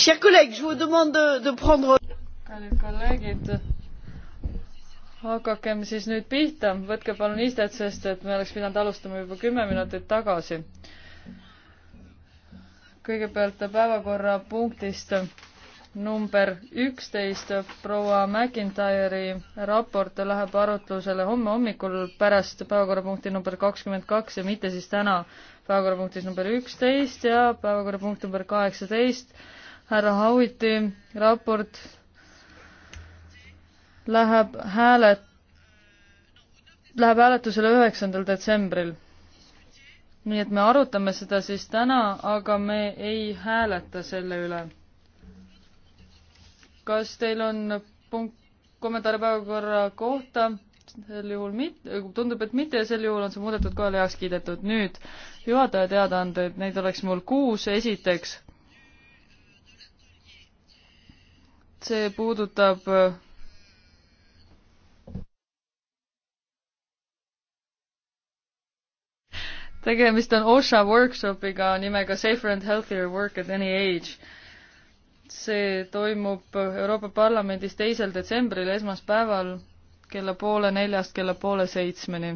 chers collègues je vous demande de prendre hakakem siis nüüd pihta, võtke palun istet, sest et me oleks pidanud alustama juba kümme minutit tagasi. kõigepealt päevakorrapunktist number üksteist, proua McIntyre'i raport läheb arutlusele homme hommikul pärast päevakorrapunkti number kakskümmend kaks ja mitte siis täna päevakorrapunktis number üksteist ja päevakorrapunkt number kaheksateist härra Hauiti raport läheb häälet-, läheb hääletusele üheksandal detsembril. nii et me arutame seda siis täna, aga me ei hääleta selle üle. kas teil on punkt, kommentaare päevakorra kohta? sel juhul mitte, tundub, et mitte ja sel juhul on see muudetud kohale heaks kiidetud. nüüd juhataja teadaanded, neid oleks mul kuus, esiteks see puudutab tegemist on OSHA workshopiga nimega Safer and Healthier Work at Any Age. see toimub Euroopa Parlamendis teisel detsembril esmaspäeval kella poole neljast kella poole seitsmeni.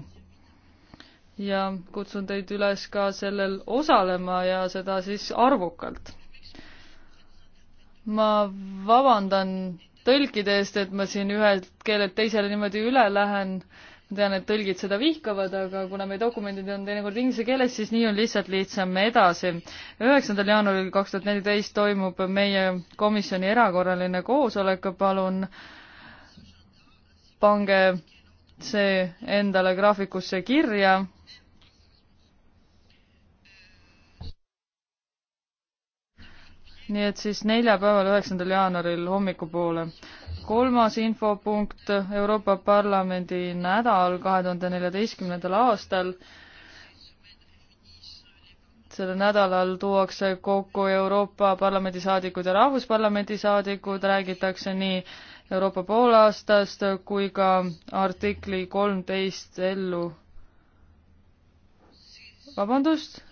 ja kutsun teid üles ka sellel osalema ja seda siis arvukalt ma vabandan tõlkide eest, et ma siin ühelt keelelt teisele niimoodi üle lähen. ma tean, et tõlgid seda vihkavad, aga kuna meie dokumendid on teinekord inglise keeles, siis nii on lihtsalt lihtsam edasi. üheksandal jaanuaril kaks tuhat neliteist toimub meie komisjoni erakorraline koosolek, palun pange see endale graafikusse kirja nii et siis neljapäeval, üheksandal jaanuaril hommikupoole. kolmas infopunkt Euroopa Parlamendi nädal kahe tuhande neljateistkümnendal aastal. sellel nädalal tuuakse kokku Euroopa Parlamendi saadikud ja Rahvusparlamendi saadikud, räägitakse nii Euroopa poolaastast kui ka artikli kolmteist ellu. vabandust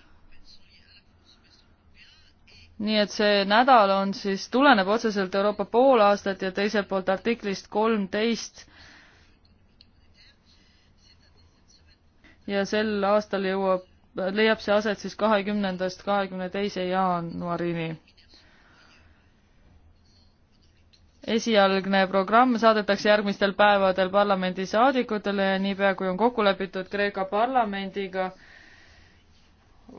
nii et see nädal on siis, tuleneb otseselt Euroopa poolaastat ja teiselt poolt artiklist kolmteist. ja sel aastal jõuab, leiab see aset siis kahekümnendast kahekümne teise jaanuarini. esialgne programm saadetakse järgmistel päevadel parlamendisaadikutele ja niipea, kui on kokku lepitud Kreeka parlamendiga,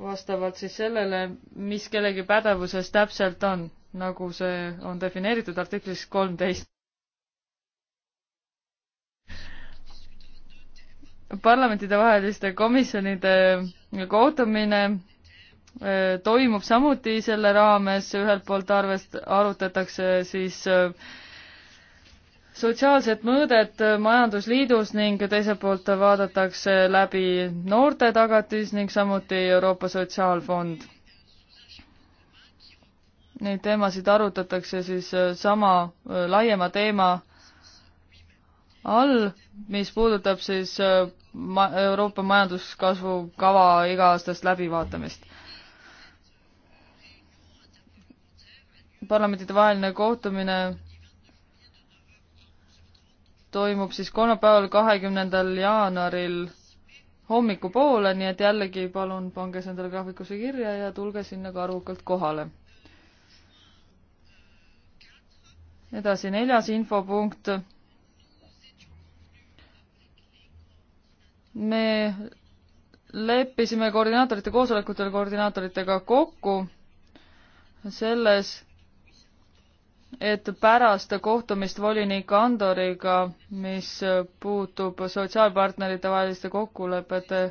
vastavalt siis sellele, mis kellegi pädevuses täpselt on, nagu see on defineeritud artiklis kolmteist. parlamentidevaheliste komisjonide kohtumine eh, toimub samuti selle raames, ühelt poolt arvest-, arutatakse siis äh, sotsiaalset mõõdet majandusliidus ning teiselt poolt vaadatakse läbi noorte tagatis ning samuti Euroopa Sotsiaalfond. Neid teemasid arutatakse siis äh, sama äh, laiema teema all, mis puudutab siis äh, ma-, Euroopa majanduskasvu kava iga-aastast läbivaatamist parlamentide vaheline kohtumine toimub siis kolmapäeval, kahekümnendal jaanuaril hommikupoole, nii et jällegi palun pange see endale graafikusse kirja ja tulge sinna ka arvukalt kohale. edasi, neljas infopunkt. me leppisime koordinaatorite koosolekutel koordinaatoritega kokku selles, et pärast kohtumist volinik Andoriga, mis puutub sotsiaalpartnerite vaheliste kokkulepete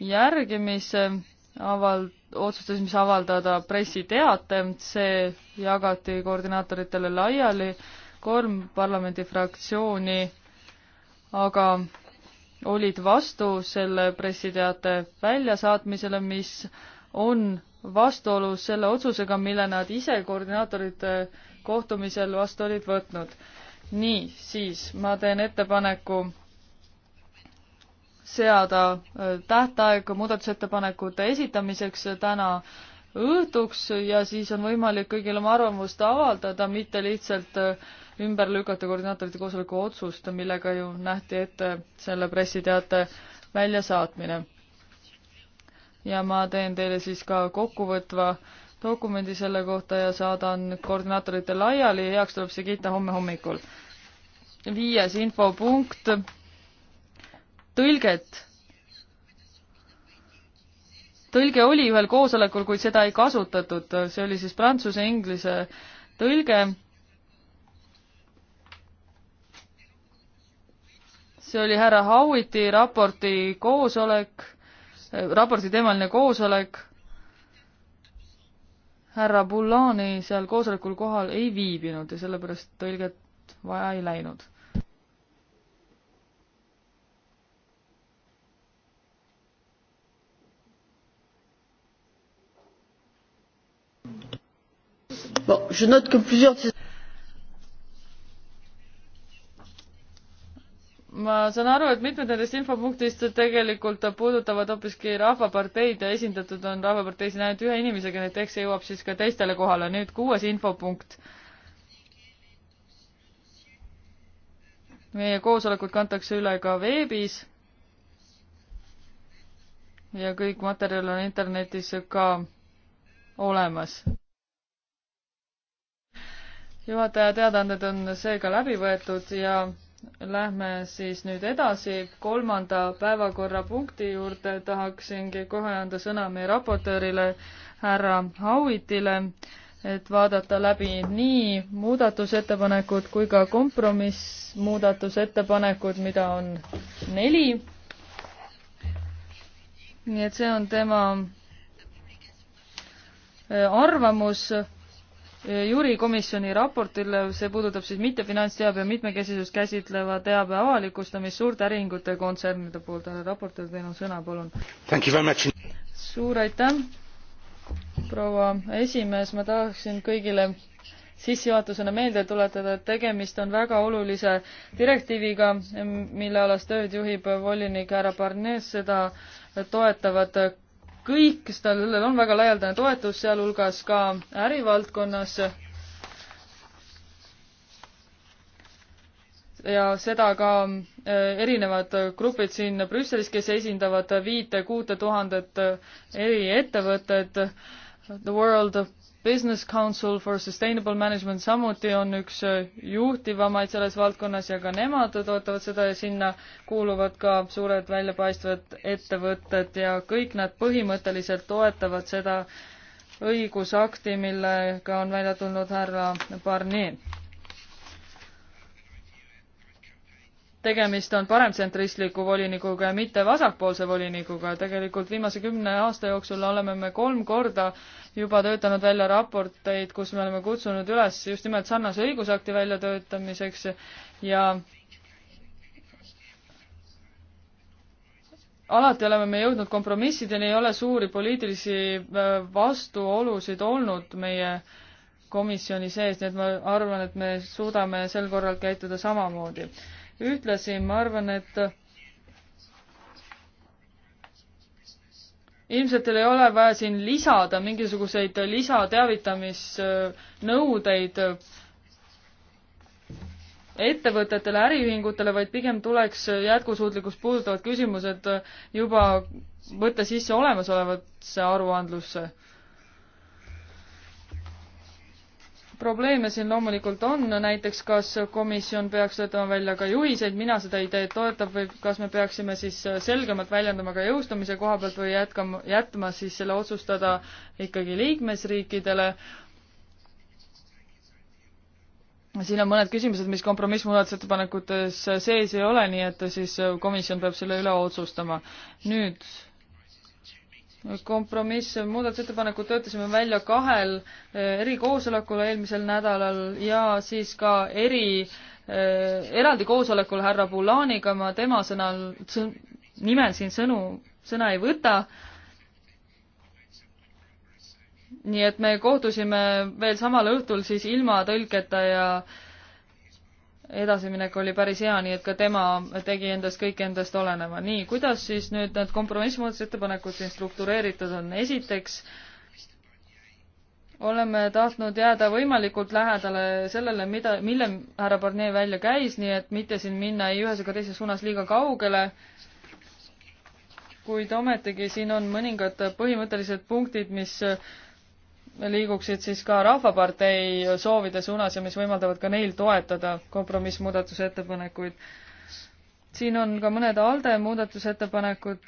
järgimise aval-, otsustasime siis avaldada pressiteate, see jagati koordinaatoritele laiali, kolm parlamendifraktsiooni aga olid vastu selle pressiteate väljasaatmisele, mis on vastuolus selle otsusega, mille nad ise koordinaatorite kohtumisel vastu olid võtnud. nii, siis ma teen ettepaneku seada äh, tähtaeg muudatusettepanekute esitamiseks täna õhtuks ja siis on võimalik kõigil oma arvamust avaldada, mitte lihtsalt äh, ümber lükata koordinaatorite koosoleku otsust, millega ju nähti ette selle pressiteate väljasaatmine ja ma teen teile siis ka kokkuvõtva dokumendi selle kohta ja saadan koordinaatorite laiali ja heaks tuleb see kiita homme hommikul. viies infopunkt, tõlget. tõlge oli ühel koosolekul, kuid seda ei kasutatud, see oli siis prantsuse-inglise tõlge. see oli härra Howitti raporti koosolek raporti teemaline koosolek. härra Bullani seal koosolekul kohal ei viibinud ja sellepärast tõlget vaja ei läinud je note que plusieurs de ces ma saan aru, et mitmed nendest infopunktist tegelikult puudutavad hoopiski Rahvaparteid ja esindatud on Rahvaparteis ainult ühe inimesega, nii et eks see jõuab siis ka teistele kohale. nüüd kuues infopunkt. meie koosolekud kantakse üle ka veebis. ja kõik materjal on internetis ka olemas. juhataja teadaanded on seega läbi võetud ja Lähme siis nüüd edasi kolmanda päevakorrapunkti juurde, tahaksingi kohe anda sõna meie raportöörile härra Hauitile, et vaadata läbi nii muudatusettepanekud kui ka kompromissmuudatusettepanekud, mida on neli. nii et see on tema äh, arvamus juurikomisjoni raportile, see puudutab siis mittefinantsteabe ja mitmekesisust käsitleva teabe avalikustamist suurte äriühingute ja kontsernide poolt. härra raportöör, teil on sõna, palun. suur aitäh, proua esimees, ma tahaksin kõigile sissejuhatusena meelde tuletada, et tegemist on väga olulise direktiiviga, mille alas tööd juhib volinik härra Barnes, seda toetavad kõik, sellel on väga laialdane toetus, sealhulgas ka ärivaldkonnas. ja seda ka äh, erinevad grupid siin Brüsselis, kes esindavad viite-kuute tuhandet eri ettevõtet, The World Business Council for Sustainable Management samuti on üks äh, juhtivamaid selles valdkonnas ja ka nemad toetavad seda ja sinna kuuluvad ka suured väljapaistvad ettevõtted ja kõik nad põhimõtteliselt toetavad seda õigusakti, millega on välja tulnud härra Barnier tegemist on paremtsentristliku volinikuga ja mitte vasakpoolse volinikuga. tegelikult viimase kümne aasta jooksul oleme me kolm korda juba töötanud välja raporteid, kus me oleme kutsunud üles just nimelt sarnase õigusakti väljatöötamiseks ja alati oleme me jõudnud kompromissideni, ei ole suuri poliitilisi äh, vastuolusid olnud meie komisjoni sees, nii et ma arvan, et me suudame sel korral käituda samamoodi ühtlasi ma arvan, et ilmselt teil ei ole vaja siin lisada mingisuguseid lisateavitamisnõudeid ettevõtetele, äriühingutele, vaid pigem tuleks jätkusuutlikkust puudutavad küsimused juba võtta sisse olemasolevasse aruandlusse probleeme siin loomulikult on, näiteks kas komisjon peaks töötama välja ka juhiseid, mina seda ideed toetab või kas me peaksime siis selgemalt väljendama ka jõustumise koha pealt või jätkama, jätma siis selle otsustada ikkagi liikmesriikidele. siin on mõned küsimused, mis kompromiss muudatusettepanekutes sees ei ole, nii et siis komisjon peab selle üle otsustama. nüüd kompromiss, muudatusettepanekud töötasime välja kahel eh, erikoosolekul eelmisel nädalal ja siis ka eri äh,, eraldi koosolekul härra Bulaaniga ma tema sõnal, nimel siin sõnu, sõna ei võta. nii et me kohtusime veel samal õhtul siis ilma tõlketa ja äh, edasiminek oli päris hea, nii et ka tema tegi endast kõik endast oleneva. nii, kuidas siis nüüd need kompromissmuudatusettepanekud siin struktureeritud on? esiteks oleme tahtnud jääda võimalikult lähedale sellele, mida, mille härra Barnier välja käis, nii et mitte siin minna ei ühes ega teises suunas liiga kaugele. kuid ometigi siin on mõningad põhimõttelised punktid, mis liiguksid siis ka Rahvapartei soovide suunas ja mis võimaldavad ka neil toetada kompromissmuudatuse ettepanekuid. siin on ka mõned ALDE muudatusettepanekud.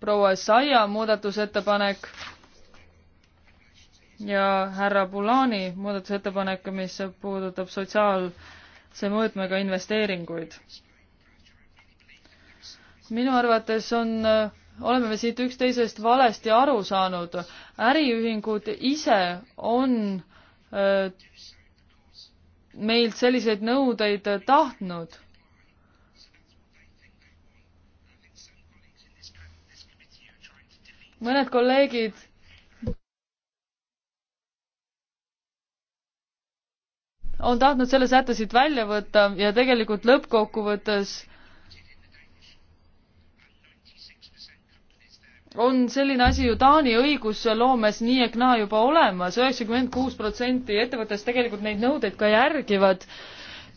proua Saia muudatusettepanek ja härra Bulani muudatusettepanek, mis puudutab sotsiaalse mõõtmega investeeringuid. minu arvates on äh, oleme me siit üksteisest valesti aru saanud. äriühingud ise on öö, meilt selliseid nõudeid tahtnud. mõned kolleegid on tahtnud selle sätte siit välja võtta ja tegelikult lõppkokkuvõttes on selline asi ju Taani õigusloomes nii ehk naa juba olemas, üheksakümmend kuus protsenti ettevõttest tegelikult neid nõudeid ka järgivad.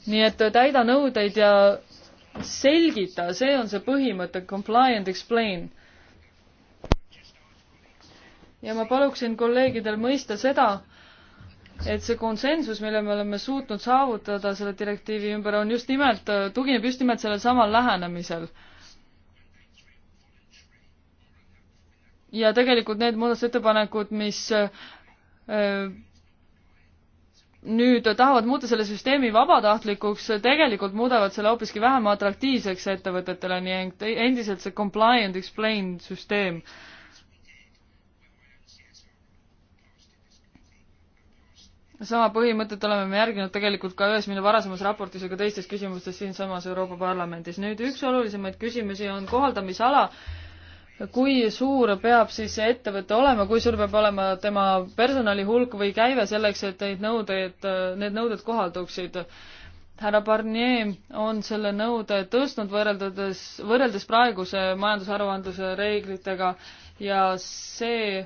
nii et täida nõudeid ja selgita, see on see põhimõte, comply and explain. ja ma paluksin kolleegidel mõista seda, et see konsensus, mille me oleme suutnud saavutada selle direktiivi ümber, on just nimelt, tugineb just nimelt sellel samal lähenemisel ja tegelikult need muudatusettepanekud, mis äh, nüüd tahavad muuta selle süsteemi vabatahtlikuks, tegelikult muudavad selle hoopiski vähem atraktiivseks ettevõtetele, nii endiselt see compliant explain süsteem. sama põhimõtet oleme me järginud tegelikult ka ühes minu varasemas raportis ja ka teistes küsimustes siinsamas Euroopa Parlamendis. nüüd üks olulisemaid küsimusi on kohaldamisala kui suur peab siis see ettevõte olema, kui suur peab olema tema personali hulk või käive selleks, et neid nõudeid, need nõuded kohalduksid? härra Barnier on selle nõude tõstnud võrreldes, võrreldes praeguse majandusaruandluse reeglitega ja see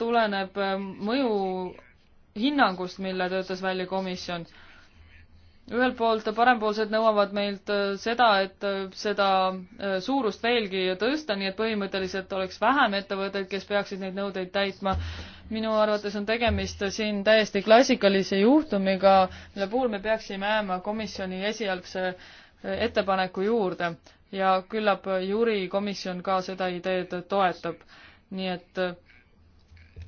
tuleneb mõjuhinnangust, mille töötas välja komisjon ühelt poolt parempoolsed nõuavad meilt äh, seda, et äh, seda äh, suurust veelgi tõsta, nii et põhimõtteliselt oleks vähem ettevõtteid, kes peaksid neid nõudeid täitma. minu arvates on tegemist siin täiesti klassikalise juhtumiga, mille puhul me peaksime jääma komisjoni esialgse ettepaneku juurde ja küllap juri komisjon ka seda ideed toetab. nii et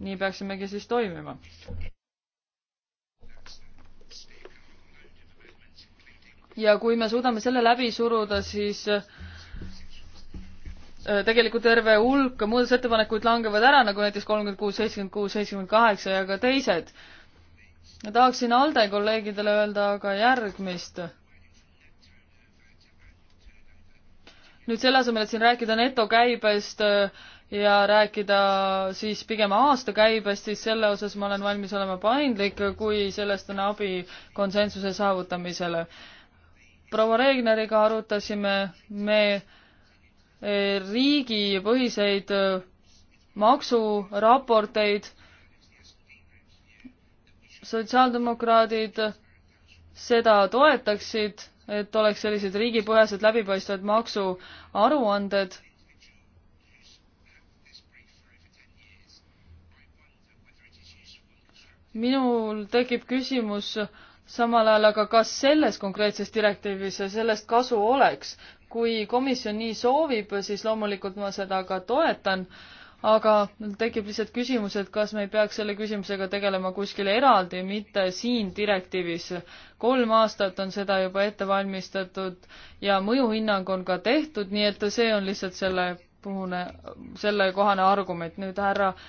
nii peaksimegi siis toimima. ja kui me suudame selle läbi suruda, siis äh, tegelikult terve hulk muudatusettepanekuid langevad ära, nagu näiteks kolmkümmend kuus, seitsekümmend kuus, seitsekümmend kaheksa ja ka teised. ma tahaksin ALDE kolleegidele öelda aga järgmist. nüüd selle asemel, et siin rääkida netokäibest äh, ja rääkida siis pigem aastakäibest, siis selle osas ma olen valmis olema paindlik, kui sellest on abi konsensuse saavutamisele proua Regneriga arutasime me eh, riigipõhiseid eh, maksuraporteid. sotsiaaldemokraadid eh, seda toetaksid, et oleks sellised riigipõhjased läbipaistvad maksuaruanded. minul tekib küsimus, samal ajal aga kas selles konkreetses direktiivis sellest kasu oleks? kui komisjon nii soovib, siis loomulikult ma seda ka toetan, aga tekib lihtsalt küsimus, et kas me ei peaks selle küsimusega tegelema kuskil eraldi, mitte siin direktiivis. kolm aastat on seda juba ette valmistatud ja mõjuhinnang on ka tehtud, nii et see on lihtsalt selle puhune, sellekohane argument. nüüd härra äh,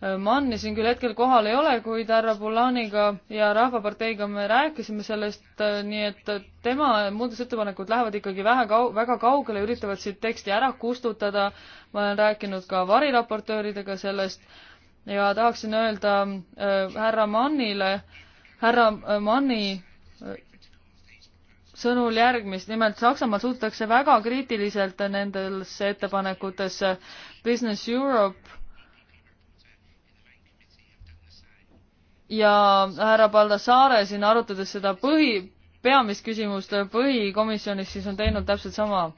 Manni siin küll hetkel kohal ei ole, kuid härra Bulaniga ja Rahvaparteiga me rääkisime sellest, äh, nii et äh, tema muudatusettepanekud lähevad ikkagi vähe kau-, väga kaugele, üritavad siit teksti ära kustutada, ma olen rääkinud ka variraportööridega sellest ja tahaksin öelda äh, härra Mannile, härra äh, Manni äh, sõnul järgmist, nimelt Saksamaal suhtutakse väga kriitiliselt nendesse ettepanekutesse. Business Europe ja härra Baldassare siin arutades seda põhi, peamist küsimust põhikomisjonis, siis on teinud täpselt sama.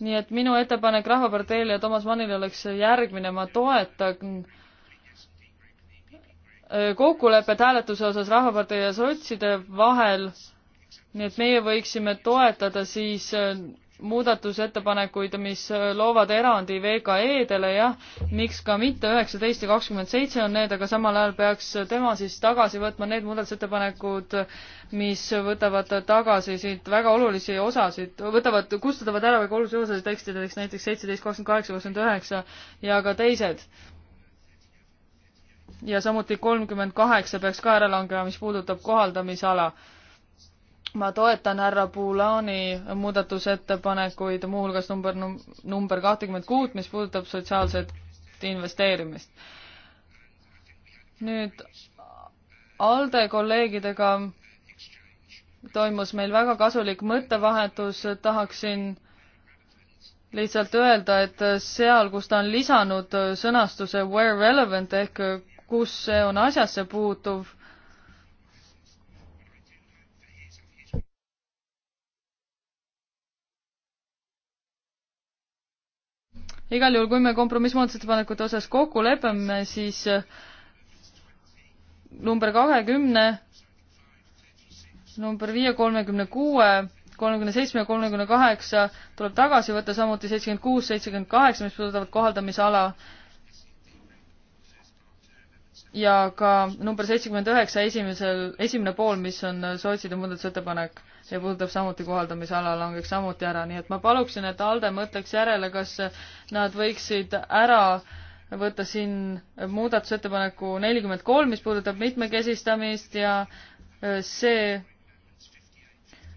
nii et minu ettepanek Rahvaparteile ja Toomas Mannile oleks järgmine, ma toetan kokkulepet hääletuse osas Rahvapartei ja sotside vahel, nii et meie võiksime toetada siis muudatusettepanekuid, mis loovad erandi VKE-dele, jah, miks ka mitte, üheksateist ja kakskümmend seitse on need, aga samal ajal peaks tema siis tagasi võtma need muudatusettepanekud, mis võtavad tagasi siit väga olulisi osasid, võtavad, kustutavad ära väga olulisi osasid tekstideks, näiteks seitseteist, kakskümmend kaheksa, kakskümmend üheksa ja ka teised. ja samuti kolmkümmend kaheksa peaks ka ära langema, mis puudutab kohaldamisala ma toetan härra Puulani muudatusettepanekuid, muuhulgas number, number kahtekümmend kuut, mis puudutab sotsiaalset investeerimist. nüüd ALDE kolleegidega toimus meil väga kasulik mõttevahetus, tahaksin lihtsalt öelda, et seal, kus ta on lisanud sõnastuse where relevant ehk kus see on asjasse puutuv igal juhul, kui me kompromissmuudatusettepanekute osas kokku lepime, siis äh, number kahekümne, number viie, kolmekümne kuue, kolmekümne seitsme ja kolmekümne kaheksa tuleb tagasi võtta, samuti seitsekümmend kuus, seitsekümmend kaheksa, mis puudutavad kohaldamisala ja ka number seitsekümmend üheksa esimesel, esimene pool, mis on äh, sotside muudatusettepanek see puudutab samuti kohaldamisala, langeks samuti ära, nii et ma paluksin, et ALDE mõtleks järele, kas nad võiksid ära võtta siin muudatusettepaneku nelikümmend kolm, mis puudutab mitmekesistamist ja äh, see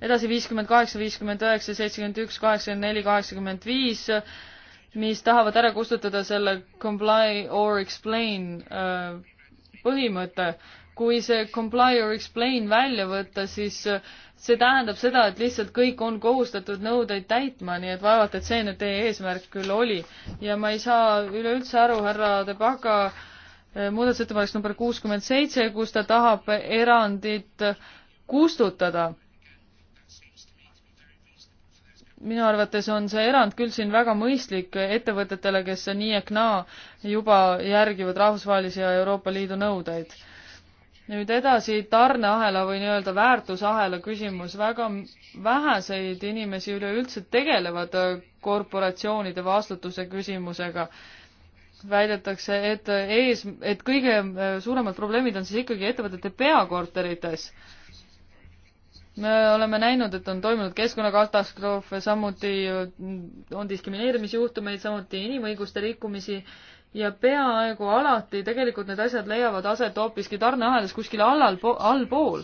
edasi viiskümmend kaheksa, viiskümmend üheksa, seitsekümmend üks, kaheksakümmend neli, kaheksakümmend viis, mis tahavad ära kustutada selle comply or explain äh, põhimõte kui see comply or explain välja võtta, siis äh, see tähendab seda, et lihtsalt kõik on kohustatud nõudeid täitma, nii et vaevalt, et see nüüd teie eesmärk küll oli. ja ma ei saa üleüldse aru, härra De Baga äh, muudatusettepanekust number kuuskümmend seitse, kus ta tahab erandit äh, kustutada. minu arvates on see erand küll siin väga mõistlik ettevõtetele, kes nii ehk naa juba järgivad rahvusvahelisi ja Euroopa Liidu nõudeid nüüd edasi tarneahela või nii-öelda väärtusahela küsimus, väga väheseid inimesi üleüldse tegelevad äh, korporatsioonide vastutuse küsimusega. väidetakse, et äh, ees, et kõige äh, suuremad probleemid on siis ikkagi ettevõtete peakorterites. me oleme näinud, et on toimunud keskkonnakatastroofe, samuti on diskrimineerimisjuhtumeid, samuti inimõiguste rikkumisi ja peaaegu alati tegelikult need asjad leiavad aset hoopiski tarneahelas kuskil allal, allpool.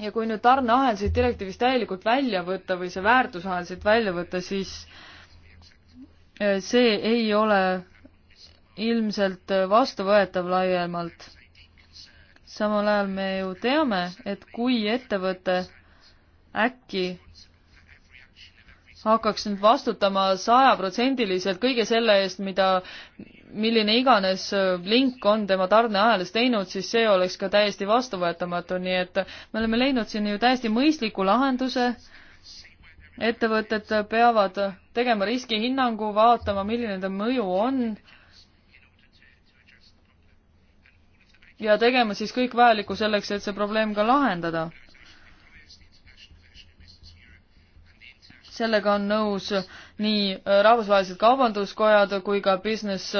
ja kui nüüd tarneahel siit direktiivist täielikult välja võtta või see väärtusahel siit välja võtta, siis äh, see ei ole ilmselt äh, vastuvõetav laiemalt. samal ajal me ju teame, et kui ettevõte äkki hakkaks nüüd vastutama sajaprotsendiliselt kõige selle eest, mida, milline iganes äh, link on tema tarneahelas teinud, siis see oleks ka täiesti vastuvõetamatu, nii et me oleme leidnud siin ju täiesti mõistliku lahenduse. ettevõtted peavad tegema riskihinnangu, vaatama, milline ta mõju on ja tegema siis kõik vajalikku selleks, et see probleem ka lahendada sellega on nõus nii äh, rahvusvahelised kaubanduskojad kui ka Business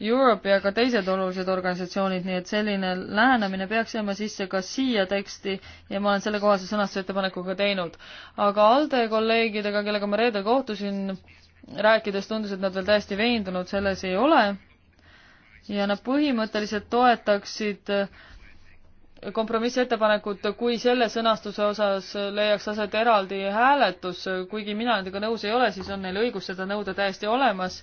Europe ja ka teised olulised organisatsioonid, nii et selline lähenemine peaks jääma sisse ka siia teksti ja ma olen sellekohase sõnastusettepaneku ka teinud. aga ALDE kolleegidega, kellega ma reedel kohtusin, rääkides tundus, et nad veel täiesti veendunud selles ei ole ja nad põhimõtteliselt toetaksid äh, kompromissettepanekut, kui selle sõnastuse osas leiaks aset eraldi hääletus, kuigi mina nendega nõus ei ole, siis on neil õigus seda nõuda täiesti olemas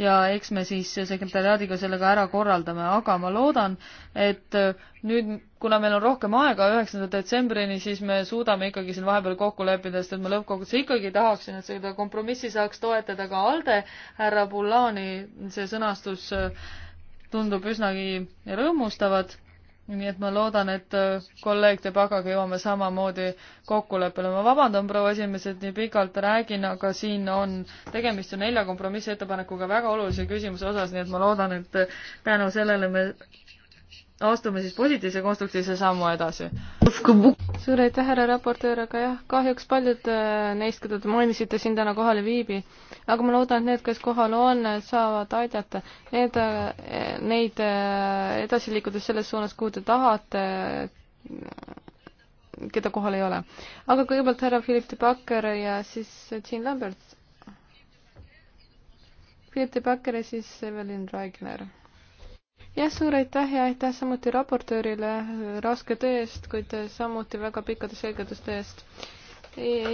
ja eks me siis sekretäriaadiga sellega ära korraldame, aga ma loodan, et nüüd, kuna meil on rohkem aega üheksanda detsembrini, siis me suudame ikkagi siin vahepeal kokku leppida, sest et ma lõppkokkuvõttes ikkagi tahaksin, et seda kompromissi saaks toetada ka ALDE härra Bullani, see sõnastus tundub üsnagi rõõmustavat nii et ma loodan, et äh, kolleeg Debagaga jõuame samamoodi kokkuleppele. ma vabandan, proua esimees, et nii pikalt räägin, aga siin on tegemist ju nelja kompromissettepanekuga väga olulise küsimuse osas, nii et ma loodan, et äh, tänu sellele me astume siis positiivse konstruktiivse sammu edasi. suur aitäh, härra raportöör, aga jah, kahjuks paljud äh, neist, keda te mainisite, siin täna kohal ei viibi aga ma loodan, et need, kes kohal on, saavad aidata. Need, eh, neid eh, edasi liikudes selles suunas, kuhu te tahate, keda kohal ei ole. aga kõigepealt härra Philip de Backer ja siis Jean Lambert. Philip de Backer ja siis Evelyn Raigner jah, suur aitäh ja aitäh samuti raportöörile raske töö eest, kuid samuti väga pikkade selgituste eest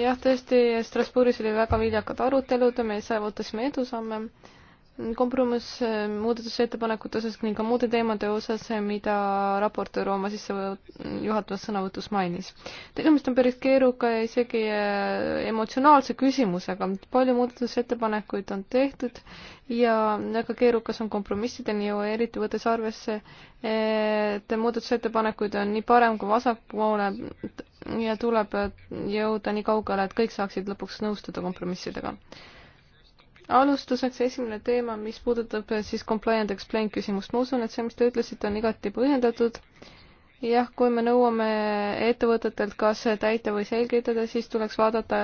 jah, tõesti Strasbourgis oli väga viljakad arutelud ja me saavutasime edusamme kompromiss eh, muudatusettepanekute osas ning ka muude teemade osas, eh, mida raportöör oma sissejuhatavas sõnavõtus mainis. tegemist on päris keeruka ja isegi eh, emotsionaalse küsimusega, palju muudatusettepanekuid on tehtud ja väga keerukas on kompromissideni jõua, eriti võttes arvesse, et muudatusettepanekuid on nii parem kui vasakpoole ja tuleb jõuda nii kaugele, et kõik saaksid lõpuks nõustuda kompromissidega alustuseks esimene teema, mis puudutab eh, siis compliant explain küsimust. ma usun, et see, mis te ütlesite, on igati põhjendatud. jah, kui me nõuame ettevõtetelt kas täita või selgitada, siis tuleks vaadata,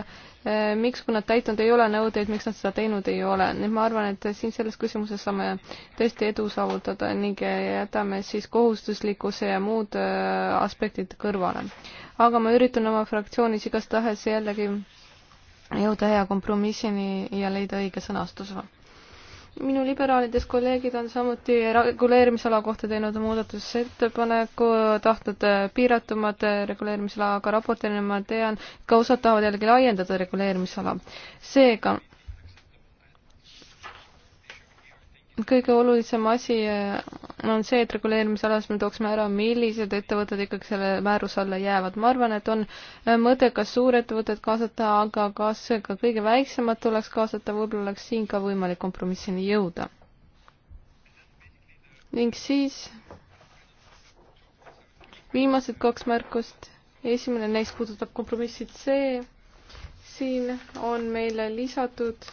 eh, miks, kui nad täitnud ei ole nõudeid, miks nad seda teinud ei ole. nii et ma arvan, et siin selles küsimuses saame tõesti edu saavutada ning eh, jätame siis kohustuslikkuse ja muud aspektid kõrvale. aga ma üritan oma fraktsioonis igastahes jällegi jõuda hea kompromissini ja leida õige sõnastuse. minu liberaalidest kolleegid on samuti reguleerimisala kohta teinud muudatusettepaneku, tahtnud piiratumat reguleerimisala, aga raportina ma tean, ka osad tahavad jällegi laiendada reguleerimisala. seega kõige olulisem asi äh, on see, et reguleerimisalas me tooksime ära, millised ettevõtted ikkagi selle määruse alla jäävad. ma arvan, et on äh, mõttekas suurettevõtted kaasata, aga kas ka kõige väiksemad tuleks kaasata, võib-olla oleks siin ka võimalik kompromissini jõuda. ning siis viimased kaks märkust. esimene neist puudutab kompromissi C. siin on meile lisatud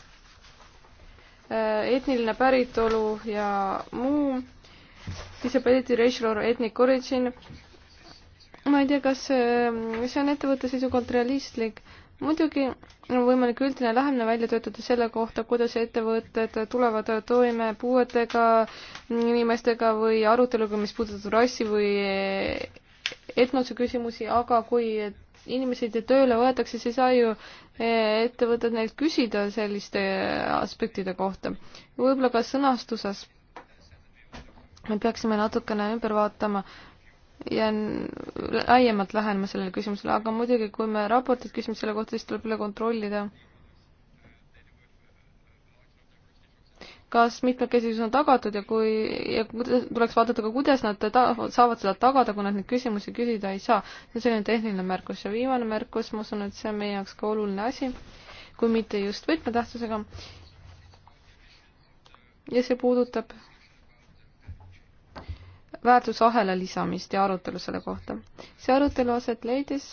Äh, etniline päritolu ja muu, disability, racial or ethnic origin. ma ei tea, kas äh, see on ettevõtte seisukohalt realistlik. muidugi on võimalik üldine lähemine välja töötada selle kohta, kuidas ettevõtted tulevad toime puuetega inimestega või aruteluga, mis puudutab rassi või etnose küsimusi, aga kui inimesed tööle võetakse, siis ei saa ju eh, ettevõtted neilt küsida selliste eh, aspektide kohta. võib-olla ka sõnastuses me peaksime natukene ümber vaatama ja laiemalt lähenema sellele küsimusele, aga muidugi, kui me raportit küsime selle kohta, siis tuleb üle kontrollida kas mitmekesisus on tagatud ja kui, ja tuleks vaadata ka, kuidas nad ta-, saavad seda tagada, kui nad neid küsimusi küsida ei saa. see on selline tehniline märkus ja viimane märkus, ma usun, et see on meie jaoks ka oluline asi, kui mitte just võtmetähtsusega. ja see puudutab väärtusahela lisamist ja arutelu selle kohta. see arutelu aset leidis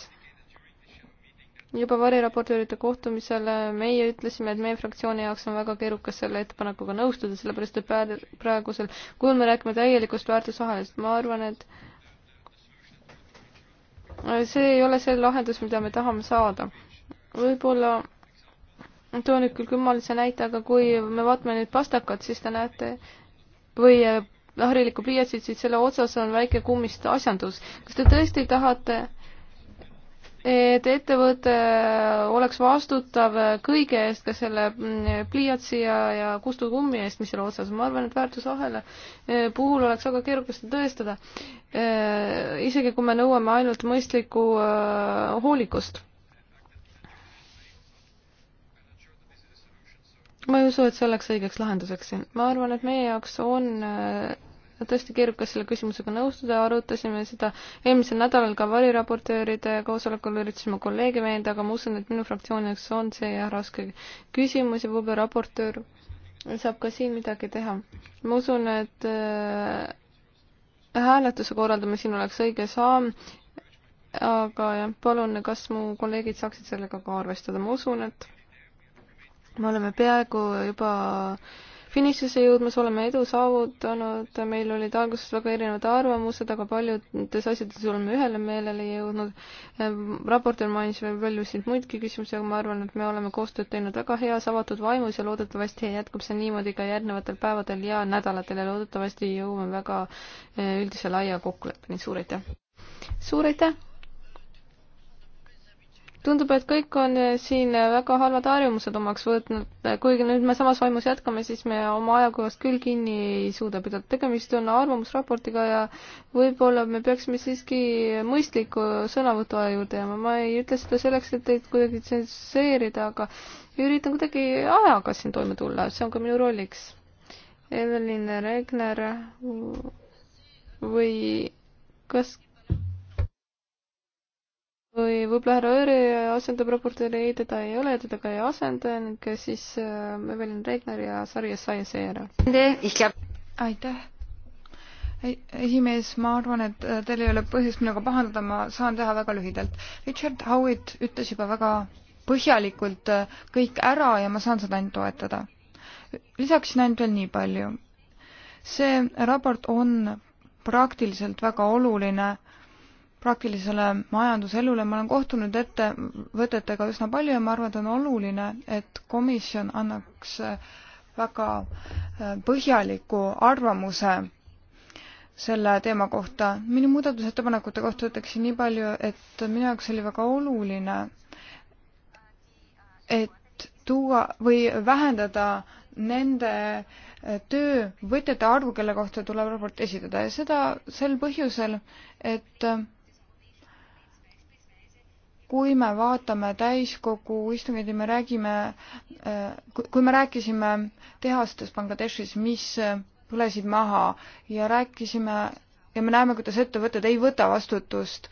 juba variraportöörite kohtumisel meie ütlesime, et meie fraktsiooni jaoks on väga keerukas selle ettepanekuga nõustuda, sellepärast et praegusel kujul me räägime täielikust väärtusahelist, ma arvan, et see ei ole see lahendus, mida me tahame saada. võib-olla toon nüüd küll kummalise näite, aga kui me vaatame nüüd pastakat, siis te näete, või äh, harilikku pliiatsit, siis selle otsas on väike kummist asjandus. kas te tõesti tahate et ettevõte äh, oleks vastutav kõige eest, ka selle mm, pliiatsi ja, ja kustukummi eest, mis seal otsas on. ma arvan, et väärtusahela äh, puhul oleks väga keerukas seda tõestada. Äh, isegi kui me nõuame ainult mõistlikku hoolikust. ma ei usu, et see oleks õigeks lahenduseks siin. ma arvan, et meie jaoks on tõesti keerukas selle küsimusega nõustuda, arutasime seda eelmisel nädalal ka variraportööride koosolekul, üritasime kolleege veenda, aga ma usun, et minu fraktsiooni jaoks on see jah raske küsimus ja võib-olla raportöör saab ka siin midagi teha. ma usun, et äh, hääletuse korraldamine siin oleks õige samm, aga jah, palun, kas mu kolleegid saaksid sellega ka arvestada, ma usun, et me oleme peaaegu juba äh, finišisse jõudmas, oleme edu saavutanud, meil olid alguses väga erinevad arvamused, aga paljudes asjades oleme ühele meelele jõudnud. raportil mainisime paljusid muidki küsimusi, aga ma arvan, et me oleme koostööd teinud väga heas avatud vaimus ja loodetavasti jätkub see niimoodi ka järgnevatel päevadel ja nädalatel ja loodetavasti jõuame väga üldise laia kokkuleppeni. suur aitäh! suur aitäh! tundub, et kõik on äh, siin äh, väga halvad harjumused omaks võtnud, äh, kuigi nüüd me samas vaimus jätkame, siis me oma ajakohast küll kinni ei suuda pidada. tegemist on arvamusraportiga ja võib-olla me peaksime siiski mõistliku sõnavõtu aja juurde jääma. ma ei ütle seda selleks, et teid kuidagi tsenseerida, aga üritan kuidagi ajaga siin toime tulla, see on ka minu rolliks. Evelyn Regner või kas või võib-olla härra Ööri asendab raportööri, ei, teda ei ole, teda ka ei asenda ning siis äh, Evelyn Regner ja Sari Essai seejärel. aitäh e-, esimees, ma arvan, et äh, teil ei ole põhjust minuga pahandada, ma saan teha väga lühidalt. Richard Howitt ütles juba väga põhjalikult äh, kõik ära ja ma saan seda ainult toetada. lisaksin ainult veel nii palju. see raport on praktiliselt väga oluline praktilisele majanduselule, ma olen kohtunud ettevõtetega üsna palju ja ma arvan, et on oluline, et komisjon annaks äh, väga äh, põhjaliku arvamuse selle teema kohta. minu muudatusettepanekute kohta ütleksin nii palju, et minu jaoks oli väga oluline, et tuua või vähendada nende äh, töövõtjate arvu, kelle kohta tuleb raport esitada ja seda sel põhjusel, et kui me vaatame täiskogu istungeid ja me räägime, äh, kui me rääkisime tehastes Bangladeshis, mis äh, põlesid maha ja rääkisime ja me näeme, kuidas ettevõtted ei võta vastutust.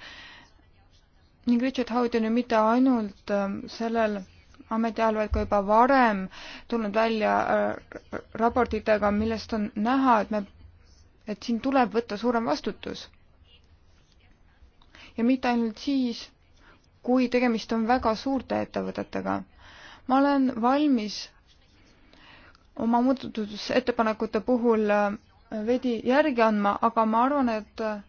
ning Richard Howard on ju mitte ainult äh, sellel ametiajal, vaid ka juba varem tulnud välja raportitega, millest on näha, et me, et siin tuleb võtta suurem vastutus. ja mitte ainult siis, kui tegemist on väga suurte ettevõtetega. ma olen valmis oma muudatusettepanekute puhul äh, veidi järgi andma, aga ma arvan, et äh,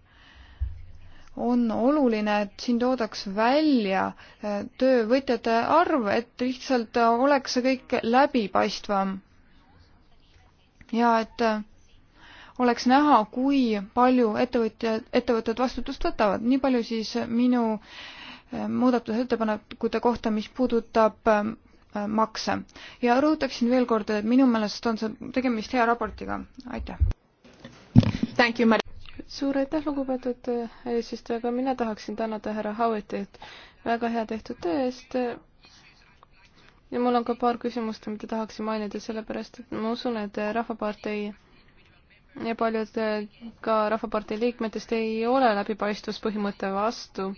on oluline, et siin toodaks välja äh, töövõtjate arv, et lihtsalt oleks see kõik läbipaistvam. ja et oleks näha, kui palju ettevõtjad, ettevõtted vastutust võtavad. nii palju siis minu muudatusettepanekute kohta, mis puudutab ähm, äh, makse. ja rõhutaksin veel kord, et minu meelest on see tegemist hea raportiga, aitäh. suur aitäh, lugupeetud äh, eesistuja, ka mina tahaksin tänada härra Howitit väga hea tehtud töö eest. ja mul on ka paar küsimust, mida tahaksin mainida, sellepärast et ma usun, et Rahvapartei ja paljud äh, ka Rahvapartei liikmetest ei ole läbipaistvuspõhimõtte vastu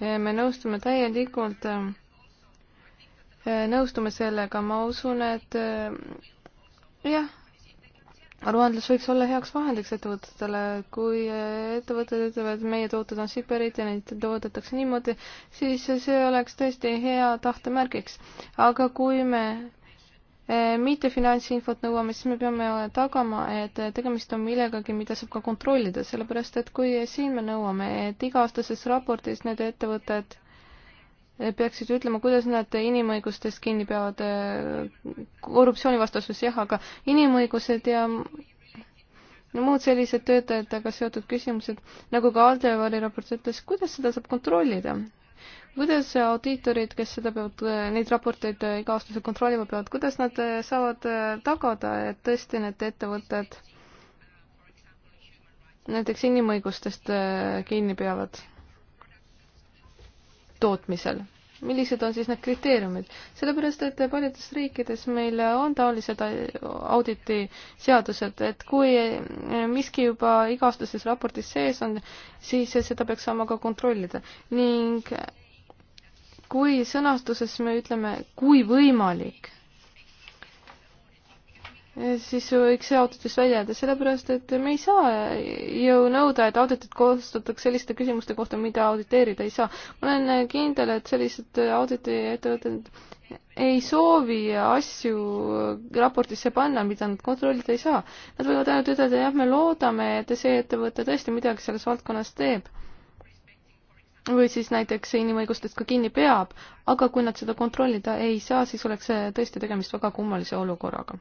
Eh, me nõustume täielikult, eh, eh, nõustume sellega, ma usun, et jah, aruandlus võiks olla heaks vahendiks ettevõtetele, kui ettevõtted ütlevad, et meie tooted on siberid ja neid toodetakse niimoodi, siis see oleks tõesti hea tahte märgiks. aga kui me Äh, mitte finantsinfot nõuame, siis me peame tagama, et tegemist on millegagi, mida saab ka kontrollida, sellepärast et kui siin me nõuame, et iga-aastases raportis need ettevõtted äh, peaksid ütlema, kuidas nad inimõigustest kinni peavad, äh, korruptsioonivastasus jah, aga inimõigused ja no muud sellised töötajatega seotud küsimused, nagu ka Aldevari raport ütles, kuidas seda saab kontrollida, kuidas audiitorid, kes seda peavad, neid raporteid iga-aastaselt kontrollima peavad, kuidas nad äh, saavad äh, tagada, et tõesti need ettevõtted näiteks inimõigustest äh, kinni peavad tootmisel? millised on siis need kriteeriumid? sellepärast, et paljudes riikides meil on taolised auditi seadused, et kui miski juba iga-aastases raportis sees on, siis seda peaks saama ka kontrollida ning kui sõnastuses me ütleme, kui võimalik, siis võiks see auditist välja jääda, sellepärast et me ei saa ju nõuda, et auditit koostataks selliste küsimuste kohta, mida auditeerida ei saa. ma olen kindel, et sellised auditiettevõtted ei soovi asju raportisse panna, mida nad kontrollida ei saa. Nad võivad ainult ütelda, jah, me loodame, et see ettevõte tõesti midagi selles valdkonnas teeb või siis näiteks inimõigustest ka kinni peab, aga kui nad seda kontrollida ei saa, siis oleks tõesti tegemist väga kummalise olukorraga.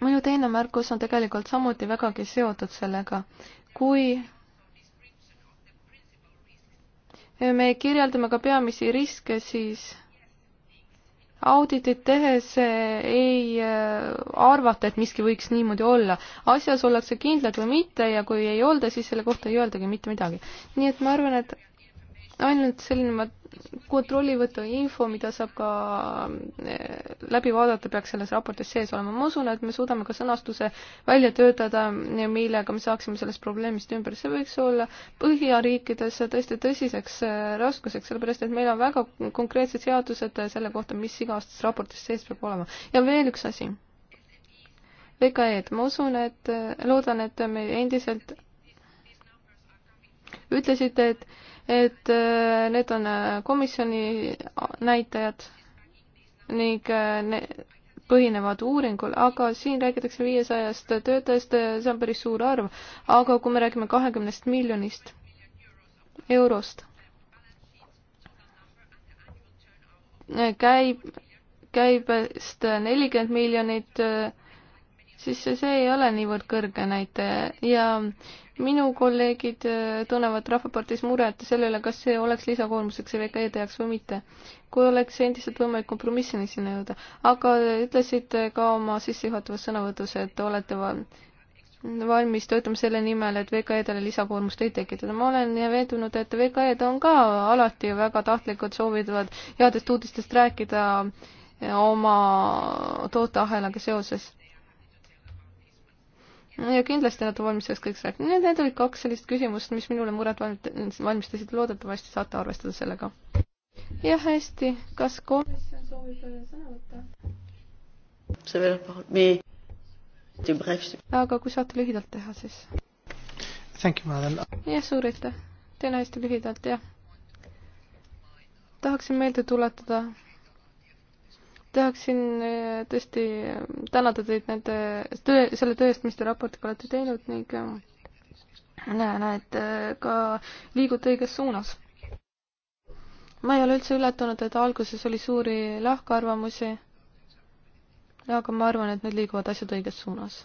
minu teine märkus on tegelikult samuti vägagi seotud sellega, kui me kirjeldame ka peamisi riske, siis auditit tehes ei äh, arvata, et miski võiks niimoodi olla. asjas ollakse kindlad või mitte ja kui ei olda, siis selle kohta ei öeldagi mitte midagi. nii et ma arvan, et ainult selline kontrollivõtu info, mida saab ka eh, läbi vaadata, peaks selles raportis sees olema. ma usun, et me suudame ka sõnastuse välja töötada, millega me saaksime sellest probleemist ümber. see võiks olla Põhjariikides tõesti tõsiseks eh, raskuseks, sellepärast et meil on väga konkreetsed seadused eh, selle kohta, mis iga-aastases raportis sees peab olema. ja veel üks asi. VKE-d, ma usun, et loodan, et me endiselt ütlesite, et et äh, need on äh, komisjoni näitajad ning äh, põhinevad uuringul, aga siin räägitakse viiesajast töötajast, see on päris suur arv. aga kui me räägime kahekümnest miljonist eurost, käib, käibest nelikümmend miljonit siis see ei ole niivõrd kõrge näitaja ja minu kolleegid äh, tunnevad Rahvaparteis muret selle üle, kas see oleks lisakoormuseks VKE-de jaoks või mitte. kui oleks endiselt võimalik kompromissini sinna jõuda, aga ütlesite äh, ka oma sissejuhatavas sõnavõtus, et olete valmis töötama selle nimel, et VKE-dele lisakoormust ei tekitada. ma olen veendunud, et VKE-d on ka alati väga tahtlikud, soovivad headest uudistest rääkida oma tooteahelaga seoses ja kindlasti nad on valmis sellest kõigest rääkima. Need, need olid kaks sellist küsimust, mis minule muret valmistasid, loodetavasti saate arvestada sellega. jah, hästi, kas komisjon soovib veel äh, sõna võtta? aga kui saate lühidalt teha, siis. jah, suur aitäh. teen hästi lühidalt, jah. tahaksin meelde tuletada tahaksin äh, tõesti äh, tänada teid nende töö, selle töö eest, mis te raportiga olete teinud ning äh, näen, et ka liigute õiges suunas. ma ei ole üldse üllatunud, et alguses oli suuri lahkarvamusi, aga ma arvan, et nüüd liiguvad asjad õiges suunas.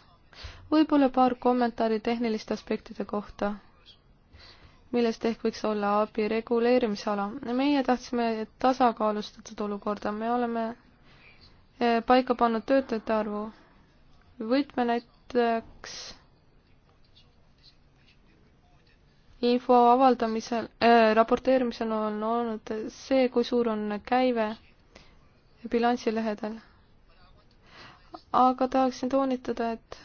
võib-olla paar kommentaari tehniliste aspektide kohta millest ehk võiks olla abi reguleerimisala. meie tahtsime tasakaalustatud olukorda, me oleme Eh, paika pannud töötajate arvu. võtmenäiteks info avaldamisel äh,, raporteerimisel on olnud see, kui suur on käive bilansi lehedel. aga tahaksin toonitada, et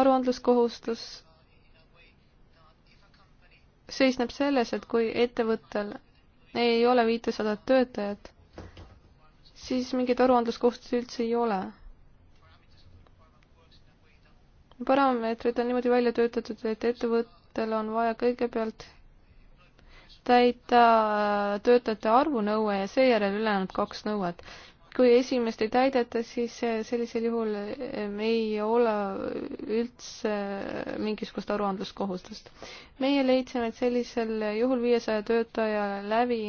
aruandluskohustus seisneb selles, et kui ettevõttel ei ole viitesadat töötajat siis mingeid aruandluskohustusi üldse ei ole. parameetrid on niimoodi välja töötatud, et ettevõttel on vaja kõigepealt täita äh, töötajate arvu nõue ja seejärel ülejäänud kaks nõuet. kui esimest ei täideta, siis äh, sellisel juhul äh, ei ole üldse mingisugust aruandluskohustust. meie leidsime, et sellisel juhul viiesaja töötaja läbi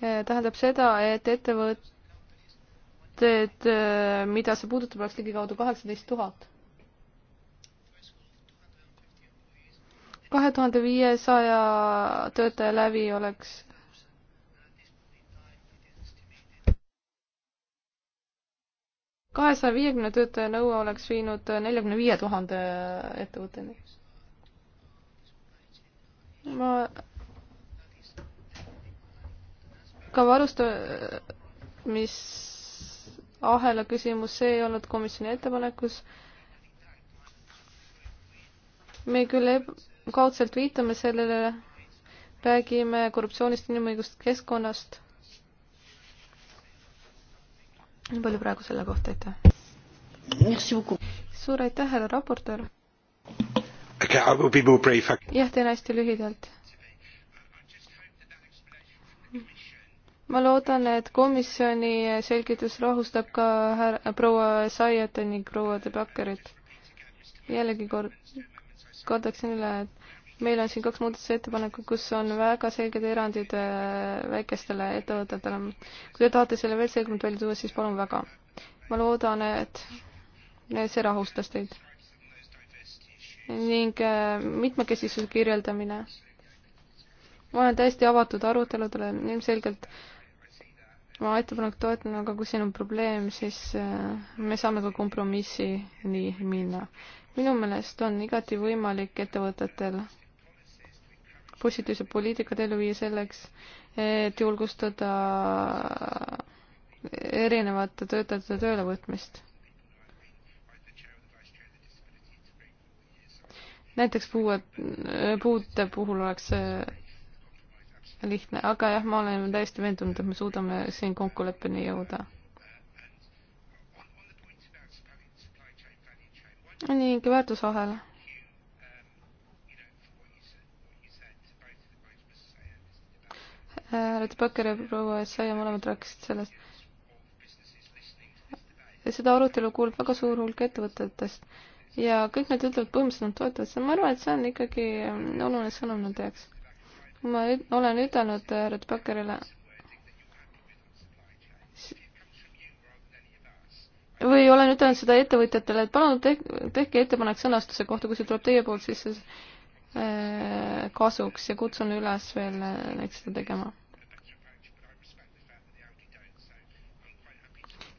Eh, tähendab seda, et ettevõtted, eh, mida see puudutab, oleks ligikaudu kaheksateist tuhat. kahe tuhande viiesaja töötaja läbi oleks kahesaja viiekümne töötaja nõue oleks viinud neljakümne viie tuhande eh, ettevõtteni. ma ka varustamisahela küsimus, see ei olnud komisjoni ettepanekus. me küll kaudselt viitame sellele, räägime korruptsioonist, inimõigust, keskkonnast. nii palju praegu selle kohta, aitäh. suur aitäh, härra raportöör. jah, teen hästi lühidalt ma loodan, et komisjoni selgitus rahustab ka härra, proua Saiet ning proua De Bakkerit. jällegi kord, kordaksin üle, et meil on siin kaks muudatusettepanekut, kus on väga selged erandid äh, väikestele ettevõtetele. kui te tahate selle veel selgemalt välja tuua, siis palun väga. ma loodan, et see rahustas teid. ning äh, mitmekesisuse kirjeldamine ma olen täiesti avatud aruteludele, ilmselgelt ma ettepanekut toetan, aga kui siin on probleem, siis äh, me saame ka kompromissini minna. minu meelest on igati võimalik ettevõtetel positiivsed poliitikad ellu viia selleks, et julgustada erinevate töötajate töölevõtmist. näiteks puue, puute puhul oleks lihtne, aga jah, ma olen täiesti veendunud, et me suudame siin kokkuleppeni jõuda. ning väärtusahel. härra Tbakker ja proua Essaia mõlemad rääkisid sellest. seda arutelu kuulub väga suur hulk ettevõtetest ja kõik nad ütlevad põhimõtteliselt nad toetavad seda, ma arvan, et see on ikkagi oluline sõnum nende jaoks ma olen ütelnud härra äh, Tbakkerile või olen ütelnud seda ettevõtjatele, et palun teh-, tehke ettepanek sõnastuse kohta, kui see tuleb teie poolt, siis see äh, kasuks ja kutsun üles veel äh, neid seda tegema.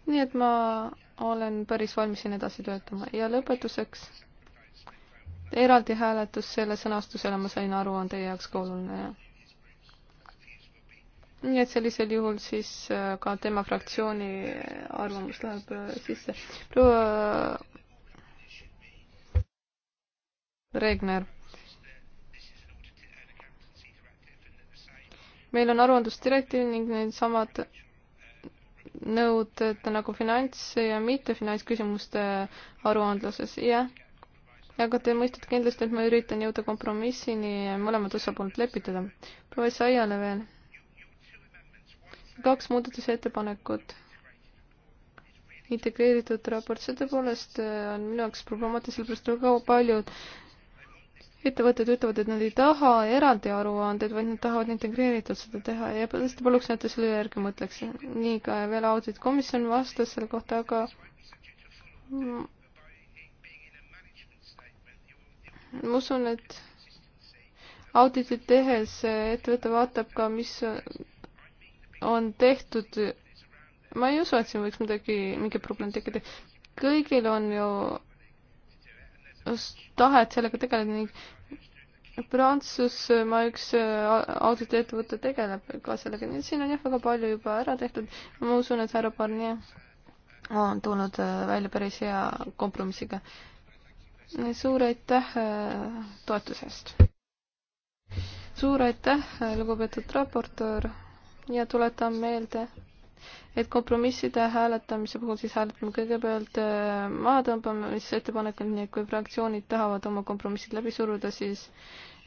nii et ma olen päris valmis siin edasi töötama ja lõpetuseks eraldi hääletus selle sõnastusele, ma sain aru, on teie jaoks ka oluline, jah? nii et sellisel juhul siis äh, ka tema fraktsiooni äh, arvamus läheb äh, sisse. proua Regner. meil on aruandlusdirektiiv ning needsamad nõuded nagu finants- ja mittefinantsküsimuste aruandluses, jah aga te mõistate kindlasti, et ma üritan jõuda kompromissini mõlemad osapooled lepitada. proua Saiale veel. kaks muudatusettepanekut. integreeritud raport, see tõepoolest äh, on minu jaoks problemaatiline, sellepärast väga paljud ettevõtted ütlevad, et nad ei taha eraldi aruandeid, vaid nad tahavad integreeritult seda teha ja tõesti paluks, et te selle järgi mõtleks. nii ka veel auditikomisjon vastas selle kohta, aga ma usun, et auditit tehes ettevõte vaatab ka, mis on tehtud. ma ei usu, et siin võiks midagi, mingi probleem tekkida. kõigil on ju tahet sellega tegeleda ning Prantsusmaa üks auditiettevõte tegeleb ka sellega, nii et siin on jah, väga palju juba ära tehtud. ma usun, et härra Barnier on tulnud välja päris hea kompromissiga suur aitäh äh, toetusest! suur aitäh, äh, lugupeetud raportöör ja tuletan meelde, et kompromisside hääletamise puhul siis hääletame kõigepealt äh, maha tõmbamise ettepanekut, nii et kui fraktsioonid tahavad oma kompromissid läbi suruda, siis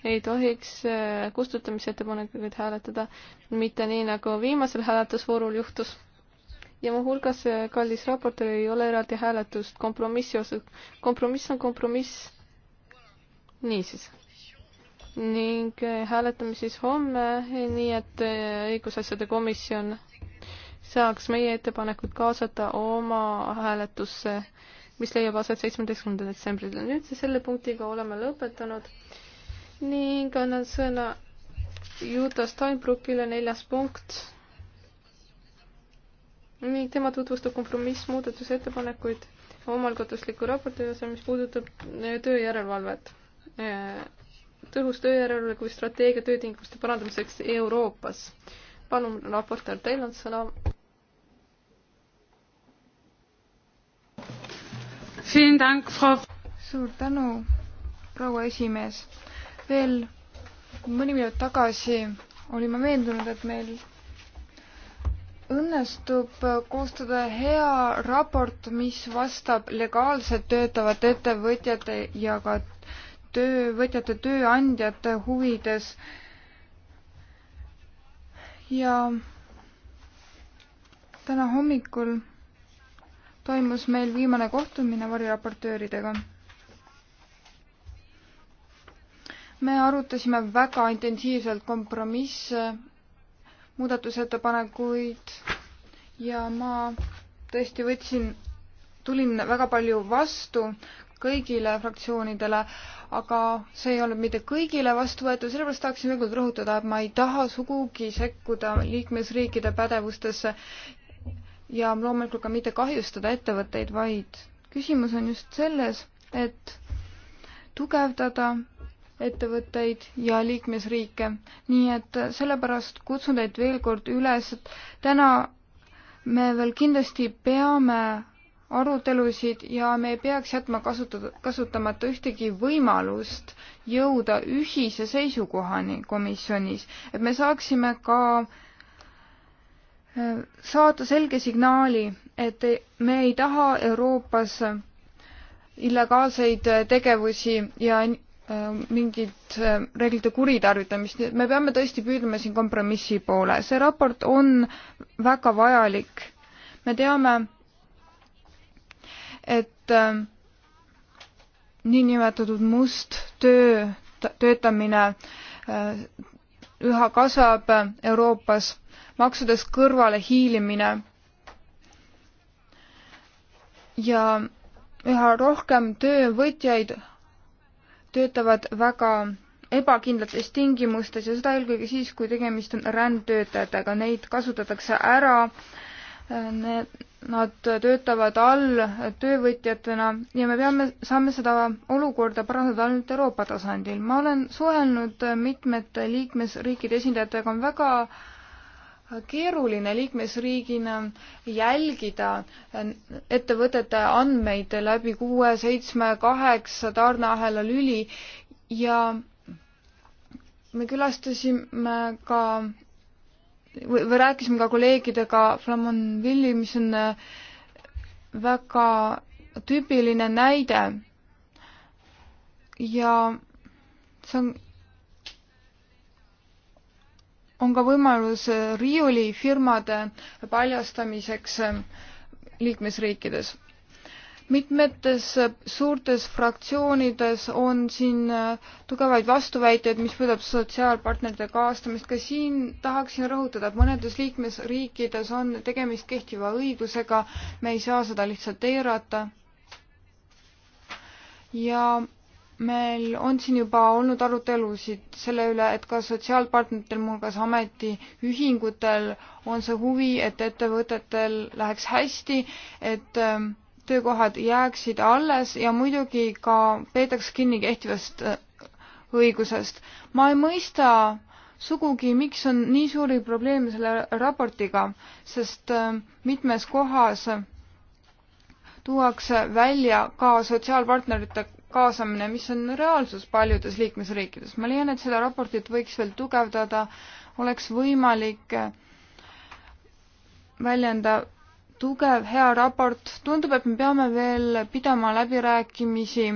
ei tohiks kustutamise ettepanekuid hääletada, mitte nii, nagu viimasel hääletusvoorul juhtus ja muuhulgas, äh, kallis raportöör, ei ole eraldi hääletust kompromissi osas. kompromiss on kompromiss. niisiis. ning äh, hääletame siis homme, nii et äh, õigusasjade komisjon saaks meie ettepanekud kaasata oma hääletusse, mis leiab aset seitsmeteistkümnendal detsembril. nüüd selle punktiga oleme lõpetanud ning annan sõna Juta Steinbrückile, neljas punkt ning tema tutvustab kompromissmuudatusettepanekuid omalgatusliku raporti osas, mis puudutab eh, tööjärelevalvet. Eh, tõhus tööjärelevalve kui strateegia töötingimuste parandamiseks Euroopas. palun, raportöör, teil on sõna. suur tänu, proua esimees. veel mõni minut tagasi olin ma veendunud, et meil õnnestub koostada hea raport, mis vastab legaalselt töötavate ettevõtjate ja ka töövõtjate, tööandjate huvides. ja täna hommikul toimus meil viimane kohtumine variraportööridega. me arutasime väga intensiivselt kompromisse muudatusettepanekuid ja ma tõesti võtsin, tulin väga palju vastu kõigile fraktsioonidele, aga see ei olnud mitte kõigile vastu võetud, sellepärast tahaksin veel kord rõhutada, et ma ei taha sugugi sekkuda liikmesriikide pädevustesse ja loomulikult ka mitte kahjustada ettevõtteid, vaid küsimus on just selles, et tugevdada ettevõtteid ja liikmesriike. nii et sellepärast kutsun teid veel kord üles, et täna me veel kindlasti peame arutelusid ja me ei peaks jätma kasutada, kasutamata ühtegi võimalust jõuda ühise seisukohani komisjonis, et me saaksime ka äh, saata selge signaali, et me ei taha Euroopas illegaalseid tegevusi ja Äh, mingit äh, reeglite kuritarvitamist, nii et me peame tõesti püüdlema siin kompromissi poole. see raport on väga vajalik. me teame, et äh, niinimetatud must töö, töötamine üha kasvab Euroopas, maksudest kõrvale hiilimine ja üha rohkem töövõtjaid töötavad väga ebakindlates tingimustes ja seda eelkõige siis, kui tegemist on rändtöötajatega, neid kasutatakse ära, nad töötavad all töövõtjatena ja me peame, saame seda olukorda parandada ainult Euroopa tasandil. ma olen suhelnud mitmete liikmesriikide esindajatega, on väga äh, keeruline liikmesriigina jälgida ettevõtete andmeid läbi kuue, seitsme, kaheksa tarneahela lüli ja me külastasime ka või, või rääkisime ka kolleegidega Flamonvilli, mis on väga tüüpiline näide. ja see on on ka võimalus riiulifirmade paljastamiseks liikmesriikides. mitmetes suurtes fraktsioonides on siin tugevaid vastuväiteid, mis puudutab sotsiaalpartnerite kaastamist. ka siin tahaksin rõhutada, et mõnedes liikmesriikides on tegemist kehtiva õigusega, me ei saa seda lihtsalt eirata. ja meil on siin juba olnud arutelusid selle üle, et ka sotsiaalpartneritel, muuhulgas ametiühingutel on see huvi, et ettevõtetel läheks hästi, et ähm, töökohad jääksid alles ja muidugi ka peetaks kinni kehtivast äh, õigusest. ma ei mõista sugugi, miks on nii suuri probleeme selle raportiga, sest ähm, mitmes kohas tuuakse välja ka sotsiaalpartnerite kaasamine, mis on reaalsus paljudes liikmesriikides. ma leian, et seda raportit võiks veel tugevdada, oleks võimalik väljenda tugev, hea raport. tundub, et me peame veel pidama läbirääkimisi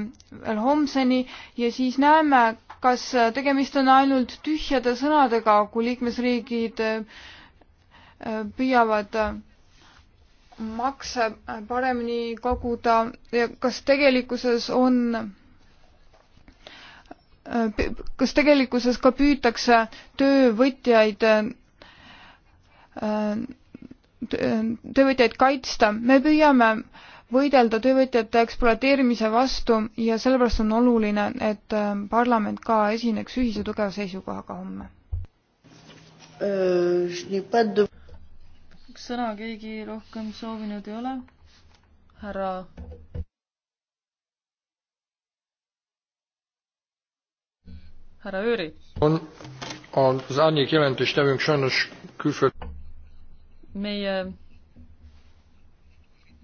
veel homseni ja siis näeme, kas tegemist on ainult tühjade sõnadega, kui liikmesriigid äh, püüavad makse paremini koguda ja kas tegelikkuses on kas tegelikkuses ka püütakse töövõtjaid, töövõtjaid kaitsta, me püüame võidelda töövõtjate ekspluateerimise vastu ja sellepärast on oluline, et parlament ka esineks ühise tugeva seisukohaga homme. Euh, sõna keegi rohkem soovinud ei ole? härra härra Ööri. meie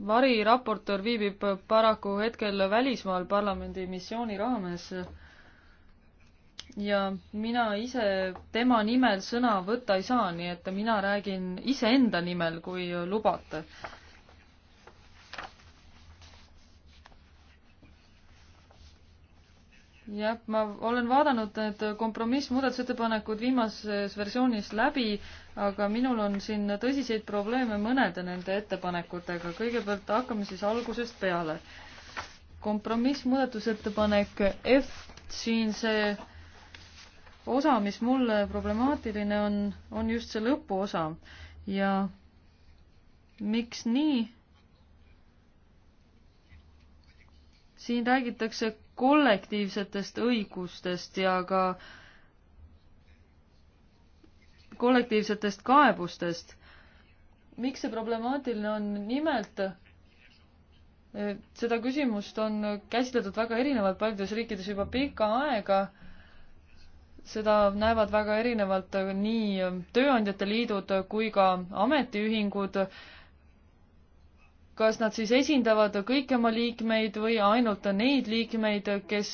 variraportöör viibib paraku hetkel välismaal parlamendi missiooni raames ja mina ise tema nimel sõna võtta ei saa, nii et mina räägin iseenda nimel, kui lubate. jah, ma olen vaadanud need kompromissmuudatusettepanekud viimases versioonis läbi, aga minul on siin tõsiseid probleeme mõnede nende ettepanekutega. kõigepealt hakkame siis algusest peale. kompromissmuudatusettepanek F, siin see äh, osa, mis mulle problemaatiline on, on just see lõpuosa ja miks nii? siin räägitakse kollektiivsetest õigustest ja ka kollektiivsetest kaebustest. miks see problemaatiline on? nimelt eh, seda küsimust on käsitletud väga erinevalt paljudes riikides juba pikka aega seda näevad väga erinevalt nii tööandjate liidud kui ka ametiühingud. kas nad siis esindavad kõiki oma liikmeid või ainult neid liikmeid, kes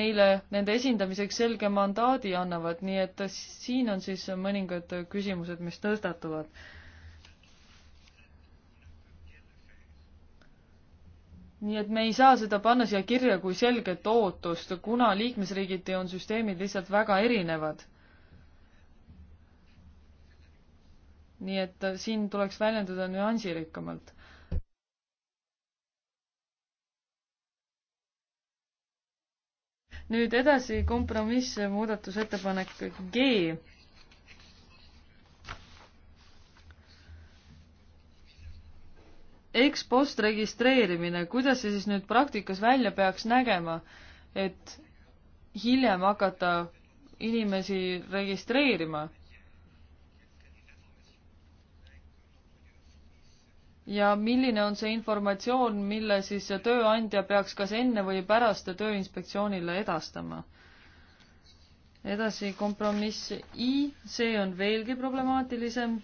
neile nende esindamiseks selge mandaadi annavad, nii et siin on siis mõningad küsimused, mis tõstatuvad nii et me ei saa seda panna siia kirja kui selget ootust, kuna liikmesriigiti on süsteemid lihtsalt väga erinevad. nii et siin tuleks väljenduda nüansirikkamalt. nüüd edasi kompromiss muudatusettepanek G ekspost registreerimine, kuidas see siis nüüd praktikas välja peaks nägema, et hiljem hakata inimesi registreerima? ja milline on see informatsioon, mille siis tööandja peaks kas enne või pärast Tööinspektsioonile edastama? edasi kompromiss I, see on veelgi problemaatilisem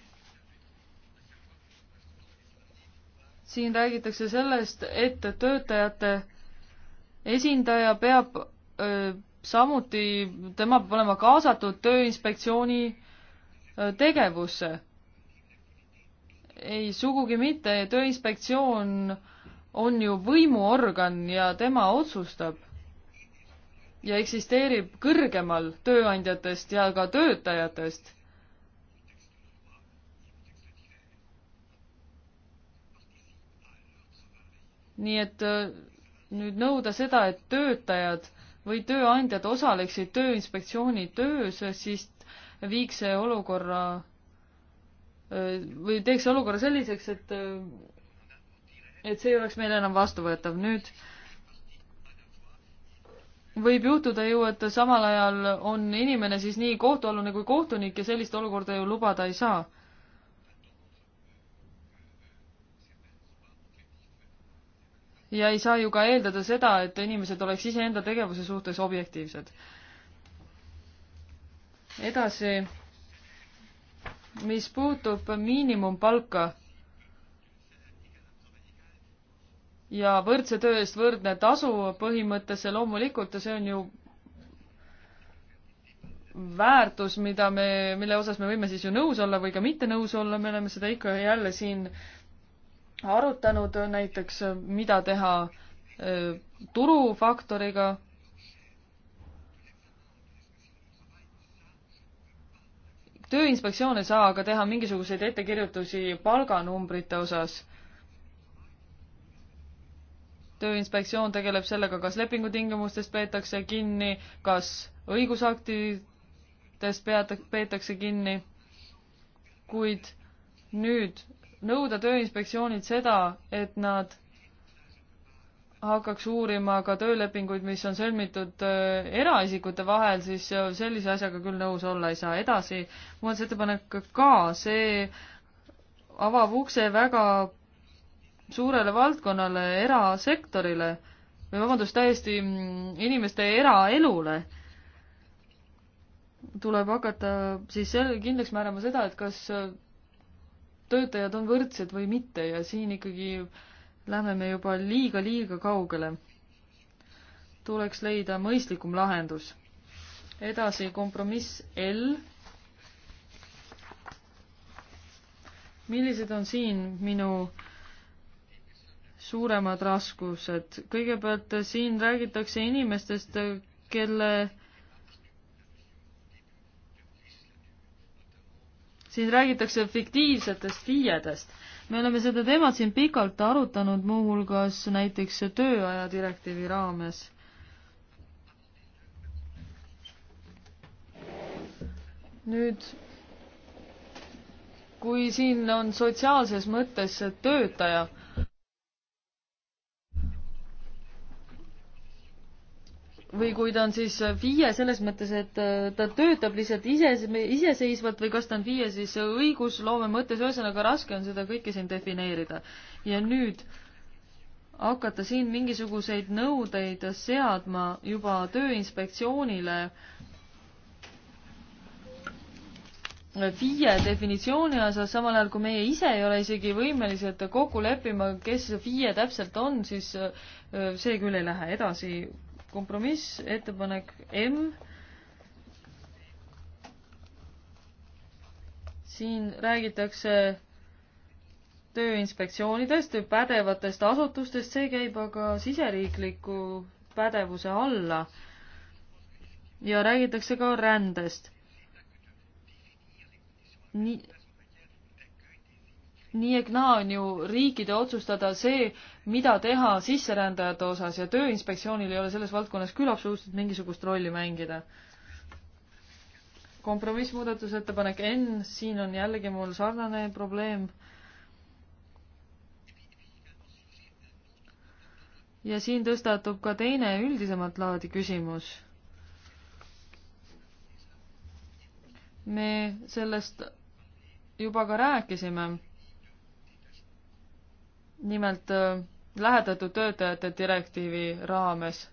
siin räägitakse sellest, et töötajate esindaja peab öö, samuti, tema peab olema kaasatud Tööinspektsiooni öö, tegevusse. ei, sugugi mitte, Tööinspektsioon on ju võimuorgan ja tema otsustab ja eksisteerib kõrgemal tööandjatest ja ka töötajatest nii et äh, nüüd nõuda seda, et töötajad või tööandjad osaleksid Tööinspektsiooni töös, siis viiks see olukorra äh, või teeks olukorra selliseks, et äh, et see ei oleks meile enam vastuvõetav. nüüd võib juhtuda ju, et samal ajal on inimene siis nii kohtualune kui kohtunik ja sellist olukorda ju lubada ei saa. ja ei saa ju ka eeldada seda, et inimesed oleks iseenda tegevuse suhtes objektiivsed. edasi, mis puutub miinimumpalka ja võrdse töö eest võrdne tasu põhimõttesse, loomulikult see on ju väärtus, mida me, mille osas me võime siis ju nõus olla või ka mitte nõus olla, me oleme seda ikka ja jälle siin äh, arutanud näiteks, mida teha turufaktoriga. tööinspektsioon ei saa aga teha mingisuguseid ettekirjutusi palganumbrite osas. tööinspektsioon tegeleb sellega, kas lepingutingimustest peetakse kinni, kas õigusaktidest peetakse kinni, kuid nüüd nõuda Tööinspektsioonilt seda, et nad hakkaks uurima ka töölepinguid, mis on sõlmitud äh, eraisikute vahel, siis äh, sellise asjaga küll nõus olla ei saa. edasi, muudatusettepanek ka, see avab ukse väga suurele valdkonnale, erasektorile või vabandust, täiesti mm, inimeste eraelule tuleb hakata siis sel-, kindlaks määrama seda, et kas äh, töötajad on võrdsed või mitte ja siin ikkagi lähme me juba liiga-liiga kaugele. tuleks leida mõistlikum lahendus. edasi kompromiss L. millised on siin minu suuremad raskused? kõigepealt siin räägitakse inimestest, kelle siin räägitakse fiktiivsetest FIE-dest. me oleme seda teemat siin pikalt arutanud, muuhulgas näiteks tööaja direktiivi raames. nüüd, kui siin on sotsiaalses mõttes töötaja või kui ta on siis FIE selles mõttes, et äh, ta töötab lihtsalt ise, iseseisvalt või kas ta on FIE siis õigusloome mõttes, ühesõnaga raske on seda kõike siin defineerida. ja nüüd hakata siin mingisuguseid nõudeid seadma juba Tööinspektsioonile FIE definitsiooni osas, samal ajal kui meie ise ei ole isegi võimelised kokku leppima, kes FIE täpselt on, siis äh, see küll ei lähe edasi kompromiss, ettepanek M. siin räägitakse tööinspektsioonidest või pädevatest asutustest, see käib aga siseriikliku pädevuse alla. ja räägitakse ka rändest. nii nii ehk naa on ju riikide otsustada see, mida teha sisserändajate osas ja Tööinspektsioonil ei ole selles valdkonnas küll absoluutselt mingisugust rolli mängida. kompromissmuudatusettepanek N, siin on jällegi mul sarnane probleem. ja siin tõstatub ka teine üldisemat laadi küsimus. me sellest juba ka rääkisime nimelt äh, lähedatud töötajate direktiivi raames.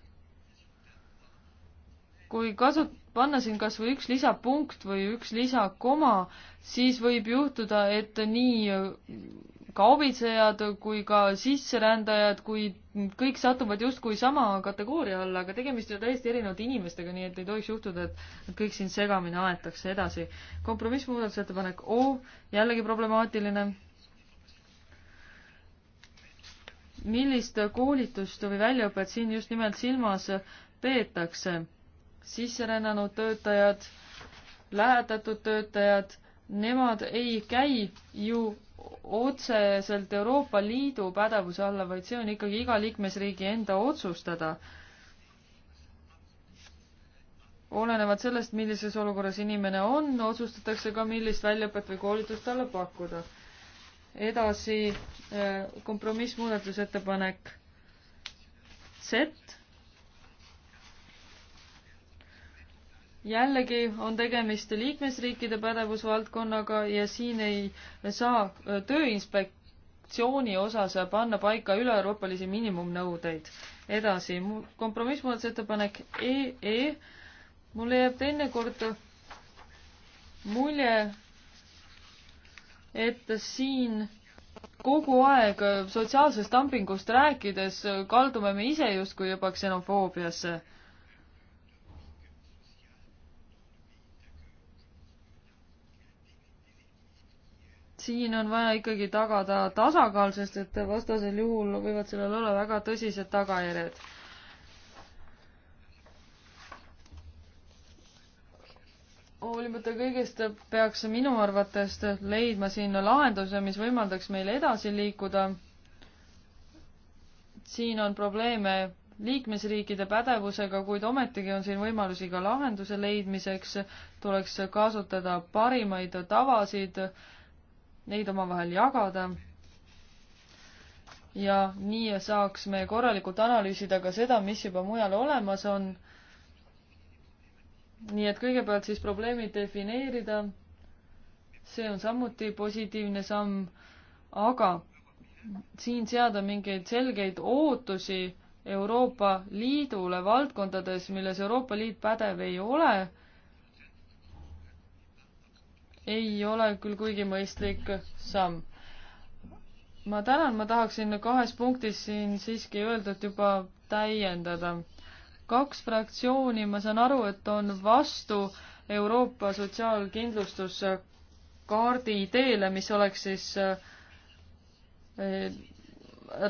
kui kasu-, panna siin kas või üks lisapunkt või üks lisakoma, siis võib juhtuda, et nii äh, kaubitsejad kui ka sisserändajad, kui kõik satuvad justkui sama kategooria alla, aga tegemist on täiesti erinevate inimestega, nii et ei tohiks juhtuda, et kõik siin segamini aetakse edasi. kompromissmuudatusettepanek O, jällegi problemaatiline millist koolitust või väljaõpet siin just nimelt silmas peetakse? sisserännanud töötajad, lähetatud töötajad, nemad ei käi ju otseselt Euroopa Liidu pädevuse alla, vaid see on ikkagi iga liikmesriigi enda otsustada. olenevalt sellest, millises olukorras inimene on, otsustatakse ka, millist väljaõpet või koolitust talle pakkuda edasi äh, kompromissmuudatusettepanek Z. jällegi on tegemist liikmesriikide pädevusvaldkonnaga ja siin ei saa äh, tööinspektsiooni osas panna paika üle-euroopalisi miinimumnõudeid. edasi, kompromissmuudatusettepanek EE, e. mulle jääb teinekord mulje, et siin kogu aeg sotsiaalsest dumpingust rääkides kaldume me ise justkui juba ksenofoobiasse. siin on vaja ikkagi tagada tasakaal, sest et vastasel juhul võivad sellel olla väga tõsised tagajärjed hoolimata kõigest peaks minu arvates leidma siin lahenduse, mis võimaldaks meil edasi liikuda. siin on probleeme liikmesriikide pädevusega, kuid ometigi on siin võimalusi ka lahenduse leidmiseks. tuleks kasutada parimaid tavasid, neid omavahel jagada. ja nii saaks me korralikult analüüsida ka seda, mis juba mujal olemas on nii et kõigepealt siis probleemid defineerida, see on samuti positiivne samm, aga siin seada mingeid selgeid ootusi Euroopa Liidule valdkondades, milles Euroopa Liit pädev ei ole, ei ole küll kuigi mõistlik samm. ma tänan, ma tahaksin kahes punktis siin siiski öeldut juba täiendada kaks fraktsiooni, ma saan aru, et on vastu Euroopa sotsiaalkindlustuskaardi ideele, mis oleks siis äh,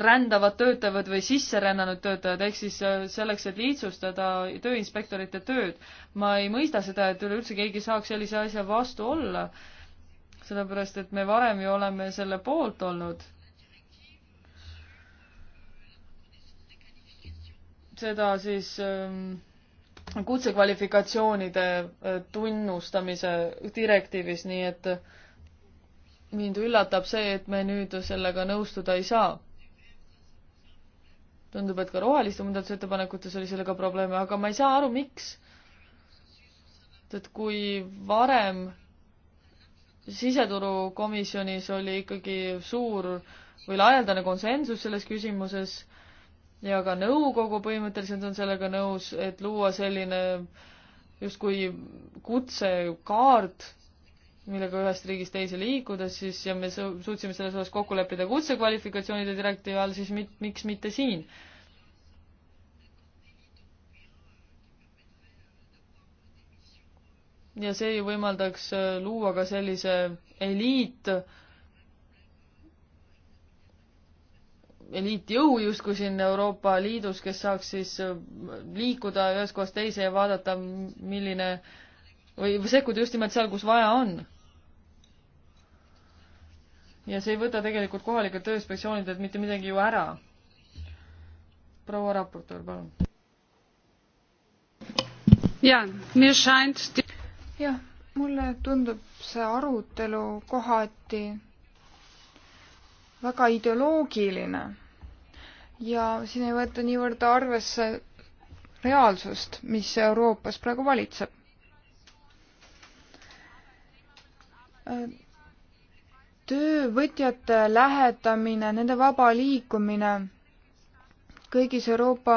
rändavad töötajad või sisserännanud töötajad, ehk siis äh, selleks, et lihtsustada tööinspektorite tööd. ma ei mõista seda, et üleüldse keegi saaks sellise asja vastu olla, sellepärast et me varem ju oleme selle poolt olnud seda siis ähm, kutsekvalifikatsioonide äh, tunnustamise direktiivis, nii et mind üllatab see, et me nüüd sellega nõustuda ei saa. tundub, et ka roheliste muudatusettepanekutes oli sellega probleeme, aga ma ei saa aru, miks. et kui varem siseturukomisjonis oli ikkagi suur või laialdane konsensus selles küsimuses ja ka nõukogu põhimõtteliselt on sellega nõus, et luua selline justkui kutsekaart, millega ühest riigist teise liikuda, siis ja me suutsime selles osas kokku leppida kutsekvalifikatsioonide direktiivi all, siis mit, miks mitte siin? ja see ju võimaldaks äh, luua ka sellise eliit äh, eliitjõu justkui siin Euroopa Liidus, kes saaks siis äh, liikuda ühest kohast teise ja vaadata, milline või sekkuda just nimelt seal, kus vaja on. ja see ei võta tegelikult kohalikelt tööinspektsioonidelt mitte midagi ju ära. proua raportöör, palun. jah, mulle tundub see arutelu kohati väga ideoloogiline ja siin ei võeta niivõrd arvesse reaalsust, mis Euroopas praegu valitseb. töövõtjate lähetamine, nende vaba liikumine kõigis Euroopa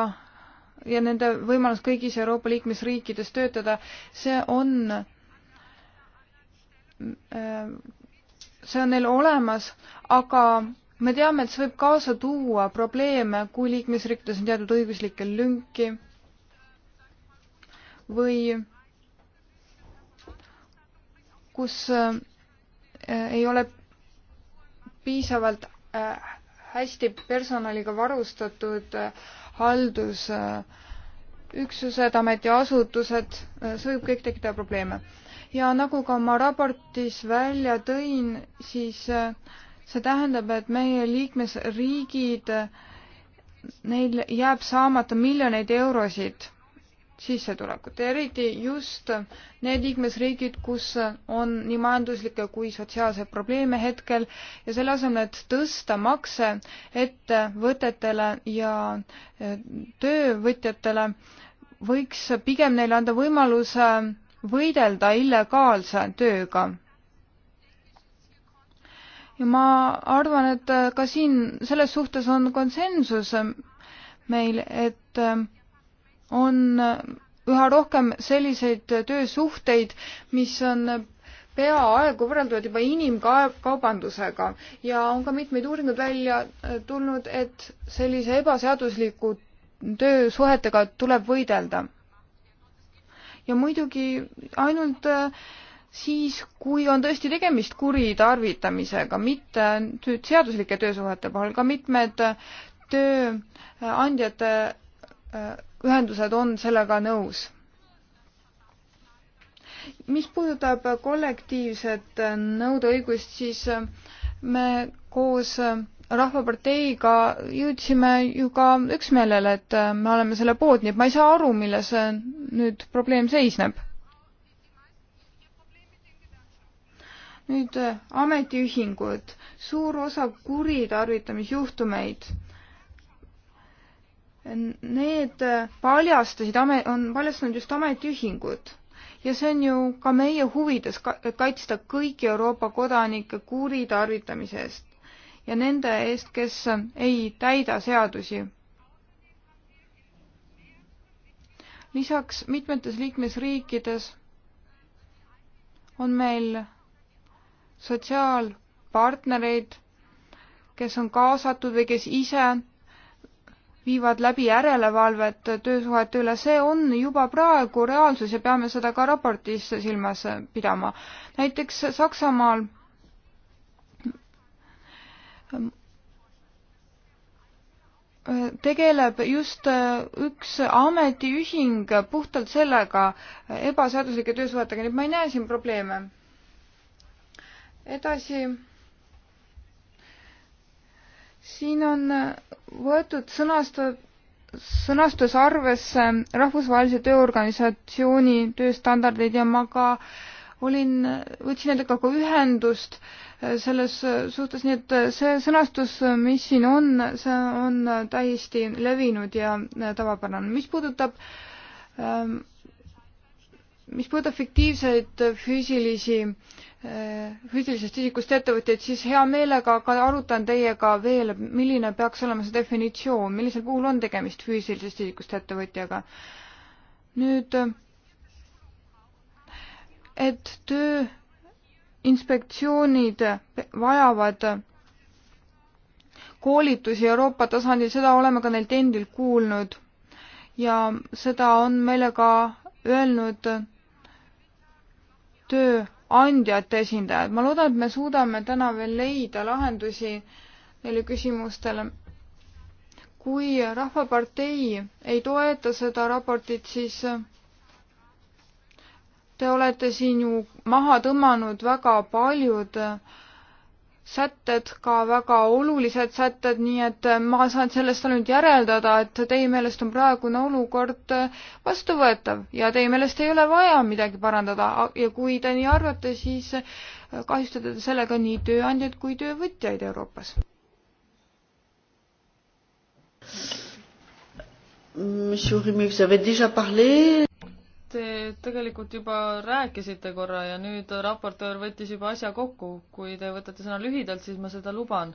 ja nende võimalus kõigis Euroopa liikmesriikides töötada, see on äh, see on neil olemas, aga me teame, et see võib kaasa tuua probleeme, kui liikmesriikides on teatud õiguslikke lünki või kus äh, ei ole piisavalt äh, hästi personaliga varustatud äh, haldusüksused, ametiasutused, see võib kõik tekitada probleeme ja nagu ka oma raportis välja tõin, siis eh, see tähendab, et meie liikmesriigid, eh, neil jääb saamata miljoneid eurosid sissetulekut, eriti just need liikmesriigid, kus on nii majanduslikke kui sotsiaalseid probleeme hetkel ja selle asemel, et tõsta makse ettevõtetele ja eh, töövõtjatele, võiks pigem neile anda võimaluse võidelda illegaalse tööga. ja ma arvan, et äh, ka siin selles suhtes on konsensus äh, meil, et äh, on üha rohkem selliseid töösuhteid, mis on peaaegu võrrelduvad juba inimkaubandusega ja on ka mitmeid uuringuid välja tulnud, et sellise ebaseadusliku töösuhetega tuleb võidelda ja muidugi ainult äh, siis, kui on tõesti tegemist kuritarvitamisega, mitte nüüd seaduslike töösuhete puhul, ka mitmed äh, tööandjate äh, ühendused on sellega nõus. mis puudutab kollektiivset nõudeõigust, siis me koos Rahvaparteiga jõudsime ju ka üksmeelele, et äh, me oleme selle poolt, nii et ma ei saa aru, milles äh, nüüd probleem seisneb. nüüd äh, ametiühingud, suur osa kuritarvitamisjuhtumeid. Need paljastasid, on paljastanud just ametiühingud ja see on ju ka meie huvides, et kaitsta kõiki Euroopa kodanikke kuritarvitamise eest ja nende eest, kes ei täida seadusi. lisaks mitmetes liikmesriikides on meil sotsiaalpartnereid, kes on kaasatud või kes ise viivad läbi järelevalvet töösuhete üle, see on juba praegu reaalsus ja peame seda ka raportis silmas pidama. näiteks Saksamaal tegeleb just äh, üks ametiühing puhtalt sellega, äh, ebaseaduslike töösuhetega, nii et ma ei näe siin probleeme. edasi. siin on äh, võetud sõnastada sõnastus arvesse Rahvusvahelise Tööorganisatsiooni tööstandardeid ja ma ka olin, võtsin nendega ka ühendust äh, selles suhtes, nii et see sõnastus, mis siin on, see on täiesti levinud ja tavapärane. mis puudutab ähm, mis puudutab fiktiivseid füüsilisi, äh, füüsilisest isikust ettevõtjaid, siis hea meelega ka arutan teiega veel, milline peaks olema see definitsioon, millisel puhul on tegemist füüsilisest isikust ettevõtjaga. nüüd, et töö inspektsioonid vajavad koolitusi Euroopa tasandil, seda oleme ka neilt endil kuulnud ja seda on meile ka öelnud tööandjate esindajad. ma loodan, et me suudame täna veel leida lahendusi neile küsimustele. kui Rahvapartei ei toeta seda raportit, siis Te olete siin ju maha tõmmanud väga paljud sätted, ka väga olulised sätted, nii et ma saan sellest ainult järeldada, et teie meelest on praegune olukord vastuvõetav ja teie meelest ei ole vaja midagi parandada ja kui te nii arvate, siis kahjustate te sellega nii tööandjaid kui töövõtjaid Euroopas. Monsieur Rumi, vous avez déjà parlé Te tegelikult juba rääkisite korra ja nüüd raportöör võttis juba asja kokku. kui te võtate sõna lühidalt, siis ma seda luban.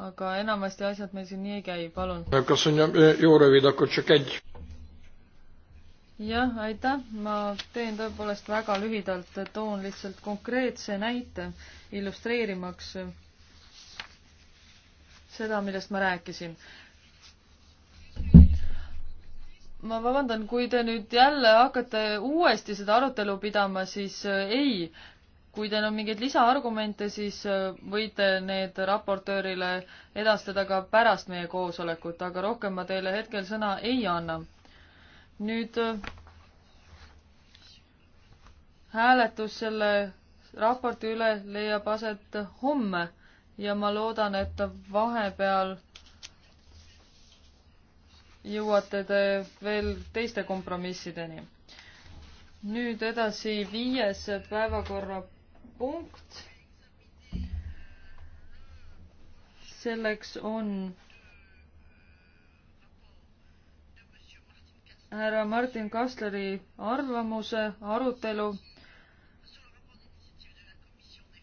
aga enamasti asjad meil siin nii ei käi, palun. kas on juureviidakut šokent? jah, aitäh, ma teen tõepoolest väga lühidalt, toon lihtsalt konkreetse näite illustreerimaks seda, millest ma rääkisin ma vabandan, kui te nüüd jälle hakkate uuesti seda arutelu pidama, siis äh, ei. kui teil on mingeid lisaargumente, siis äh, võite need raportöörile edastada ka pärast meie koosolekut, aga rohkem ma teile hetkel sõna ei anna. nüüd äh, hääletus selle raporti üle leiab aset homme ja ma loodan, et vahepeal jõuate te veel teiste kompromissideni. nüüd edasi viies päevakorrapunkt. selleks on härra Martin Kastleri arvamuse arutelu.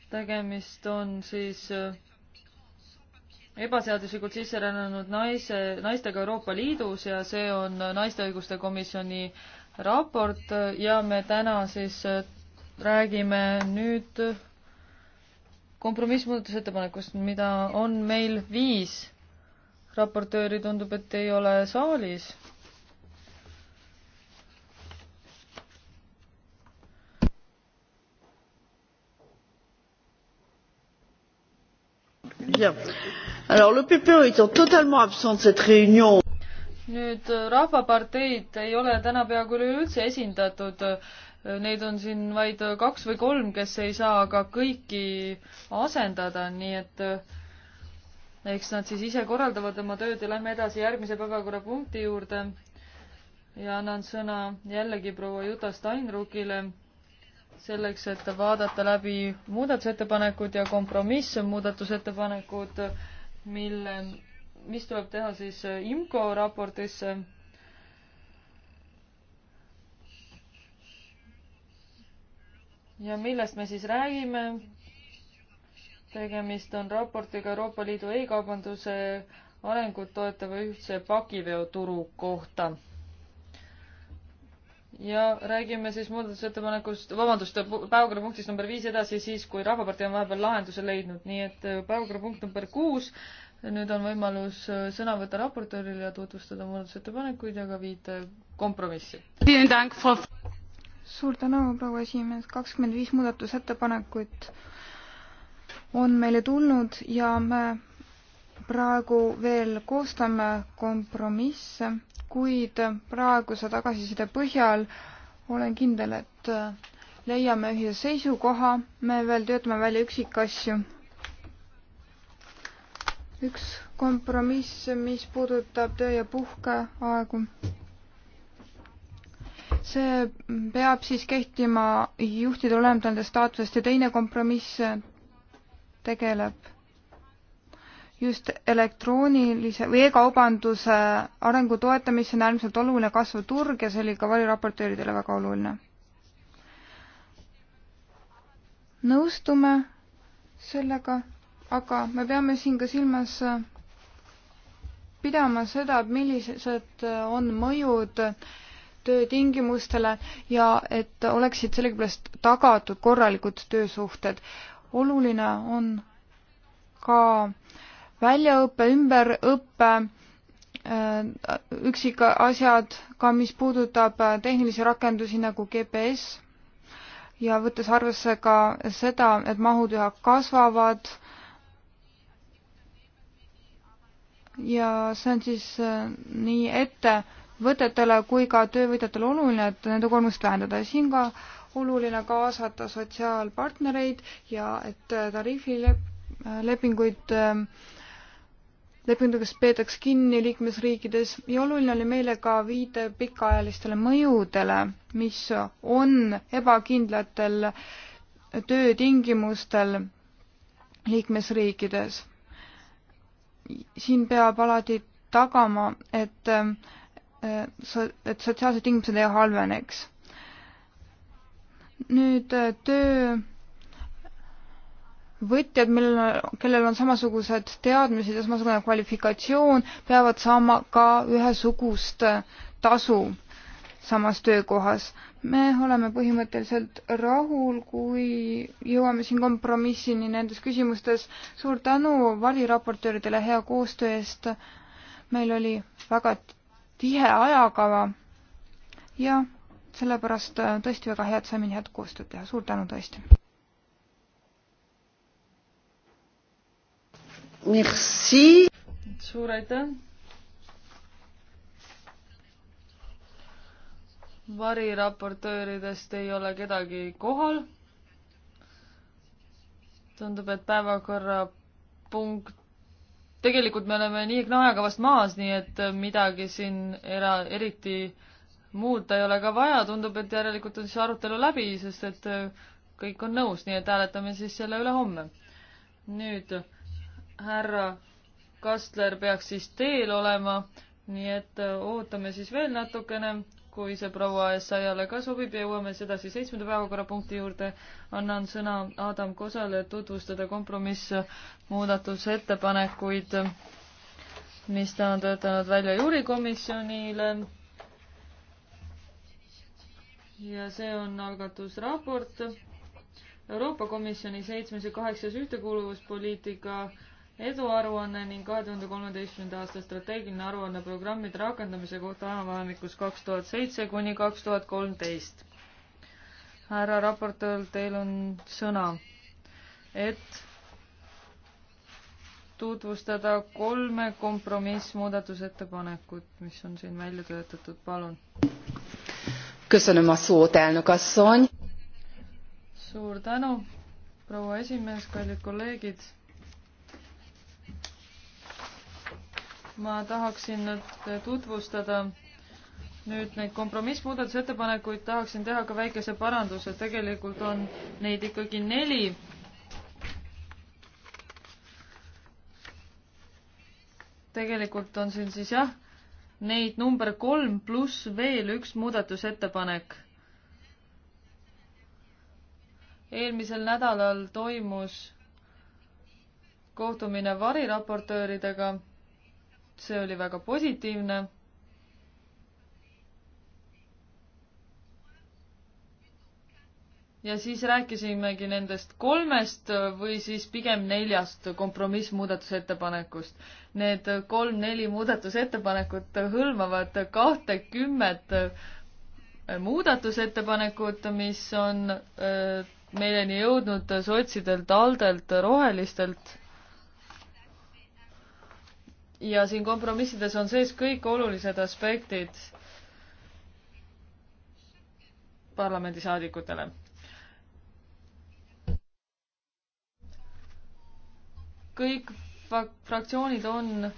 tegemist on siis ebaseaduslikult sisse rännanud naise, naistega Euroopa Liidus ja see on naiste õiguste komisjoni raport ja me täna siis räägime nüüd kompromissmuudatusettepanekust, mida on meil viis. raportööri tundub, et ei ole saalis. jah Alors le PPE étant totalement absent de cette réunion. nüüd äh, Rahvaparteid ei ole täna peaaegu üleüldse esindatud. Äh, neid on siin vaid äh, kaks või kolm, kes ei saa ka kõiki asendada, nii et eks nad siis ise korraldavad oma tööd ja lähme edasi järgmise päevakorrapunkti juurde. ja annan sõna jällegi proua Juta Steinruckile selleks, et vaadata läbi muudatusettepanekud ja kompromissmuudatusettepanekud mille, mis tuleb teha siis äh, IMCO raportisse. ja millest me siis räägime? tegemist on raportiga Euroopa Liidu e-kaubanduse arengut toetava ühtse pakiveoturu kohta ja räägime siis muudatusettepanekust, vabandust, päevakorrapunktist number viis edasi siis, kui Rahvapartei on vahepeal lahenduse leidnud, nii et äh, päevakorrapunkt number kuus, nüüd on võimalus äh, sõna võtta raportööril ja tutvustada muudatusettepanekuid ja ka viite kompromissi. suur tänu, proua esimees, kakskümmend viis muudatusettepanekut on meile tulnud ja me praegu veel koostame kompromisse kuid praeguse tagasiside põhjal olen kindel, et leiame ühise seisukoha, me veel töötame välja üksikasju. üks kompromiss, mis puudutab töö ja puhkeaegu. see peab siis kehtima juhtide olemdelde staatusest ja teine kompromiss tegeleb just elektroonilise või e-kaubanduse arengu toetamisse on äärmiselt oluline kasvav turg ja see oli ka variraportööridele väga oluline. nõustume sellega, aga me peame siin ka silmas pidama seda, millised on mõjud töötingimustele ja et oleksid sellegipärast tagatud korralikud töösuhted. oluline on ka väljaõpe, ümberõpe, äh, üksikasjad ka, mis puudutab äh, tehnilisi rakendusi nagu GPS ja võttes arvesse ka seda, et mahud üha kasvavad ja see on siis äh, nii ettevõtetele kui ka töövõtjatele oluline, et nende koormust vähendada ja siin ka oluline kaasata sotsiaalpartnereid ja et tariifilepinguid lep lepingutest peetaks kinni liikmesriikides ja oluline oli meile ka viide pikaajalistele mõjudele, mis on ebakindlatel töötingimustel liikmesriikides. siin peab alati tagama, et, et sotsiaalsed tingimused ei halveneks. nüüd töö võtjad, millel, kellel on samasugused teadmised ja samasugune kvalifikatsioon, peavad saama ka ühesugust tasu samas töökohas. me oleme põhimõtteliselt rahul, kui jõuame siin kompromissini nendes küsimustes. suur tänu variraportööridele hea koostöö eest. meil oli väga tihe ajakava ja sellepärast tõesti väga hea, et saime nii head koostööd teha. suur tänu tõesti! Merci. suur aitäh. variraportööridest ei ole kedagi kohal. tundub, et päevakorrapunkt, tegelikult me oleme nii ikka ajakavast maas, nii et midagi siin era-, eriti muuta ei ole ka vaja, tundub, et järelikult on siis arutelu läbi, sest et kõik on nõus, nii et hääletame siis selle üle homme. nüüd härra Kastler peaks siis teel olema, nii et äh, ootame siis veel natukene, kui see proua Essayale ka sobib ja jõuame sedasi seitsmenda päevakorrapunkti juurde. annan sõna Adam Kosale, et tutvustada kompromissmuudatusettepanekuid, mis ta on töötanud välja juurikomisjonile. ja see on algatusraport Euroopa Komisjoni seitsmes ja kaheksas ühtekuuluvuspoliitika eduaruanne ning kahe tuhande kolmeteistkümnenda aasta strateegiline aruanne programmide rakendamise kohta ajavahemikus kaks tuhat seitse kuni kaks tuhat kolmteist. härra raportöör, teil on sõna, et tutvustada kolme kompromissmuudatusettepanekut, mis on siin välja töötatud, palun. köszönöm a szót, elnök asszony. suur tänu, proua esimees, kallid kolleegid ma tahaksin nüüd tutvustada nüüd neid kompromissmuudatusettepanekuid tahaksin teha ka väikese paranduse, tegelikult on neid ikkagi neli. tegelikult on siin siis jah, neid number kolm pluss veel üks muudatusettepanek. eelmisel nädalal toimus kohtumine variraportööridega see oli väga positiivne. ja siis rääkisimegi nendest kolmest või siis pigem neljast kompromissmuudatusettepanekust. Need kolm-neli muudatusettepanekut hõlmavad kahtekümmet äh, muudatusettepanekut, mis on öö, äh, meieni jõudnud sotsidelt, Aldelt, Rohelistelt ja siin kompromissides on sees kõik olulised aspektid parlamendisaadikutele. kõik fraktsioonid on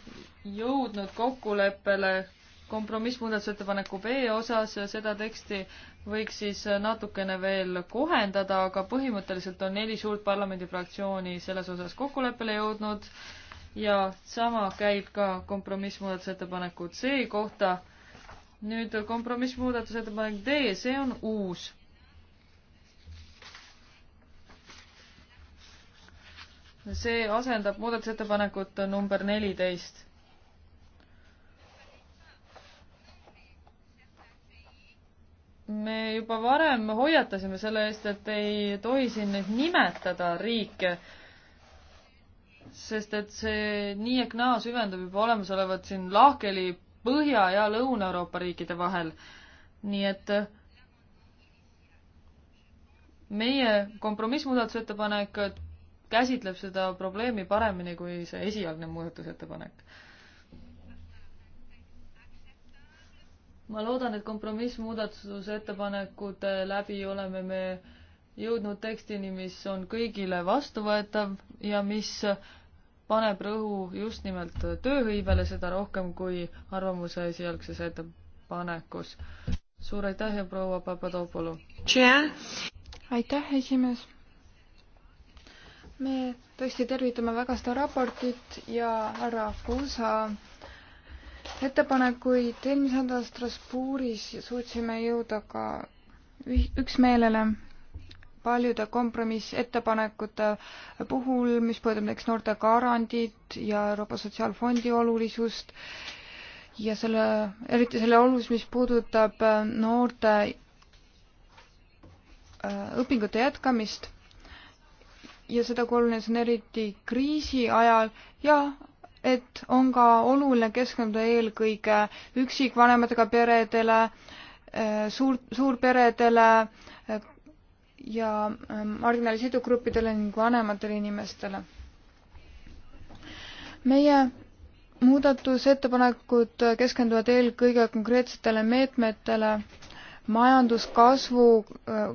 jõudnud kokkuleppele kompromissmuudatusettepaneku B osas, seda teksti võiks siis natukene veel kohendada, aga põhimõtteliselt on neli suurt parlamendifraktsiooni selles osas kokkuleppele jõudnud ja sama käib ka kompromissmuudatusettepaneku C kohta. nüüd kompromissmuudatusettepanek D, see on uus. see asendab muudatusettepanekut number neliteist me juba varem hoiatasime selle eest, et ei tohi siin nüüd nimetada riike, sest et see nii ehk naa süvendab juba olemasolevat siin lahkeli Põhja- ja Lõuna-Euroopa riikide vahel. nii et äh, meie kompromissmuudatusettepanek käsitleb seda probleemi paremini kui see esialgne muudatusettepanek. ma loodan, et kompromissmuudatusettepanekute läbi oleme me jõudnud tekstini, mis on kõigile vastuvõetav ja mis paneb rõhu just nimelt tööhõivele, seda rohkem kui arvamuse esialgses ettepanekus. suur aitäh ja proua Papadopoulou! aitäh, esimees! me tõesti tervitame väga seda raportit ja härra Fusa ettepanekuid. eelmise nädala Strasbourgis suutsime jõuda ka üksmeelele paljude kompromissettepanekute puhul, mis puudutab näiteks noorte garandiid ja Euroopa Sotsiaalfondi olulisust ja selle, eriti selle olulisust, mis puudutab äh, noorte äh, õpingute jätkamist ja seda, kui oluline see on eriti kriisi ajal ja et on ka oluline keskenduda eelkõige üksikvanematega peredele, äh, suur, suurperedele, ja ähm, marginaliseeritud gruppidele ning vanematele inimestele. meie muudatusettepanekud keskenduvad eelkõige konkreetsetele meetmetele, majanduskasvu äh,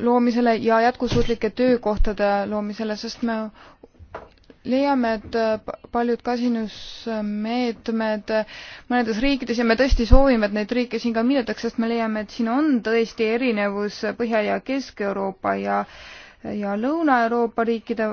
loomisele ja jätkusuutlike töökohtade loomisele, sest me leiame, et äh, paljud kasinusmeetmed äh, mõnedes riikides ja me tõesti soovime, et neid riike siin ka miidetakse, sest me leiame, et siin on tõesti erinevus Põhja- ja Kesk-Euroopa ja, ja Lõuna-Euroopa riikide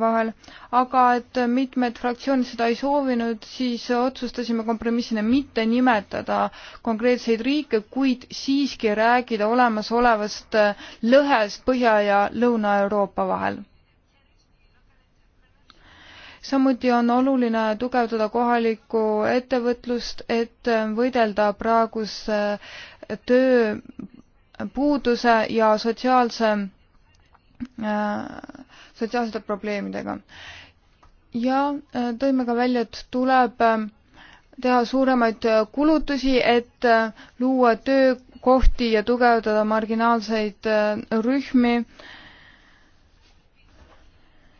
vahel, aga et mitmed fraktsioonid seda ei soovinud, siis otsustasime kompromissina mitte nimetada konkreetseid riike, kuid siiski rääkida olemasolevast äh, lõhest Põhja- ja Lõuna-Euroopa vahel samuti on oluline tugevdada kohalikku ettevõtlust, et võidelda praeguse tööpuuduse ja sotsiaalse, sotsiaalsete probleemidega. ja tõime ka välja, et tuleb teha suuremaid kulutusi, et luua töökohti ja tugevdada marginaalseid rühmi äh,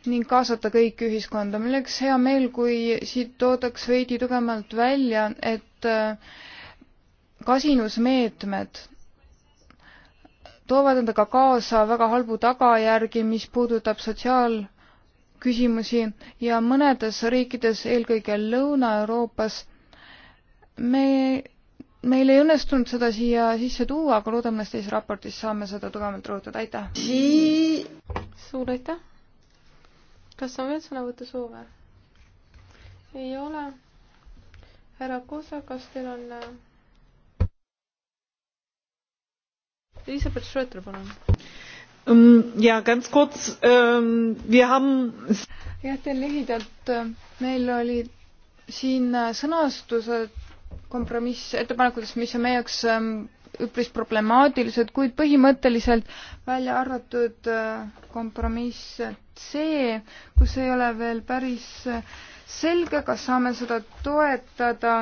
ning kaasata kõik ühiskonda. mul oleks hea meel, kui siit toodaks veidi tugevamalt välja, et äh, kasinusmeetmed toovad endaga kaasa väga halbu tagajärgi, mis puudutab sotsiaalküsimusi ja mõnedes riikides, eelkõige Lõuna-Euroopas, me, meil ei õnnestunud seda siia sisse tuua, aga loodame, et teises raportis saame seda tugevamalt rõhutada, aitäh! suur aitäh! kas on veel sõnavõtusoove? ei ole. härra Kosa, kas teil on? Äh, Elisabeth Schröter, palun um, ja ganz kurz ähm, wir haben jah teen lühidalt meil oli siin äh, sõnastused kompromissettepanekutes mis on meie jaoks ähm, üpris problemaatilised, kuid põhimõtteliselt välja arvatud äh, kompromiss C, kus ei ole veel päris äh, selge, kas saame seda toetada,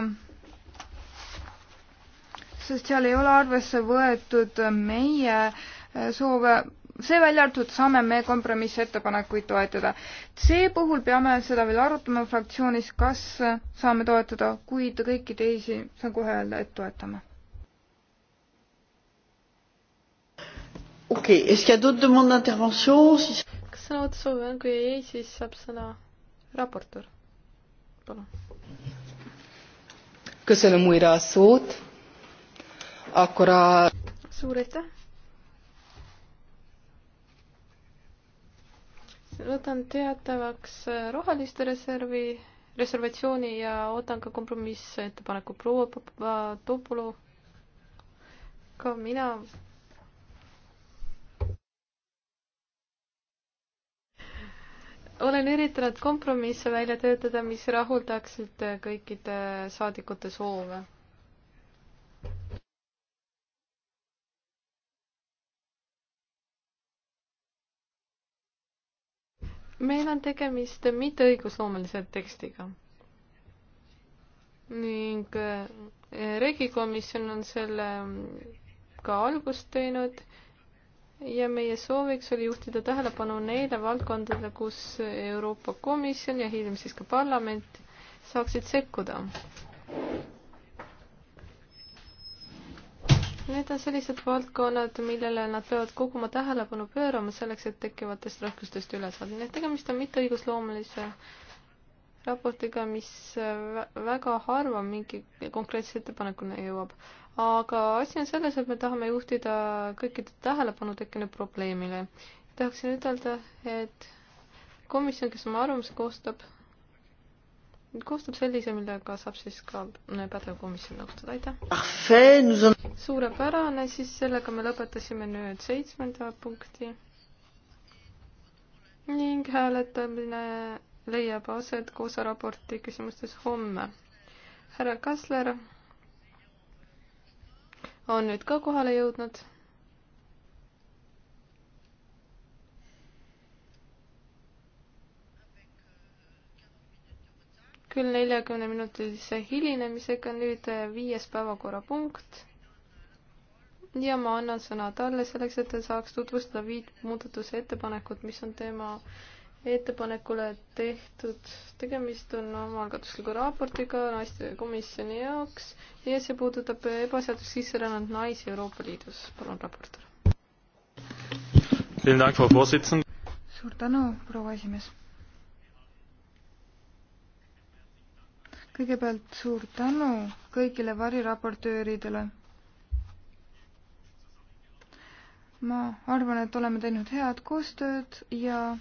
sest seal ei ole arvesse võetud meie äh, soove see välja arvatud, saame me kompromissettepanekuid toetada. C puhul peame seda veel arutama fraktsioonis, kas saame toetada, kuid kõiki teisi saan kohe öelda, et toetame. okei okay., est-ce qu'il y a d'autres demandes d'intervention siis...? kas sõnavõtusoove on, kui ei, siis saab sõna raportöör, palun. köszönöm újra a szót. Akkor a... Suur aitäh. võtan teatavaks äh, roheliste reservi, reservatsiooni ja ootan ka kompromissettepaneku proua Papadopolu. ka mina olen üritanud kompromisse välja töötada, mis rahuldaksid kõikide saadikute soove. meil on tegemist mitteõigusloomelise tekstiga ning eh, regikomisjon on selle ka algust teinud ja meie sooviks oli juhtida tähelepanu neile valdkondadele, kus Euroopa Komisjon ja hiljem siis ka parlament saaksid sekkuda. Need on sellised valdkonnad, millele nad peavad koguma tähelepanu pöörama selleks, et tekkivatest raskustest üle saada. nii et tegemist on mitteõigusloomelise raportiga, mis väga harva mingi konkreetse ettepanekuna jõuab aga asi on selles, et me tahame juhtida kõikide tähelepanu tekkinud probleemile. tahaksin ütelda, et komisjon, kes oma arvamuse koostab, koostab sellise, millega saab siis ka äh, pädev komisjon nõustuda, aitäh. suurepärane, siis sellega me lõpetasime nüüd seitsmenda punkti. ning hääletamine leiab aset koos raporti küsimustes homme. härra Kassler on nüüd ka kohale jõudnud. küll neljakümne minutilise hilinemisega nüüd viies päevakorrapunkt. ja ma annan sõna talle selleks, et ta saaks tutvustada viit muudatusettepanekut, mis on tema äh, ettepanekule tehtud. tegemist on omaalgatusliku raportiga naiste komisjoni jaoks ja see puudutab ebaseaduslikku sisserännanud naisi Euroopa Liidus. palun, raportöör. suur tänu, proua esimees. kõigepealt suur tänu kõigile variraportööridele ma arvan, et oleme teinud head koostööd ja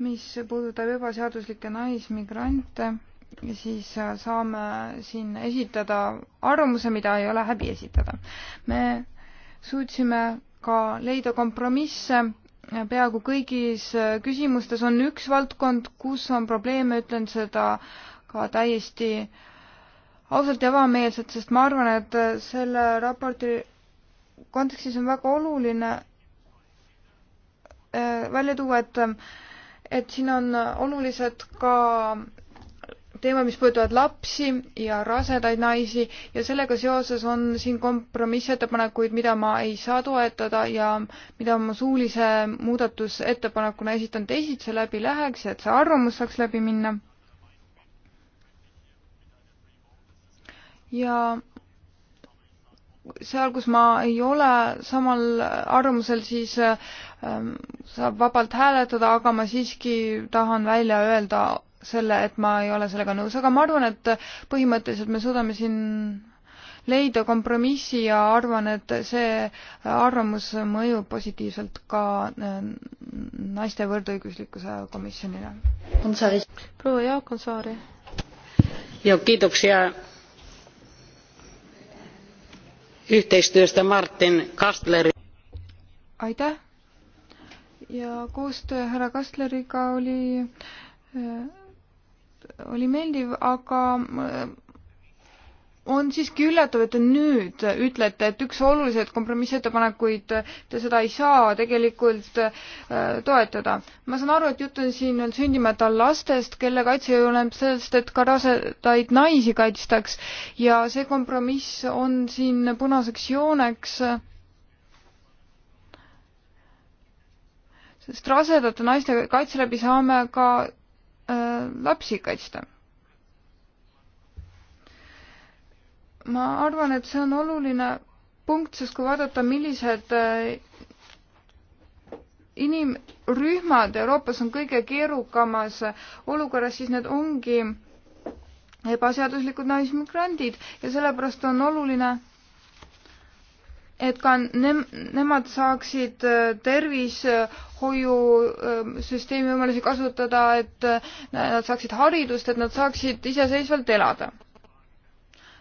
mis puudutab ebaseaduslikke naismigrante, siis äh, saame siin esitada arvamuse, mida ei ole häbi esitada. me suutsime ka leida kompromisse peaaegu kõigis äh, küsimustes on üks valdkond, kus on probleeme, ütlen seda ka täiesti ausalt ja avameelselt, sest ma arvan, et äh, selle raporti kontekstis on väga oluline välja tuua, et et siin on olulised ka teema, mis puudutavad lapsi ja rasedaid naisi ja sellega seoses on siin kompromissettepanekuid, mida ma ei saa toetada ja mida ma suulise muudatusettepanekuna esitan teisiti, see läbi läheks ja et see arvamus saaks läbi minna. ja seal, kus ma ei ole samal arvamusel, siis Ähm, saab vabalt hääletada, aga ma siiski tahan välja öelda selle, et ma ei ole sellega nõus, aga ma arvan, et põhimõtteliselt me suudame siin leida kompromissi ja arvan, et see arvamus mõjub positiivselt ka äh, naiste võrdõiguslikkuse komisjonile. proua Jaak Ansaari. ja kiitoksia yhteistyöstä Martin Kastleri. aitäh ja koostöö härra Kastleriga oli, äh, oli meeldiv, aga äh, on siiski üllatav, et te nüüd ütlete, et üks olulised kompromissettepanekuid, te seda ei saa tegelikult äh, toetada. ma saan aru, et jutt on siin veel sündimata lastest, kelle kaitse oleneb sellest, et ka rasedaid naisi kaitstaks ja see kompromiss on siin punaseks jooneks äh, sest rasedate naiste kaitse läbi saame ka äh, lapsi kaitsta. ma arvan, et see on oluline punkt, sest kui vaadata, millised äh, inimrühmad Euroopas on kõige keerukamas olukorras, siis need ongi ebaseaduslikud naismigrandid ja sellepärast on oluline et ka nem-, nemad saaksid äh, tervishoiusüsteemi äh, võimalusi kasutada, et äh, nad saaksid haridust, et nad saaksid iseseisvalt elada.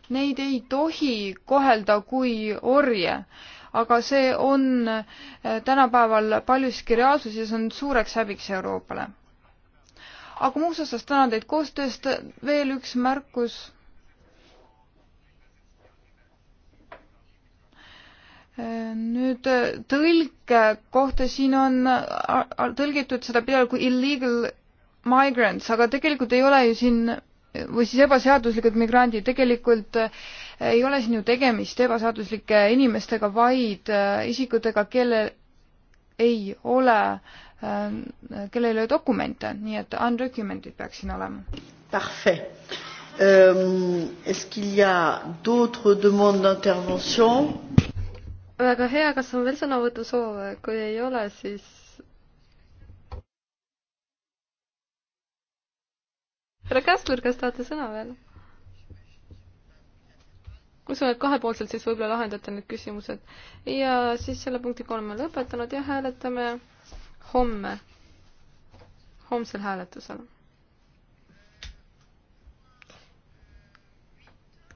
Neid ei tohi kohelda kui orje, aga see on tänapäeval paljuski reaalsus ja see on suureks häbiks Euroopale. aga muus osas tänan teid koostööst, veel üks märkus nüüd äh, tõlke kohta siin on äh, tõlgitud seda pidevalt kui illegal migrants, aga tegelikult ei ole ju siin või siis ebaseaduslikud migrandid, tegelikult äh, ei ole siin ju tegemist ebaseaduslike inimestega, vaid isikutega, kellel ei ole, kellel ei ole dokumente, nii et undocumented peaks siin olema. Parfait. Euh, Est-ce qu'il y a d'autres demandes d'intervention euh, väga hea, kas on veel sõnavõtusoove, kui ei ole, siis härra Käsklur, kas tahate sõna veel? usun, et kahepoolselt siis võib-olla lahendate need küsimused. ja siis selle punktiga oleme lõpetanud ja hääletame homme, homsel hääletusel.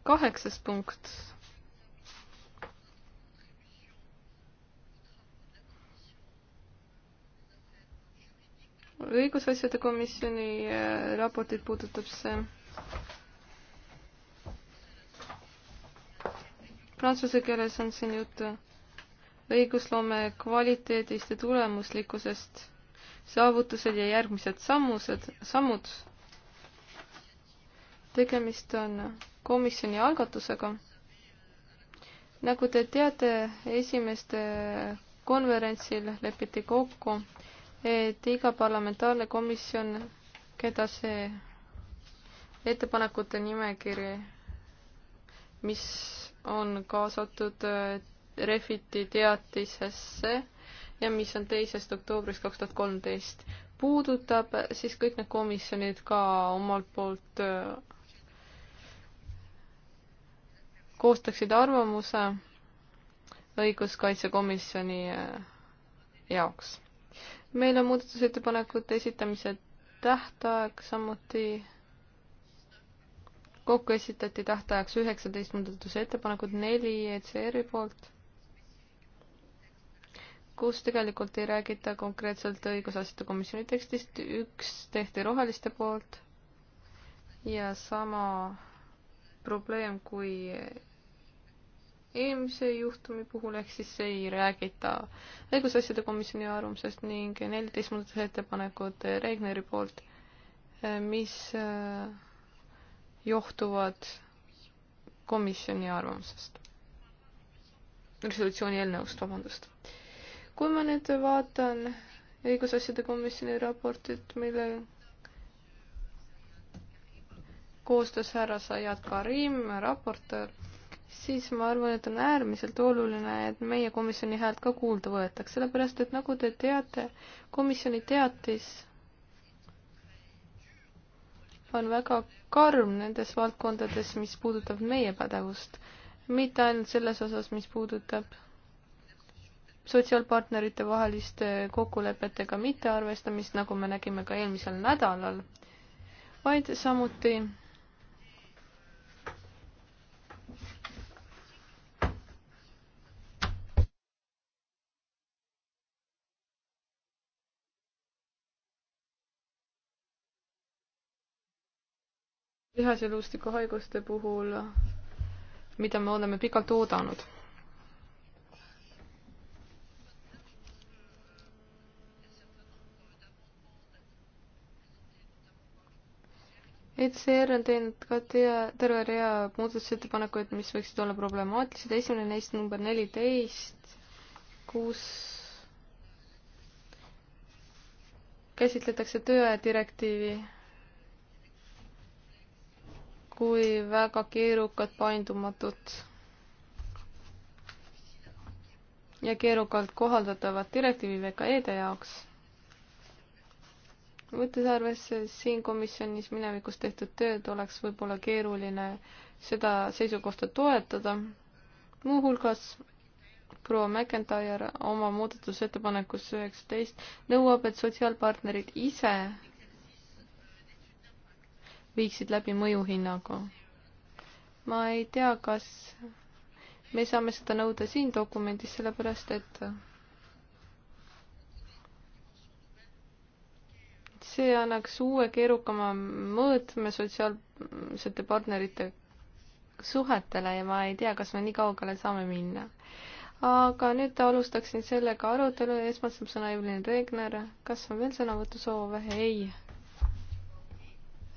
kaheksas punkt õigusasjade komisjoni äh, raportit puudutab see. Prantsuse keeles on siin juttu õigusloome kvaliteedist ja tulemuslikkusest, saavutused ja järgmised sammused, sammud. tegemist on komisjoni algatusega. nagu te teate, esimeste konverentsil lepiti kokku, et iga parlamentaarne komisjon, keda see ettepanekute nimekiri, mis on kaasatud äh, Refiti teatisesse ja mis on teisest oktoobrist kaks tuhat kolmteist, puudutab siis kõik need komisjonid ka omalt poolt äh, koostaksid arvamuse õiguskaitsekomisjoni äh, jaoks meil on muudatusettepanekute esitamise tähtaeg samuti kokku esitati tähtajaks üheksateist muudatusettepanekut, neli ECR-i poolt, kus tegelikult ei räägita konkreetselt õigusasjade komisjoni tekstist, üks tehti roheliste poolt ja sama probleem kui eelmise juhtumi puhul, ehk siis ei räägita õigusasjade komisjoni arvamusest ning neliteist muudatusettepanekut Regneri poolt, eh, mis eh, johtuvad komisjoni arvamusest, resolutsiooni eelnõust, vabandust. kui ma nüüd vaatan õigusasjade komisjoni raportit, mille koostas härra Zayat Karim, raportöör siis ma arvan, et on äärmiselt oluline, et meie komisjoni häält ka kuulda võetaks, sellepärast et nagu te teate, komisjoni teatis on väga karm nendes valdkondades, mis puudutab meie pädevust, mitte ainult selles osas, mis puudutab sotsiaalpartnerite vaheliste kokkulepetega mittearvestamist, nagu me nägime ka eelmisel nädalal, vaid samuti lihaseluustikuhaiguste puhul, mida me oleme pikalt oodanud. ECR on teinud ka tea, terve rea muudatusettepanekuid, mis võiksid olla problemaatilised, esimene neist number neliteist, kus käsitletakse tööaja direktiivi kui väga keerukad, paindumatud ja keerukalt kohaldatavat direktiivi VKE-de jaoks. võttes arvesse siin komisjonis minevikus tehtud tööd, oleks võib-olla keeruline seda seisukohta toetada. muuhulgas proua McIntyre oma muudatusettepanekus üheksateist nõuab, et sotsiaalpartnerid ise viiksid läbi mõjuhinnangu. ma ei tea, kas me saame seda nõuda siin dokumendis, sellepärast et see annaks uue keerukama mõõtme sotsiaalsete partnerite suhetele ja ma ei tea, kas me nii kaugele saame minna aga nüüd alustaksin sellega arutelu ja esmalt saab sõna Evelyn Regner. kas on veel sõnavõtusoove? ei.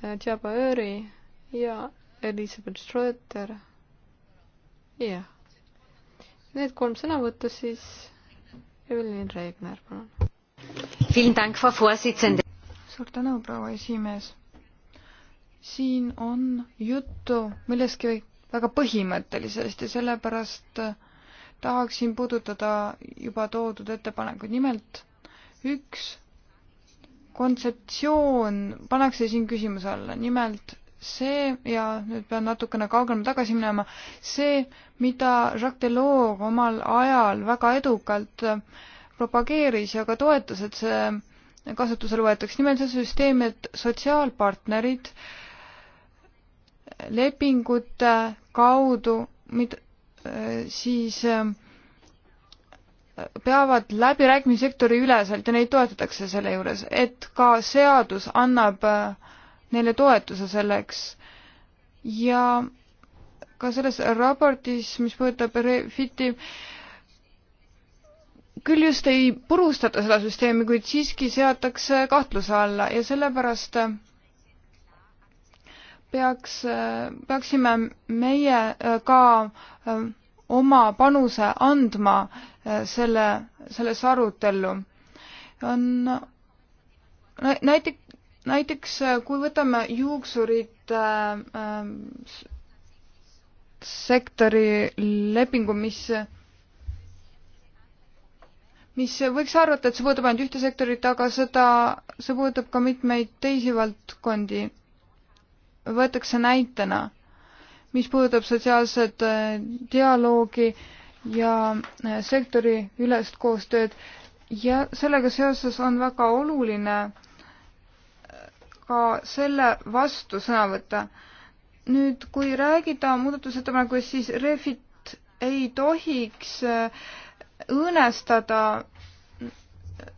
Tšabaööri äh, ja Elizabeth Schröter. jah. Need kolm sõnavõttu siis Evelyn Regner, palun. suur tänu, proua esimees. siin on juttu millestki väga põhimõttelisest ja sellepärast tahaksin puudutada juba toodud ettepanekuid, nimelt üks kontseptsioon pannakse siin küsimuse alla, nimelt see ja nüüd pean natukene kaugemale tagasi minema, see, mida Jacques Delors omal ajal väga edukalt äh, propageeris ja ka toetas, et see kasutusele võetaks, nimelt see süsteem, et sotsiaalpartnerid lepingute kaudu, mida äh, siis äh, peavad läbirääkimissektori üleselt ja neid toetatakse selle juures, et ka seadus annab äh, neile toetuse selleks ja ka selles raportis, mis puudutab Refiti, küll just ei purustata seda süsteemi, kuid siiski seatakse kahtluse alla ja sellepärast äh, peaks, äh, peaksime meie ka oma panuse andma äh, selle, sellesse arutellu. on näiteks, näiteks äh, kui võtame juuksurite äh, äh, sektori lepingu, mis, mis võiks arvata, et see puudutab ainult ühte sektorit, aga seda, see puudutab ka mitmeid teisi valdkondi. võetakse näitena mis puudutab sotsiaalset äh, dialoogi ja äh, sektori ülest koostööd ja sellega seoses on väga oluline äh, ka selle vastu sõna võtta. nüüd, kui räägida muudatusettepanekust, siis Refit ei tohiks õõnestada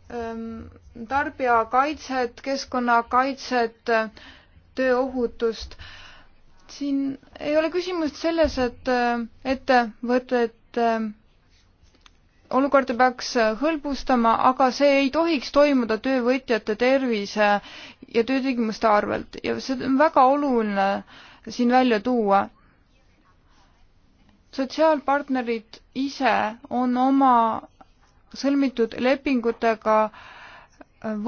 ähm, tarbijakaitset, keskkonnakaitset, tööohutust äh, siin ei ole küsimust selles, et äh, ettevõtted äh, olukorda peaks äh, hõlbustama, aga see ei tohiks toimuda töövõtjate tervise ja töötingimuste arvelt ja see on väga oluline siin välja tuua. sotsiaalpartnerid ise on oma sõlmitud lepingutega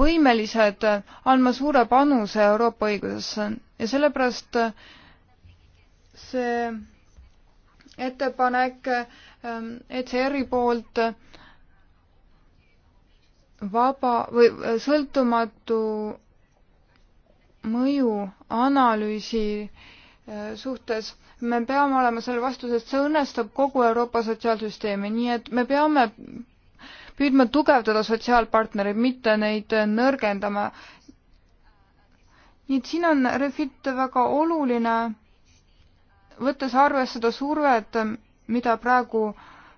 võimelised andma suure panuse Euroopa õigusesse ja sellepärast äh, see ettepanek ähm, ECR-i poolt vaba või äh, sõltumatu mõjuanalüüsi äh, suhtes, me peame olema selle vastu, sest see õnnestab kogu Euroopa sotsiaalsüsteemi, nii et me peame püüdma tugevdada sotsiaalpartnereid, mitte neid äh, nõrgendama. nii et siin on Refit väga oluline võttes arvesse seda survet, mida praegu,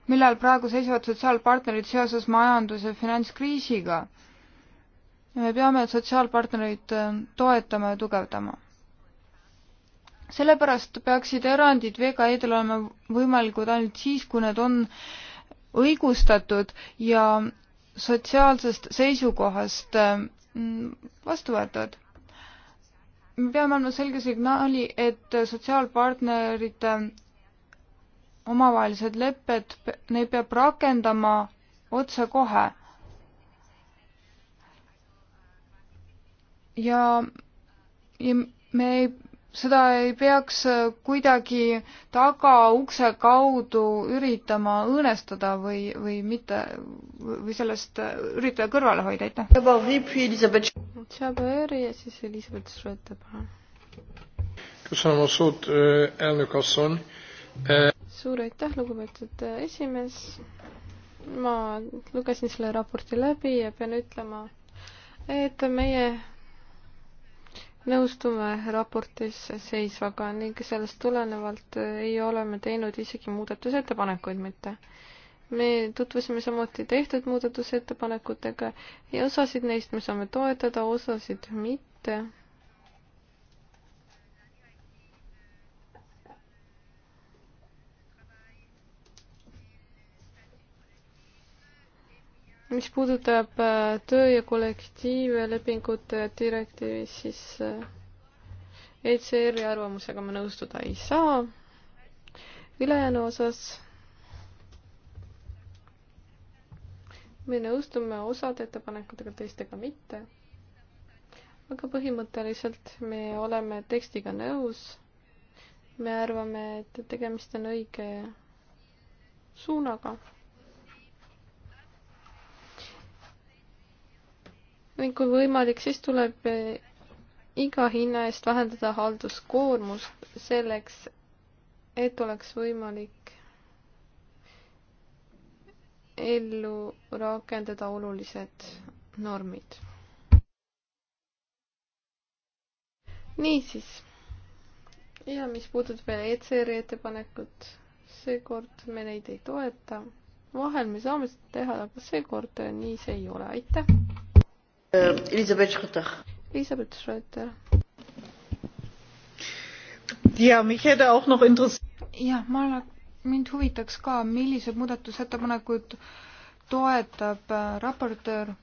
millal praegu seisavad sotsiaalpartnerid seoses majandus- ja finantskriisiga, me peame sotsiaalpartnereid äh, toetama ja tugevdama. sellepärast peaksid erandid VKE-del olema võimalikud ainult siis, kui need on õigustatud ja sotsiaalsest seisukohast äh, vastuvõetavad me peame andma selge signaali, et sotsiaalpartnerite omavahelised lepped, neid peab rakendama otsekohe. ja, ja me ei seda ei peaks äh, kuidagi tagaukse kaudu üritama õõnestada või, või mitte, või sellest äh, üritada kõrvale hoida, aitäh. ja siis Elizabeth Schröter, palun. köszönöm a szót, elnök asszony. suur aitäh, lugupeetud esimees. ma lugesin selle raporti läbi ja pean ütlema, et meie nõustume raportis seisvaga ning sellest tulenevalt ei ole me teinud isegi muudatusettepanekuid mitte. me tutvusime samuti tehtud muudatusettepanekutega ja osasid neist me saame toetada, osasid mitte mis puudutab äh, töö- ja kollektiivlepingute direktiivi, siis äh, ECR-i arvamusega ma nõustuda ei saa. ülejäänu osas me nõustume osade ettepanekutega, teistega mitte. aga põhimõtteliselt me oleme tekstiga nõus. me arvame, et tegemist on õige suunaga ning kui võimalik, siis tuleb eh, iga hinna eest vähendada halduskoormust selleks, et oleks võimalik ellu rakendada olulised normid. niisiis. ja mis puudutab veel ECR-i ettepanekut, seekord me neid ei toeta. vahel me saame seda teha, aga seekord nii see ei ole, aitäh. Euh, Elizabeth Schröter. Elizabeth Schröter. ja, jah, ma, mind huvitaks ka, millised muudatusettepanekud toetab äh, raportöör,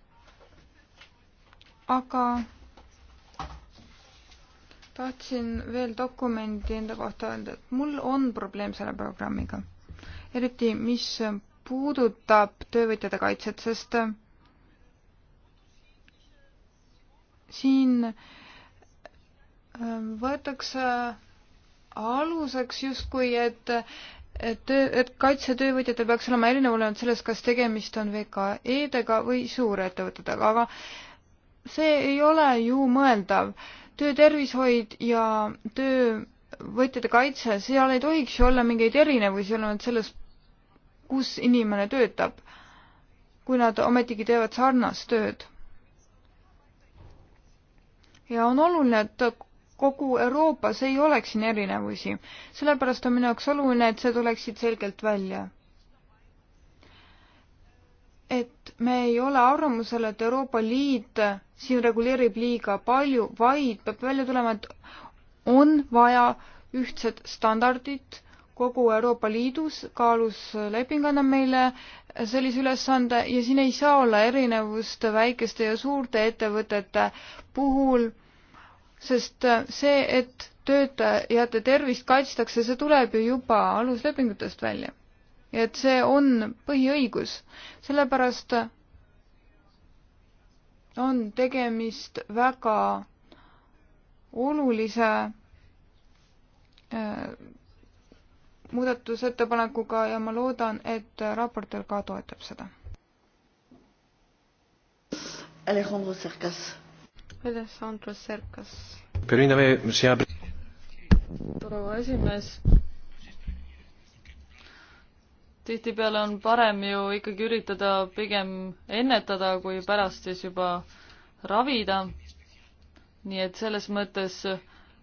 aga tahtsin veel dokumendi enda kohta öelda, et mul on probleem selle programmiga. eriti, mis puudutab töövõtjate kaitset, sest äh, siin ähm, võetakse aluseks justkui, et et, et kaitsetöövõtjatel peaks olema erinev olenemata sellest, kas tegemist on VKE-dega või suurettevõtetega, aga see ei ole ju mõeldav. töötervishoid ja töövõtjate kaitse, seal ei tohiks ju olla mingeid erinevusi olenemata sellest, kus inimene töötab, kui nad ometigi teevad sarnast tööd ja on oluline, et kogu Euroopas ei oleks siin erinevusi. sellepärast on minu jaoks oluline, et see tuleksid selgelt välja. et me ei ole arvamusel, et Euroopa Liit siin reguleerib liiga palju, vaid peab välja tulema, et on vaja ühtset standardit kogu Euroopa Liidus, kaalusleping annab meile sellise ülesande ja siin ei saa olla erinevust väikeste ja suurte ettevõtete puhul sest äh, see, et töötajate tervist kaitstakse, see tuleb ju juba aluslepingutest välja. et see on põhiõigus, sellepärast on tegemist väga olulise äh, muudatusettepanekuga ja ma loodan, et raportöör ka toetab seda. Alejandro Cercas Alessandro Serkas. proua esimees. tihtipeale on parem ju ikkagi üritada pigem ennetada, kui pärast siis juba ravida. nii et selles mõttes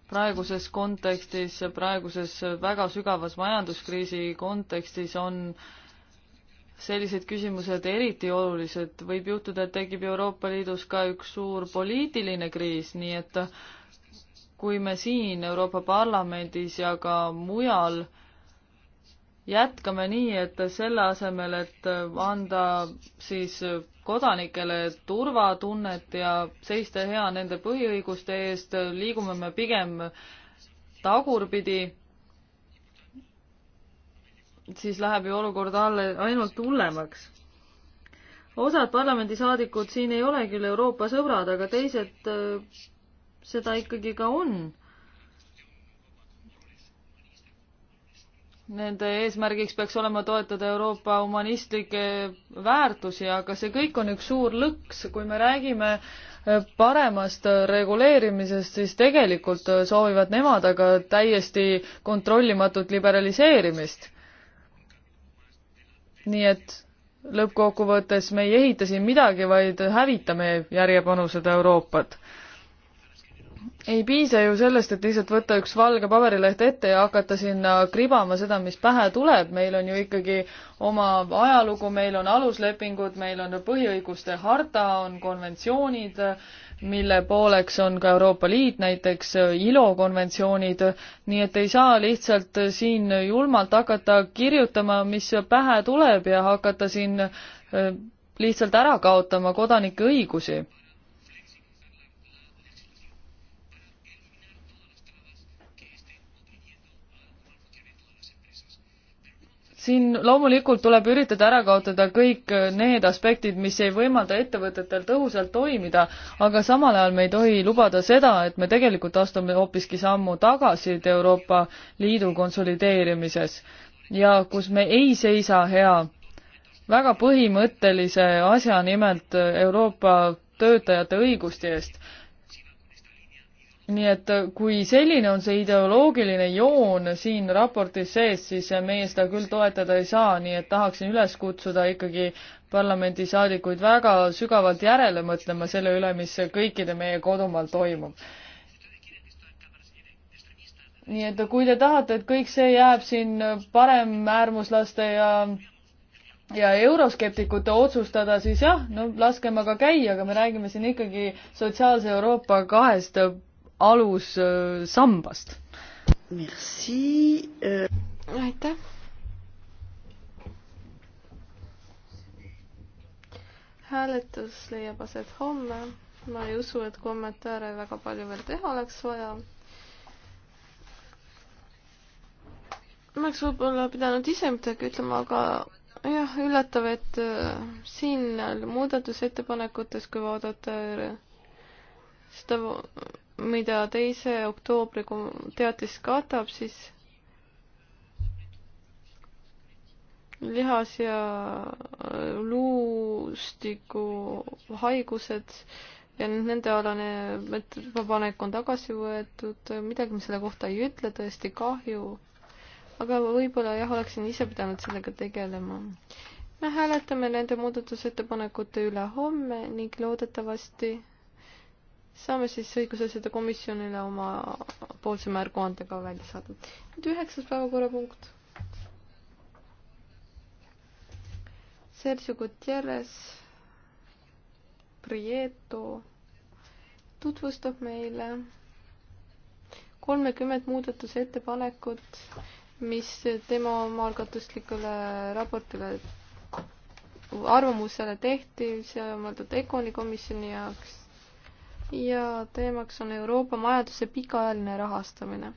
praeguses kontekstis ja praeguses väga sügavas majanduskriisi kontekstis on äh, sellised küsimused eriti olulised, võib juhtuda, et tekib Euroopa Liidus ka üks suur poliitiline kriis, nii et kui me siin Euroopa Parlamendis ja ka mujal jätkame nii, et selle asemel, et anda siis kodanikele turvatunnet ja seista hea nende põhiõiguste eest, liigume me pigem tagurpidi siis läheb ju olukord alle ainult hullemaks. osad parlamendisaadikud siin ei ole küll Euroopa sõbrad, aga teised äh, seda ikkagi ka on. Nende eesmärgiks peaks olema toetada Euroopa humanistlikke väärtusi, aga see kõik on üks suur lõks, kui me räägime äh, paremast reguleerimisest, siis tegelikult äh, soovivad nemad aga täiesti kontrollimatut liberaliseerimist nii et lõppkokkuvõttes me ei ehita siin midagi, vaid hävitame järjepanu seda Euroopat. ei piisa ju sellest, et lihtsalt võtta üks valge paberileht ette ja hakata sinna kribama seda, mis pähe tuleb, meil on ju ikkagi oma ajalugu, meil on aluslepingud, meil on põhiõiguste harta, on konventsioonid, mille pooleks on ka Euroopa Liit, näiteks äh, ILO konventsioonid, nii et ei saa lihtsalt äh, siin julmalt hakata kirjutama, mis pähe tuleb ja hakata siin äh, lihtsalt ära kaotama kodanike õigusi siin loomulikult tuleb üritada ära kaotada kõik need aspektid, mis ei võimalda ettevõtetel tõhusalt toimida, aga samal ajal me ei tohi lubada seda, et me tegelikult astume hoopiski sammu tagasi Euroopa Liidu konsolideerimises ja kus me ei seisa hea väga põhimõttelise asja, nimelt Euroopa töötajate õiguste eest nii et äh, kui selline on see ideoloogiline joon siin raportis sees, siis äh, meie seda küll toetada ei saa, nii et tahaksin üles kutsuda ikkagi parlamendisaadikuid väga sügavalt järele mõtlema selle üle, mis kõikide meie kodumaal toimub. nii et kui te tahate, et kõik see jääb siin paremäärmuslaste ja ja euroskeptikute otsustada, siis jah, no laskem aga käia, aga me räägime siin ikkagi sotsiaalse Euroopa kahest alussambast. Äh, Merci äh.... aitäh. hääletus leiab aset homme. ma ei usu, et kommentaare väga palju veel teha oleks vaja ma oleks võib-olla pidanud ise midagi ütlema, aga jah, üllatav, et äh, siin muudatusettepanekutes, kui vaadata seda mida teise oktoobri teatis katab, siis lihas ja luustiku haigused ja nendealane ettepanek on tagasi võetud, midagi me selle kohta ei ütle, tõesti kahju. aga võib-olla jah, oleksin ise pidanud sellega tegelema. me hääletame nende muudatusettepanekute üle homme ning loodetavasti saame siis õigusasjade komisjonile oma poolse märguande ka välja saada. nüüd üheksas päevakorrapunkt. Sergio Gutierrez, Prieto tutvustab meile kolmekümmet muudatusettepanekut, mis tema omaalgatuslikule raportile, arvamusele tehti, see on mõeldud Econi komisjoni jaoks ja teemaks on Euroopa majanduse pikaajaline rahastamine.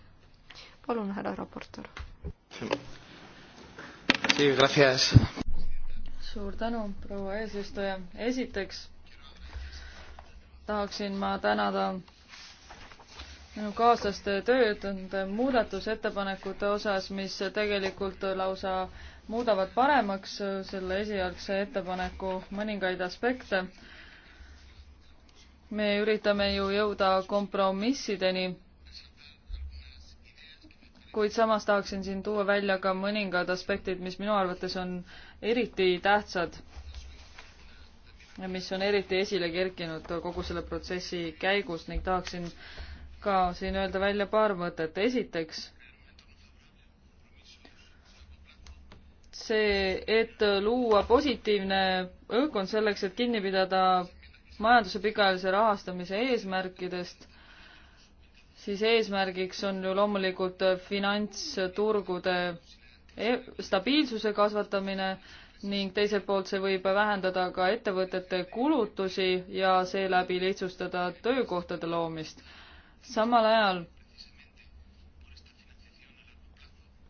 palun, härra raportöör. suur tänu, proua eesistuja. esiteks tahaksin ma tänada minu kaaslaste tööd nende muudatusettepanekute osas, mis tegelikult lausa muudavad paremaks selle esialgse ettepaneku mõningaid aspekte me üritame ju jõuda kompromissideni, kuid samas tahaksin siin tuua välja ka mõningad aspektid, mis minu arvates on eriti tähtsad ja mis on eriti esile kerkinud kogu selle protsessi käigus ning tahaksin ka siin öelda välja paar mõtet. esiteks, see, et luua positiivne õhkkond selleks, et kinni pidada majanduse pikaajalise rahastamise eesmärkidest, siis eesmärgiks on ju loomulikult finantsturgude e-, stabiilsuse kasvatamine ning teiselt poolt see võib vähendada ka ettevõtete kulutusi ja seeläbi lihtsustada töökohtade loomist. samal ajal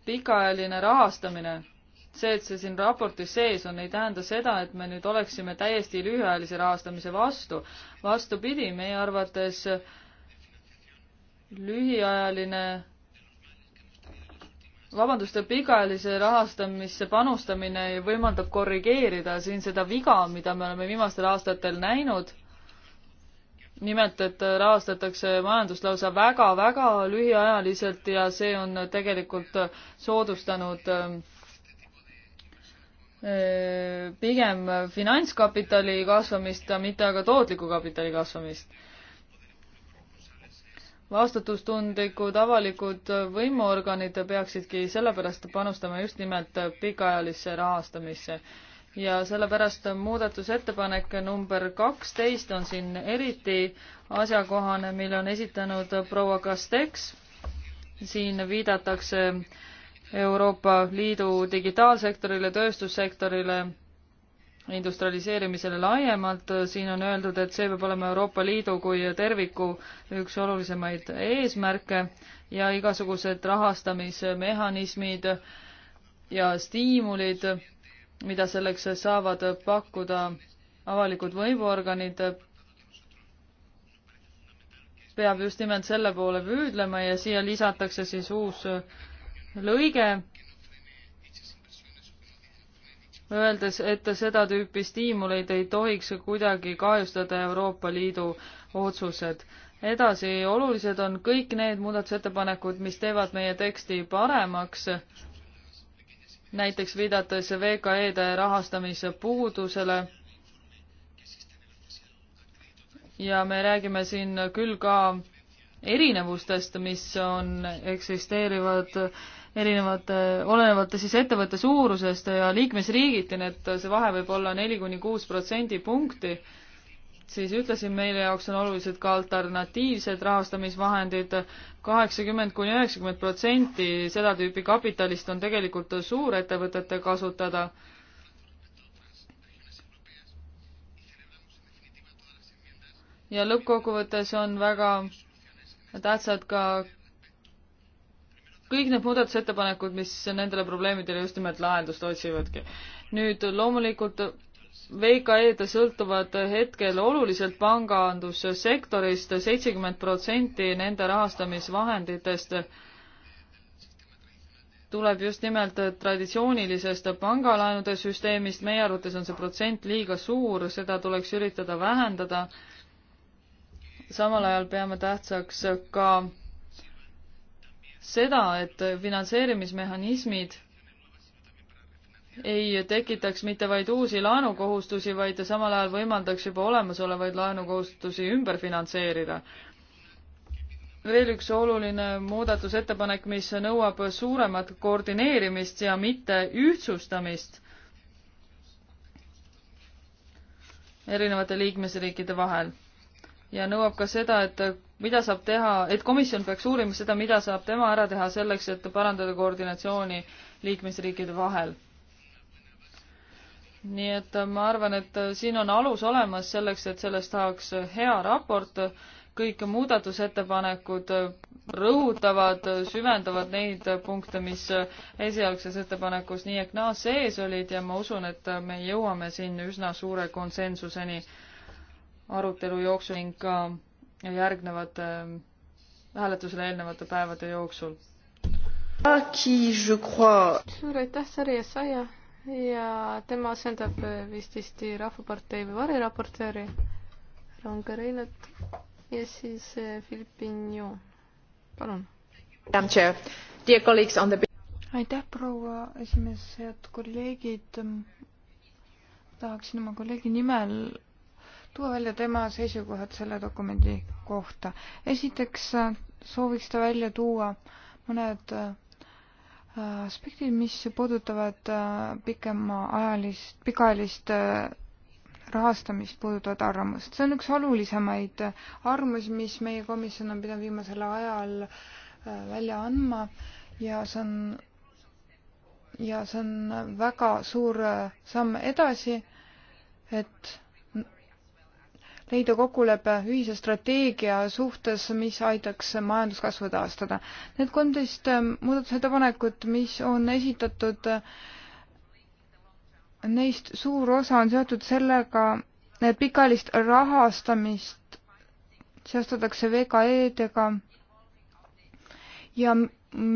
pikaajaline rahastamine see, et see siin raportis sees on, ei tähenda seda, et me nüüd oleksime täiesti lühiajalise rahastamise vastu. vastupidi, meie arvates lühiajaline vabandust, pikaajalise rahastamisse panustamine võimaldab korrigeerida siin seda viga, mida me oleme viimastel aastatel näinud. nimelt, et rahastatakse majandust lausa väga-väga lühiajaliselt ja see on tegelikult soodustanud äh, pigem finantskapitali kasvamist, mitte aga tootliku kapitali kasvamist. vastutustundlikud avalikud võimuorganid peaksidki sellepärast panustama just nimelt pikaajalisse rahastamisse. ja sellepärast muudatusettepanek number kaksteist on siin eriti asjakohane, mille on esitanud proua Kasteks. siin viidatakse äh, Euroopa Liidu digitaalsektorile, tööstussektorile, industrialiseerimisele laiemalt, siin on öeldud, et see peab olema Euroopa Liidu kui terviku üks olulisemaid eesmärke ja igasugused rahastamismehhanismid ja stiimulid, mida selleks saavad pakkuda avalikud võimuorganid, peab just nimelt selle poole püüdlema ja siia lisatakse siis uus lõige, öeldes, et seda tüüpi stiimuleid ei tohiks kuidagi kahjustada Euroopa Liidu otsused. edasi, olulised on kõik need muudatusettepanekud, mis teevad meie teksti paremaks, näiteks viidates VKE-de rahastamise puudusele ja me räägime siin küll ka erinevustest, mis on, eksisteerivad erinevate, äh, olenevate siis ettevõtte suurusest ja liikmesriigiti, nii et see vahe võib olla neli kuni kuus protsendipunkti, siis ütlesin, meile jaoks on olulised ka alternatiivsed rahastamisvahendid, kaheksakümmend kuni üheksakümmend protsenti seda tüüpi kapitalist on tegelikult suurettevõtete kasutada ja lõppkokkuvõttes on väga tähtsad ka kõik need muudatusettepanekud, mis nendele probleemidele just nimelt lahendust otsivadki. nüüd loomulikult VKE-d sõltuvad hetkel oluliselt pangandussektorist, seitsekümmend protsenti nende rahastamisvahenditest tuleb just nimelt traditsioonilisest pangalaenude süsteemist, meie arvates on see protsent liiga suur, seda tuleks üritada vähendada. samal ajal peame tähtsaks ka seda, et finantseerimismehhanismid ei tekitaks mitte vaid uusi laenukohustusi, vaid samal ajal võimaldaks juba olemasolevaid laenukohustusi ümber finantseerida. veel üks oluline muudatusettepanek, mis nõuab suuremat koordineerimist ja mitte ühtsustamist erinevate liikmesriikide vahel ja nõuab ka seda, et mida saab teha, et komisjon peaks uurima seda, mida saab tema ära teha selleks, et parandada koordinatsiooni liikmesriikide vahel. nii et ma arvan, et siin on alus olemas selleks, et sellest saaks hea raport, kõik muudatusettepanekud rõhutavad, süvendavad neid punkte, mis esialgses ettepanekus nii ehk naa sees olid ja ma usun, et me jõuame siin üsna suure konsensuseni arutelu jooksul ning ka järgnevate äh, hääletusele eelnevate päevade jooksul. suur aitäh, Sari Essaia ja tema asendab äh, vist vist Rahvapartei või variraportööri Range Reinat ja siis Filipinio, äh, palun. aitäh, proua esimees, head kolleegid. tahaksin oma kolleegi nimel tuua välja tema seisukohad selle dokumendi kohta. esiteks äh, sooviks ta välja tuua mõned äh, aspektid, mis puudutavad äh, pikemaajalist, pikaajalist rahastamist puudutavat arvamust. see on üks olulisemaid arvamusi, mis meie komisjon on pidanud viimasel ajal välja andma ja see on ja see on väga suur samm edasi, et leida kokkulepe ühise strateegia suhtes, mis aitaks majanduskasvu taastada. Need kolmteist ähm, muudatusettepanekut, mis on esitatud, neist suur osa on seotud sellega, et pikaajalist rahastamist seostatakse VKE-dega ja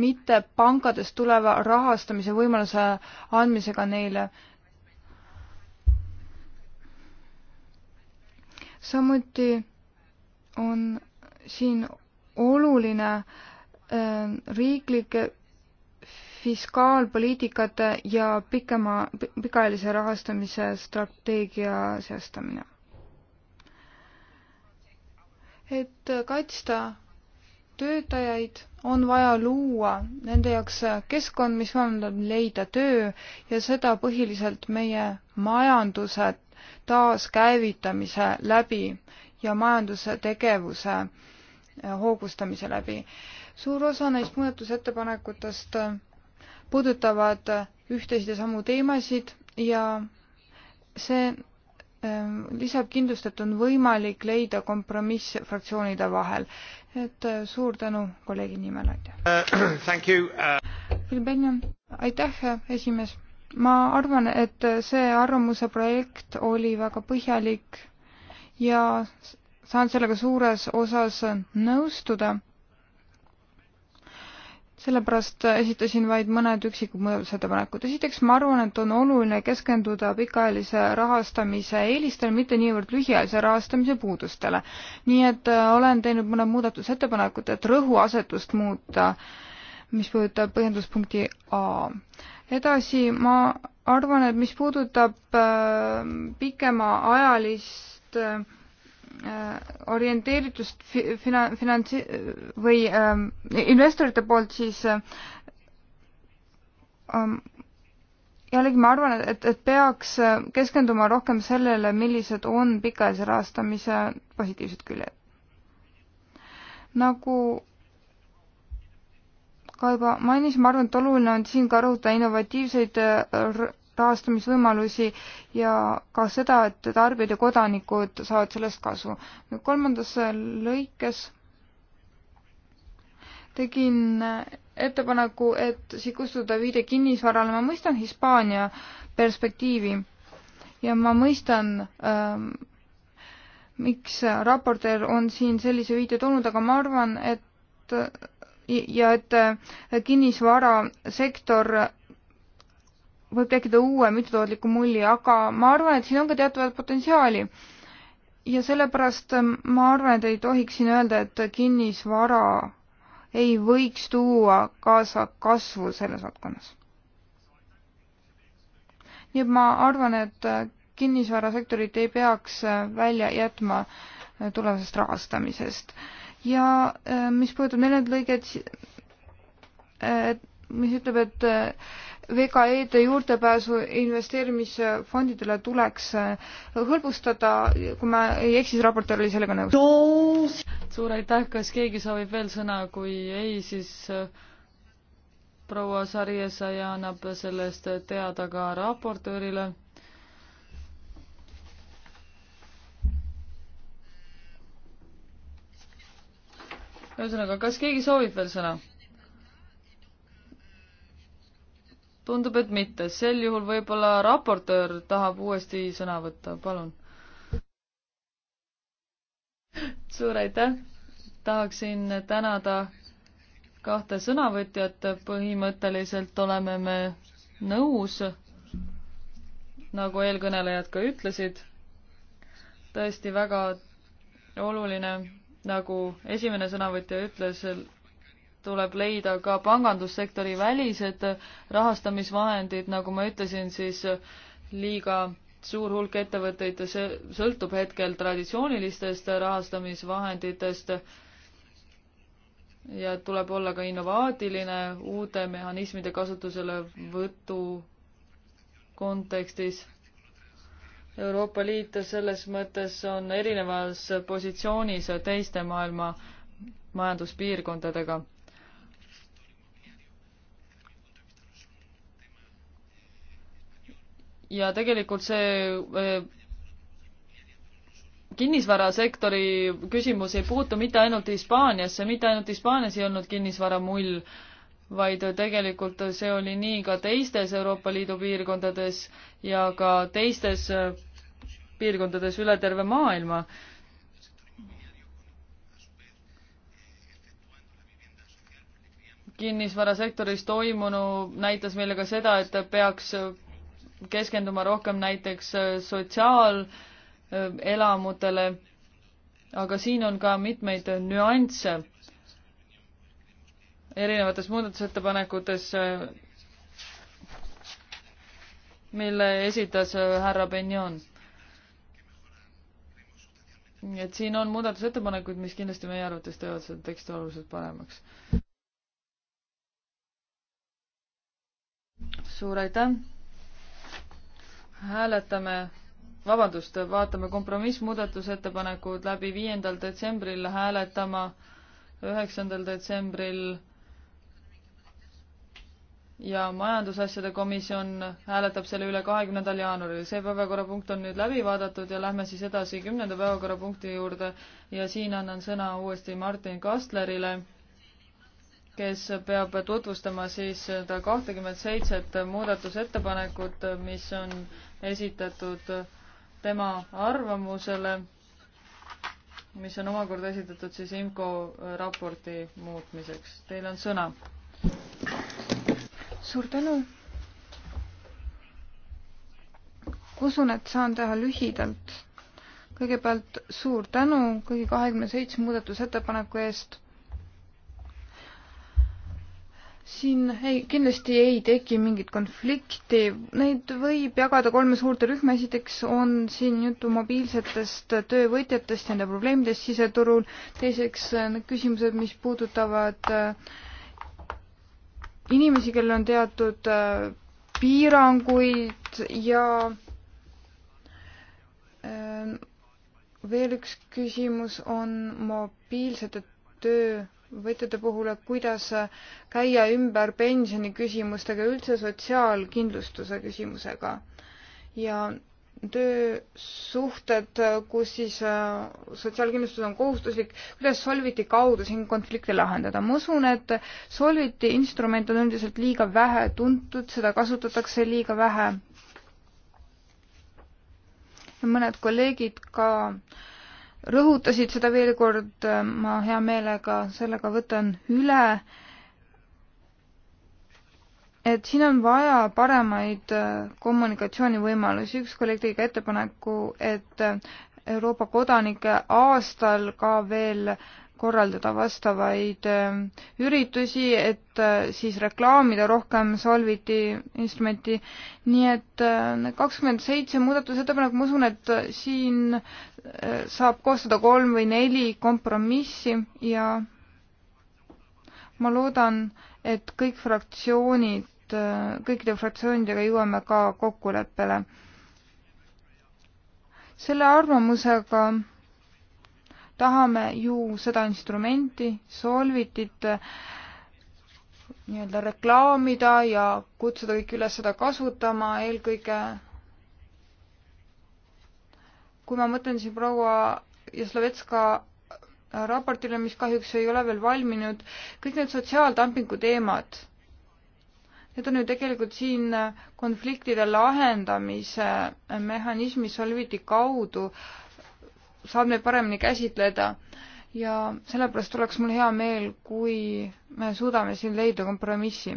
mitte pankadest tuleva rahastamise võimaluse andmisega neile samuti on siin oluline ähm, riiklike fiskaalpoliitikate ja pikema, pikaajalise rahastamise strateegia seastamine. et kaitsta töötajaid, on vaja luua nende jaoks keskkond, mis võimaldab leida töö ja seda põhiliselt meie majandused taaskäivitamise läbi ja majandustegevuse eh, hoogustamise läbi. suur osa neist muudatusettepanekutest eh, puudutavad eh, ühtesid ja samu teemasid ja see lisab kindlust, et on võimalik leida kompromiss fraktsioonide vahel. et suur tänu kolleegi nimel, aitäh! Phil uh, uh. Benjon, aitäh, esimees! ma arvan, et see arvamuse projekt oli väga põhjalik ja saan sellega suures osas nõustuda. sellepärast esitasin vaid mõned üksikud muudatusettepanekud. esiteks ma arvan, et on oluline keskenduda pikaajalise rahastamise eelistele, mitte niivõrd lühiajalise rahastamise puudustele. nii et äh, olen teinud mõned muudatusettepanekud, et rõhuasetust muuta, mis puudutab põhjenduspunkti A edasi, ma arvan, et mis puudutab äh, pikemaajalist äh, orienteeritust fina-, finantsi- või ähm, investorite poolt, siis äh, ähm, jällegi ma arvan, et, et peaks keskenduma rohkem sellele, millised on pikaajalise rahastamise positiivsed küljed. nagu ka juba mainisin, ma arvan, et oluline on siin ka rõhutada innovatiivseid äh, rahastamisvõimalusi ja ka seda, et tarbijad ja kodanikud saavad sellest kasu. nüüd kolmandas äh, lõikes tegin äh, ettepaneku, et siit kustutada viide kinnisvarale, ma mõistan Hispaania perspektiivi ja ma mõistan ähm,, miks raportöör on siin sellise viite toonud, aga ma arvan, et ja et kinnisvarasektor võib tekkida uue mittetoodliku mulli, aga ma arvan, et siin on ka teatavat potentsiaali. ja sellepärast ma arvan, et ei tohiks siin öelda, et kinnisvara ei võiks tuua kaasa kasvu selles valdkonnas. nii et ma arvan, et kinnisvarasektorit ei peaks välja jätma tulevasest rahastamisest ja äh, mis puudutab neljandat lõiget, äh, mis ütleb, et äh, VKE-de juurdepääsu investeerimisfondidele tuleks hõlbustada, kui ma ei eksi, siis raportöör oli sellega nõus no.. suur aitäh, kas keegi soovib veel sõna, kui ei, siis proua Sarjesaja annab sellest teada ka raportöörile ühesõnaga, kas keegi soovib veel sõna? tundub, et mitte, sel juhul võib-olla raportöör tahab uuesti sõna võtta, palun. suur aitäh, tahaksin tänada kahte sõnavõtjat, põhimõtteliselt oleme me nõus, nagu eelkõnelejad ka ütlesid, tõesti väga oluline nagu esimene sõnavõtja ütles, tuleb leida ka pangandussektori välised rahastamisvahendid, nagu ma ütlesin, siis liiga suur hulk ettevõtteid sõltub hetkel traditsioonilistest rahastamisvahenditest ja tuleb olla ka innovaatiline uute mehhanismide kasutuselevõtu kontekstis Euroopa Liit selles mõttes on erinevas positsioonis teiste maailma majanduspiirkondadega. ja tegelikult see eh, kinnisvarasektori küsimus ei puutu mitte ainult Hispaaniasse, mitte ainult Hispaanias ei olnud kinnisvara mull, vaid tegelikult see oli nii ka teistes Euroopa Liidu piirkondades ja ka teistes eh, piirkondades üle terve maailma. kinnisvarasektoris toimunu näitas meile ka seda, et peaks keskenduma rohkem näiteks sotsiaalelamutele, aga siin on ka mitmeid nüansse erinevates muudatusettepanekutes, mille esitas härra Benjon nii et siin on muudatusettepanekuid, mis kindlasti meie arvates teevad seda teksti oluliselt paremaks. suur aitäh! hääletame, vabandust, vaatame kompromissmuudatusettepanekud läbi viiendal detsembril, hääletama üheksandal detsembril ja Majandusasjade Komisjon hääletab selle üle kahekümnendal jaanuaril. see päevakorrapunkt on nüüd läbi vaadatud ja lähme siis edasi kümnenda päevakorrapunkti juurde ja siin annan sõna uuesti Martin Kastlerile, kes peab tutvustama siis seda kahtekümmet seitset muudatusettepanekut, mis on esitatud tema arvamusele, mis on omakorda esitatud siis IMCO raporti muutmiseks. Teil on sõna suur tänu. usun, et saan teha lühidalt. kõigepealt suur tänu kõigi kahekümne seitsme muudatusettepaneku eest siin ei, kindlasti ei teki mingit konflikti, neid võib jagada kolme suurde rühma, esiteks on siin juttu mobiilsetest töövõtjatest, nende probleemidest siseturul, teiseks need küsimused, mis puudutavad äh, inimesi, kellel on teatud äh, piiranguid ja ähm, veel üks küsimus on mobiilsete töövõtjate puhul, et kuidas äh, käia ümber pensioniküsimustega, üldse sotsiaalkindlustuse küsimusega. ja töösuhted, kus siis äh, sotsiaalkindlustus on kohustuslik, kuidas Solviti kaudu siin konflikte lahendada? ma usun, et Solviti instrument on üldiselt liiga vähe tuntud, seda kasutatakse liiga vähe. mõned kolleegid ka rõhutasid seda veel kord, äh, ma hea meelega sellega võtan üle äh, et siin on vaja paremaid äh, kommunikatsioonivõimalusi. üks kolleeg tegi ka ettepaneku, et äh, Euroopa kodanike aastal ka veel korraldada vastavaid äh, üritusi, et siis reklaamida rohkem Solviti instrumenti. nii et kakskümmend seitse muudatusettepanek, ma usun, et siin saab koostada kolm või neli kompromissi ja ma loodan, et kõik fraktsioonid Äh, kõikide fraktsioonidega jõuame ka kokkuleppele. selle arvamusega tahame ju seda instrumenti, solvitit äh, nii-öelda reklaamida ja kutsuda kõiki üles seda kasutama, eelkõige kui ma mõtlen siin proua Jaslovetska raportile, mis kahjuks ei ole veel valminud, kõik need sotsiaaldumpingu teemad Need on ju tegelikult siin konfliktide lahendamise mehhanismi Solviti kaudu saab neid paremini käsitleda ja sellepärast oleks mul hea meel, kui me suudame siin leida kompromissi.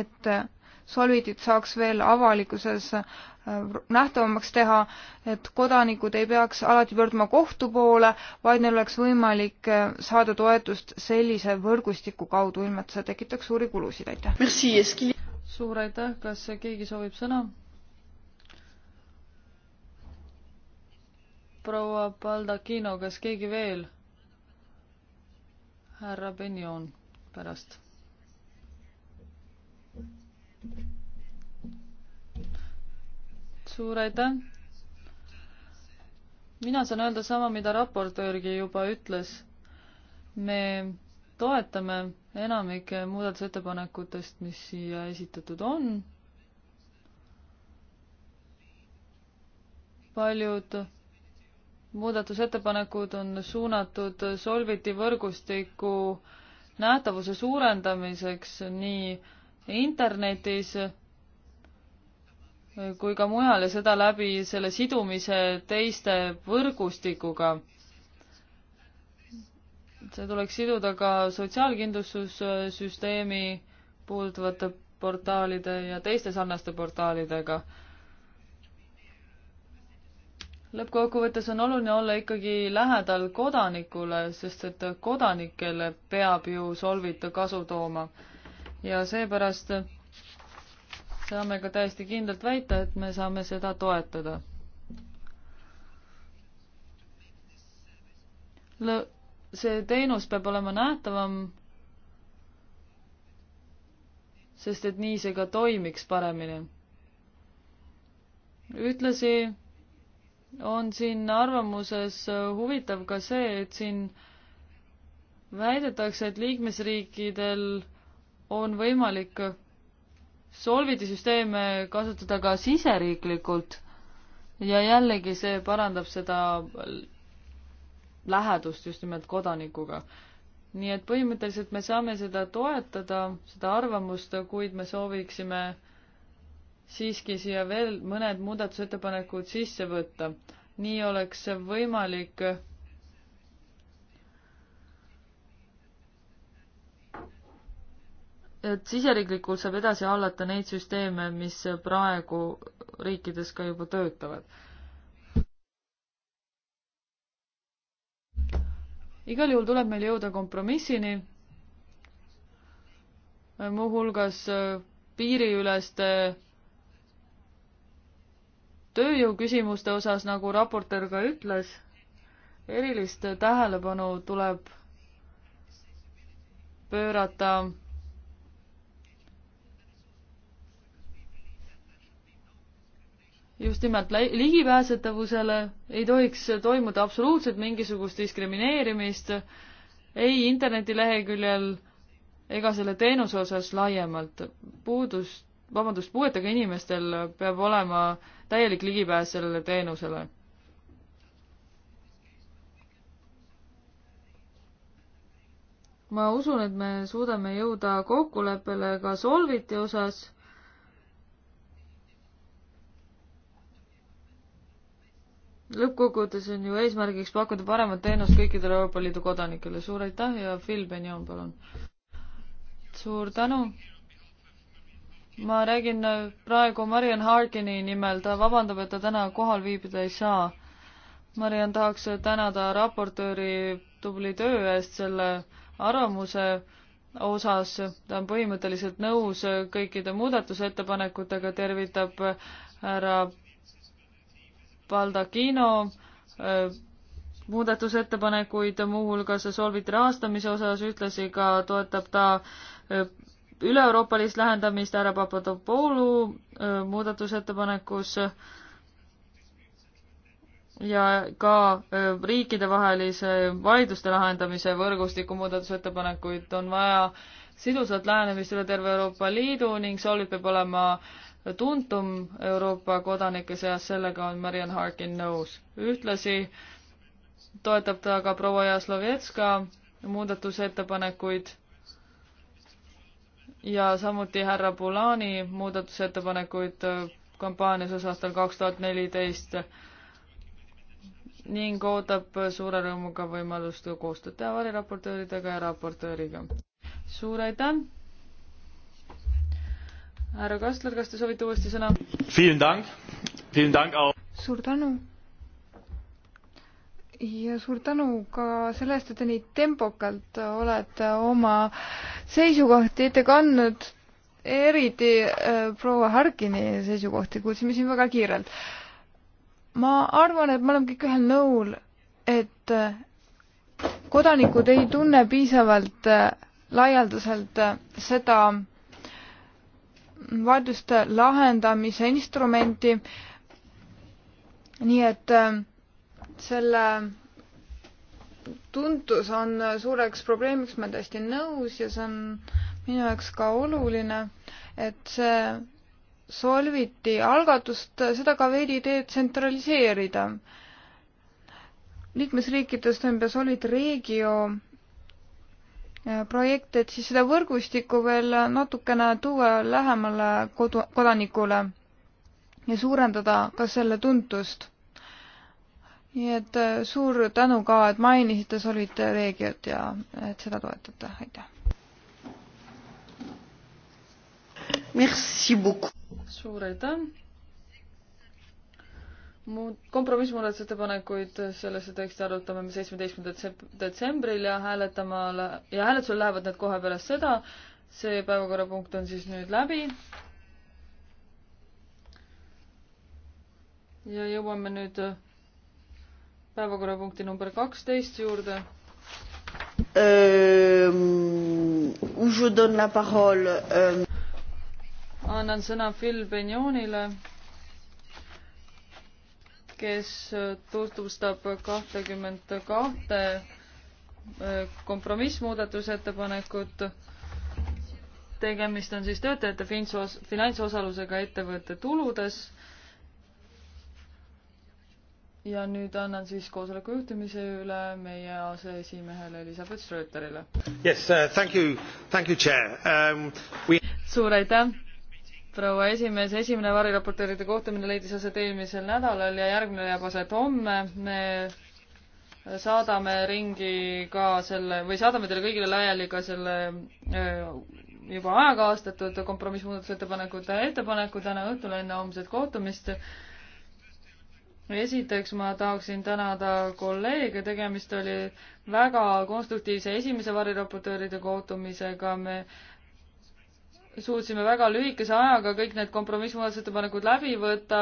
et Solvitit saaks veel avalikkuses äh, nähtavamaks teha, et kodanikud ei peaks alati pöörduma kohtu poole, vaid neil oleks võimalik äh, saada toetust sellise võrgustiku kaudu, ilma et see tekitaks suuri kulusid, aitäh. suur aitäh, kas keegi soovib sõna? proua Baldacchino, kas keegi veel? härra Benjon pärast suur aitäh! mina saan öelda sama, mida raportöörgi juba ütles. me toetame enamike muudatusettepanekutest, mis siia esitatud on. paljud muudatusettepanekud on suunatud Solviti võrgustiku nähtavuse suurendamiseks nii äh, internetis kui ka mujal ja seda läbi selle sidumise teiste võrgustikuga. see tuleks siduda ka sotsiaalkindlustussüsteemi puudutavate portaalide ja teiste sarnaste portaalidega. lõppkokkuvõttes on oluline olla ikkagi lähedal kodanikule, sest et kodanikele peab ju solvita kasu tooma ja seepärast saame ka täiesti kindlalt väita, et me saame seda toetada L. see teenus peab olema nähtavam, sest et nii see ka toimiks paremini. ühtlasi on siin arvamuses huvitav ka see, et siin väidetakse, et liikmesriikidel on võimalik solviti süsteeme kasutada ka siseriiklikult ja jällegi see parandab seda lähedust just nimelt kodanikuga. nii et põhimõtteliselt me saame seda toetada, seda arvamust, kuid me sooviksime siiski siia veel mõned muudatusettepanekud sisse võtta. nii oleks võimalik et siseriiklikult saab edasi hallata neid süsteeme, mis praegu riikides ka juba töötavad. igal juhul tuleb meil jõuda kompromissini, muuhulgas piiriüleste tööjõuküsimuste osas, nagu raportöör ka ütles, erilist tähelepanu tuleb pöörata just nimelt ligipääsetavusele ei tohiks toimuda absoluutselt mingisugust diskrimineerimist ei internetileheküljel ega selle teenuse osas laiemalt. puudust, vabandust, puuetega inimestel peab olema täielik ligipääs sellele teenusele. ma usun, et me suudame jõuda kokkuleppele ka Solviti osas lõppkokkuvõttes on ju eesmärgiks pakkuda paremat teenust kõikidele Euroopa Liidu kodanikele. suur aitäh ja Phil Benjon, palun. suur tänu. ma räägin praegu Marian Harkini nimel, ta vabandab, et ta täna kohal viibida ei saa. Marian tahaks tänada raportööri tubli töö eest selle arvamuse osas, ta on põhimõtteliselt nõus kõikide muudatusettepanekutega, tervitab härra Baldacchino muudatusettepanekuid, muuhulgas solviti rahastamise osas, ühtlasi ka toetab ta üle-euroopalist lähendamist härra Papadopoulou muudatusettepanekus ja ka riikidevahelise vaidluste lahendamise võrgustiku muudatusettepanekuid on vaja sidusat lähenemist üle terve Euroopa Liidu ning solvid peab olema äh, tuntum Euroopa kodanike seas, sellega on Marian Harkin nõus. ühtlasi toetab ta ka proua Jaslovetska muudatusettepanekuid ja samuti härra Bulani muudatusettepanekuid kampaanias aastal kaks tuhat neliteist ning ootab suure rõõmuga võimalust koostööd teha variraportööridega ja raportööriga. suur aitäh! härra Kastler, kas te soovite uuesti sõna? suur tänu. ja suur tänu ka selle eest, et te nii tempokalt olete oma seisukohti ette kandnud eriti äh, proua Harkini seisukohti kuulsime siin väga kiirelt. ma arvan, et me oleme kõik ühel nõul, et äh, kodanikud ei tunne piisavalt äh, laialdaselt äh, seda vaidluste lahendamise instrumenti. nii et ähm, selle tuntus on suureks probleemiks, ma olen täiesti nõus ja see on minu jaoks ka oluline, et see Solviti algatust, seda ka veidi detsentraliseerida. liikmesriikides toimub Solvit Regio Äh, projekte, et siis seda võrgustikku veel natukene tuua lähemale kodu, kodanikule ja suurendada ka selle tuntust. nii et äh, suur tänu ka, et mainisite Solidareegiat ja et seda toetate, aitäh! suur aitäh! muud kompromissmuudatusettepanekuid sellesse teksti arutame me seitsmeteistkümnendal detsembril ja hääletama ja hääletusel lähevad need kohe pärast seda. see päevakorrapunkt on siis nüüd läbi. ja jõuame nüüd päevakorrapunkti number kaksteist juurde. Ehm, ehm. annan sõna Phil Benjonile kes äh, tutvustab kahtekümmend kahte äh, kompromissmuudatusettepanekut. tegemist on siis töötajate finantsosalusega ettevõtte tuludes ja nüüd annan siis koosoleku juhtimise üle meie aseesimehele Elizabeth Schröterile yes, uh,. Um, we... suur aitäh! proua esimees, esimene variraportööride kohtumine leidis aset eelmisel nädalal ja järgmine jääb aset homme. me saadame ringi ka selle või saadame teile kõigile laiali ka selle juba ajakaastatud kompromissmuudatusettepanekute ettepaneku täna õhtul enne homset kohtumist. esiteks ma tahaksin tänada kolleege, tegemist oli väga konstruktiivse esimese variraportööride kohtumisega, me suutsime väga lühikese ajaga kõik need kompromissmuudatusettepanekud läbi võtta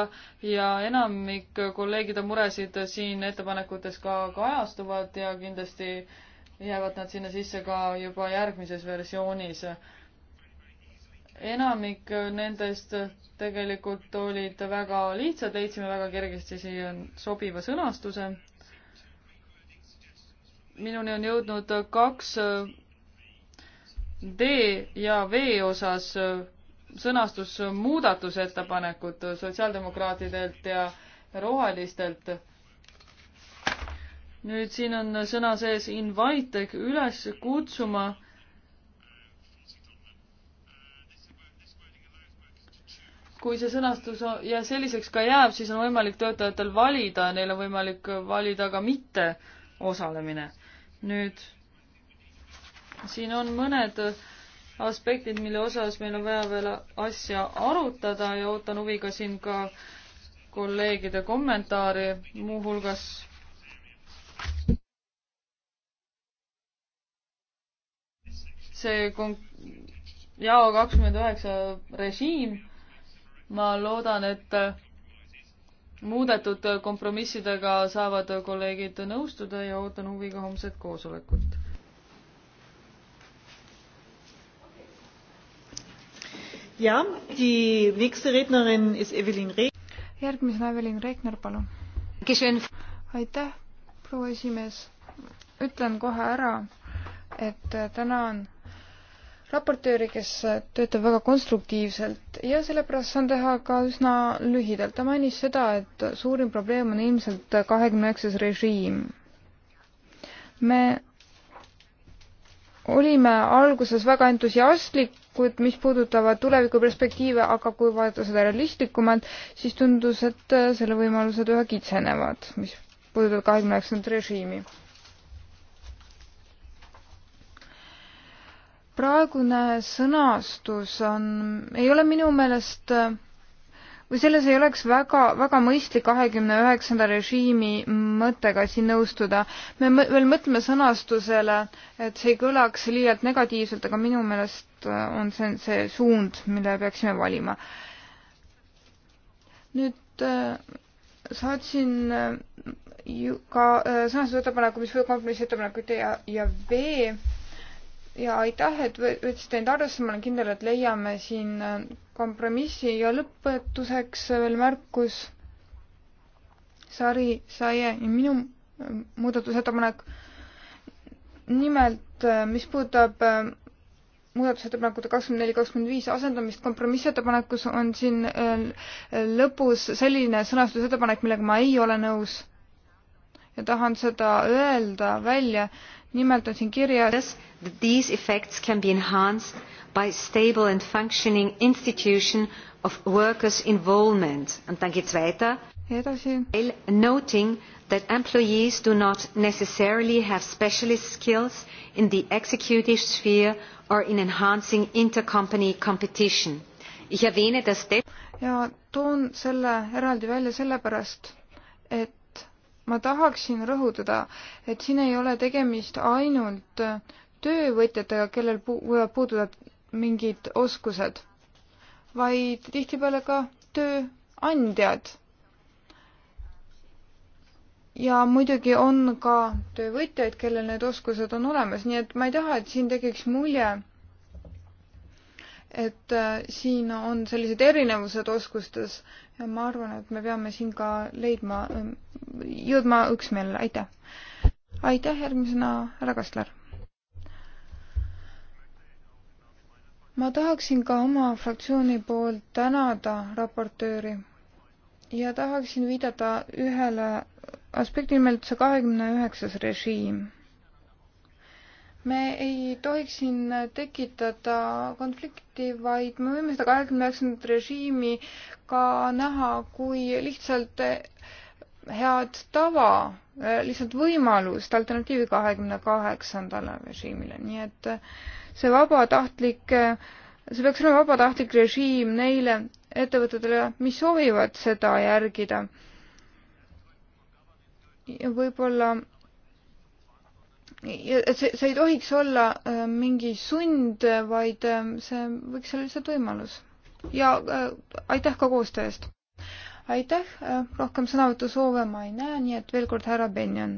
ja enamik kolleegide muresid siin ettepanekutes ka kajastuvad ka ja kindlasti jäävad nad sinna sisse ka juba järgmises versioonis. enamik nendest tegelikult olid väga lihtsad, leidsime väga kergesti siia sobiva sõnastuse. minuni on jõudnud kaks D ja V osas äh, sõnastus muudatusettepanekud sotsiaaldemokraatidelt ja rohelistelt. nüüd siin on sõna sees invite ehk üles kutsuma. kui see sõnastus ja selliseks ka jääb, siis on võimalik töötajatel valida, neil on võimalik valida ka mitte osalemine. nüüd siin on mõned aspektid, mille osas meil on vaja veel asja arutada ja ootan huviga siin ka kolleegide kommentaari, muuhulgas see kon-, jao kakskümmend üheksa režiim, ma loodan, et muudetud kompromissidega saavad kolleegid nõustuda ja ootan huviga homset koosolekut Ja, die nächste Rednerin ist Evelyn Re-. järgmisena Evelyn Reikner, palun. aitäh, proua esimees. ütlen kohe ära, et tänan raportööri, kes töötab väga konstruktiivselt ja sellepärast saan teha ka üsna lühidalt. ta mainis seda, et suurim probleem on ilmselt kahekümne üheksas režiim. me olime alguses väga entusiastlik, ettepanekud, mis puudutavad tulevikuperspektiive, aga kui vaadata seda realistlikumalt, siis tundus, et äh, selle võimalused üha kitsenevad, mis puudutab kahekümne üheksandat režiimi. praegune sõnastus on, ei ole minu meelest äh, või selles ei oleks väga, väga mõistlik kahekümne üheksanda režiimi mõttega siin nõustuda. me veel mõtleme sõnastusele, et see ei kõlaks liialt negatiivselt, aga minu meelest äh, on see, see suund, mille peaksime valima. nüüd äh, saatsin äh, ju ka sõnastusettepaneku, mis puudutab kompromissettepanekut E ja, ja V ja aitäh, et võtsite end arvesse, ma olen kindel, et leiame siin äh, kompromissi ja lõpetuseks veel märkus. Sari Saie ja minu äh, muudatusettepanek. nimelt, äh, mis puudutab muudatusettepanekute kakskümmend neli, kakskümmend viis asendamist kompromissettepanekus on siin lõpus selline sõnastusettepanek, millega ma ei ole nõus ja tahan seda öelda välja nimelt on siin kirjas these effects can be enhanced by stable and functioning institution of workers involvement und dann geht's weiter edasi noting that employees do not necessarily have specialist skills in the executive sphere or in enhancing intercompany competition ich erwähne das ja toon selle eraldi välja sellepärast et ma tahaksin rõhutada, et siin ei ole tegemist ainult töövõtjatega, kellel võivad puududa mingid oskused, vaid tihtipeale ka tööandjad. ja muidugi on ka töövõtjaid, kellel need oskused on olemas, nii et ma ei taha, et siin tekiks mulje, et äh, siin on sellised erinevused oskustes ja ma arvan, et me peame siin ka leidma ähm, jõudma üksmeelele, aitäh. aitäh, järgmisena härra Kastler. ma tahaksin ka oma fraktsiooni poolt tänada raportööri ja tahaksin viidata ühele aspektile, nimelt see kahekümne üheksas režiim. me ei tohiks siin tekitada konflikti, vaid me võime seda kahekümne üheksandat režiimi ka näha kui lihtsalt head tava, äh, lihtsalt võimalust alternatiivi kahekümne kaheksandale režiimile, nii et äh, see vabatahtlik, äh, see peaks olema vabatahtlik režiim neile ettevõtetele, mis soovivad seda järgida. ja võib-olla, et see, see ei tohiks olla mingi sund, vaid see võiks olla lihtsalt võimalus. ja äh, aitäh ka koostöö eest! aitäh, rohkem sõnavõtusoove ma ei näe, nii et veel kord härra Benjon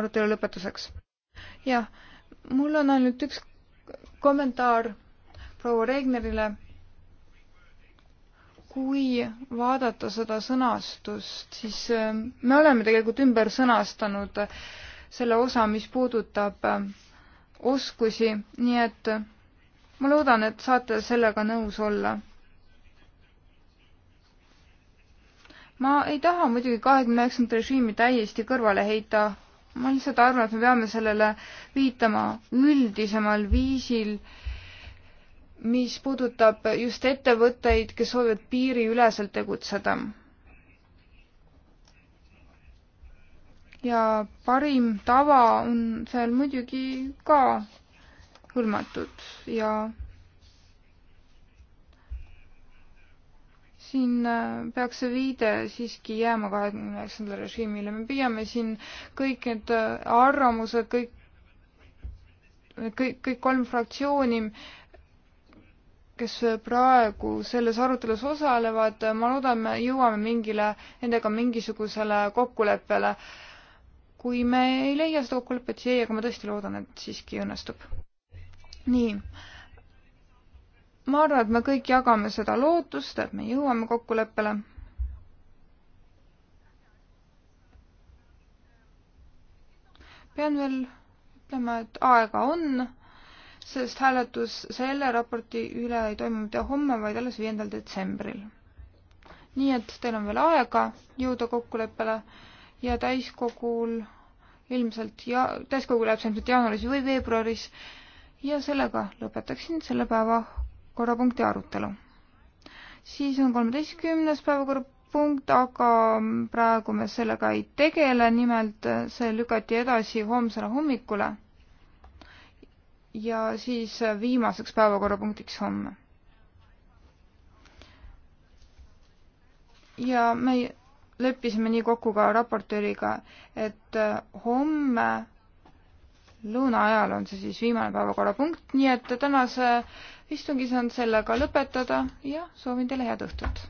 arutelu lõpetuseks. jah, mul on ainult üks kommentaar proua Regnerile. kui vaadata seda sõnastust, siis äh, me oleme tegelikult ümber sõnastanud selle osa, mis puudutab äh, oskusi, nii et ma loodan, et saate sellega nõus olla ma ei taha muidugi kahekümne üheksandat režiimi täiesti kõrvale heita, ma lihtsalt arvan, et me peame sellele viitama üldisemal viisil, mis puudutab just ettevõtteid, kes soovivad piiriüleselt tegutseda. ja parim tava on seal muidugi ka hõlmatud ja siin äh, peaks see viide siiski jääma kahekümne üheksandale režiimile, me püüame siin kõik need äh, arvamused, kõik, kõik, kõik kolm fraktsiooni, kes praegu selles arutelus osalevad, ma loodan, me jõuame mingile, nendega mingisugusele kokkuleppele. kui me ei leia seda kokkulepet, siis ei, aga ma tõesti loodan, et siiski õnnestub. nii ma arvan, et me kõik jagame seda lootust, et me jõuame kokkuleppele. pean veel ütlema, et aega on, sest hääletus selle raporti üle ei toimu mitte homme, vaid alles viiendal detsembril. nii et teil on veel aega jõuda kokkuleppele ja täiskogul ilmselt ja täiskogul jääb see ilmselt jaanuaris või veebruaris ja sellega lõpetaksin selle päeva korrapunkti arutelu. siis on kolmeteistkümnes päevakorrapunkt, aga praegu me sellega ei tegele, nimelt see lükati edasi homsele hommikule. ja siis viimaseks päevakorrapunktiks homme. ja me leppisime nii kokku ka raportööriga, et homme lõuna ajal on see siis viimane päevakorrapunkt, nii et tänase istungis on sellega lõpetada ja soovin teile head õhtut!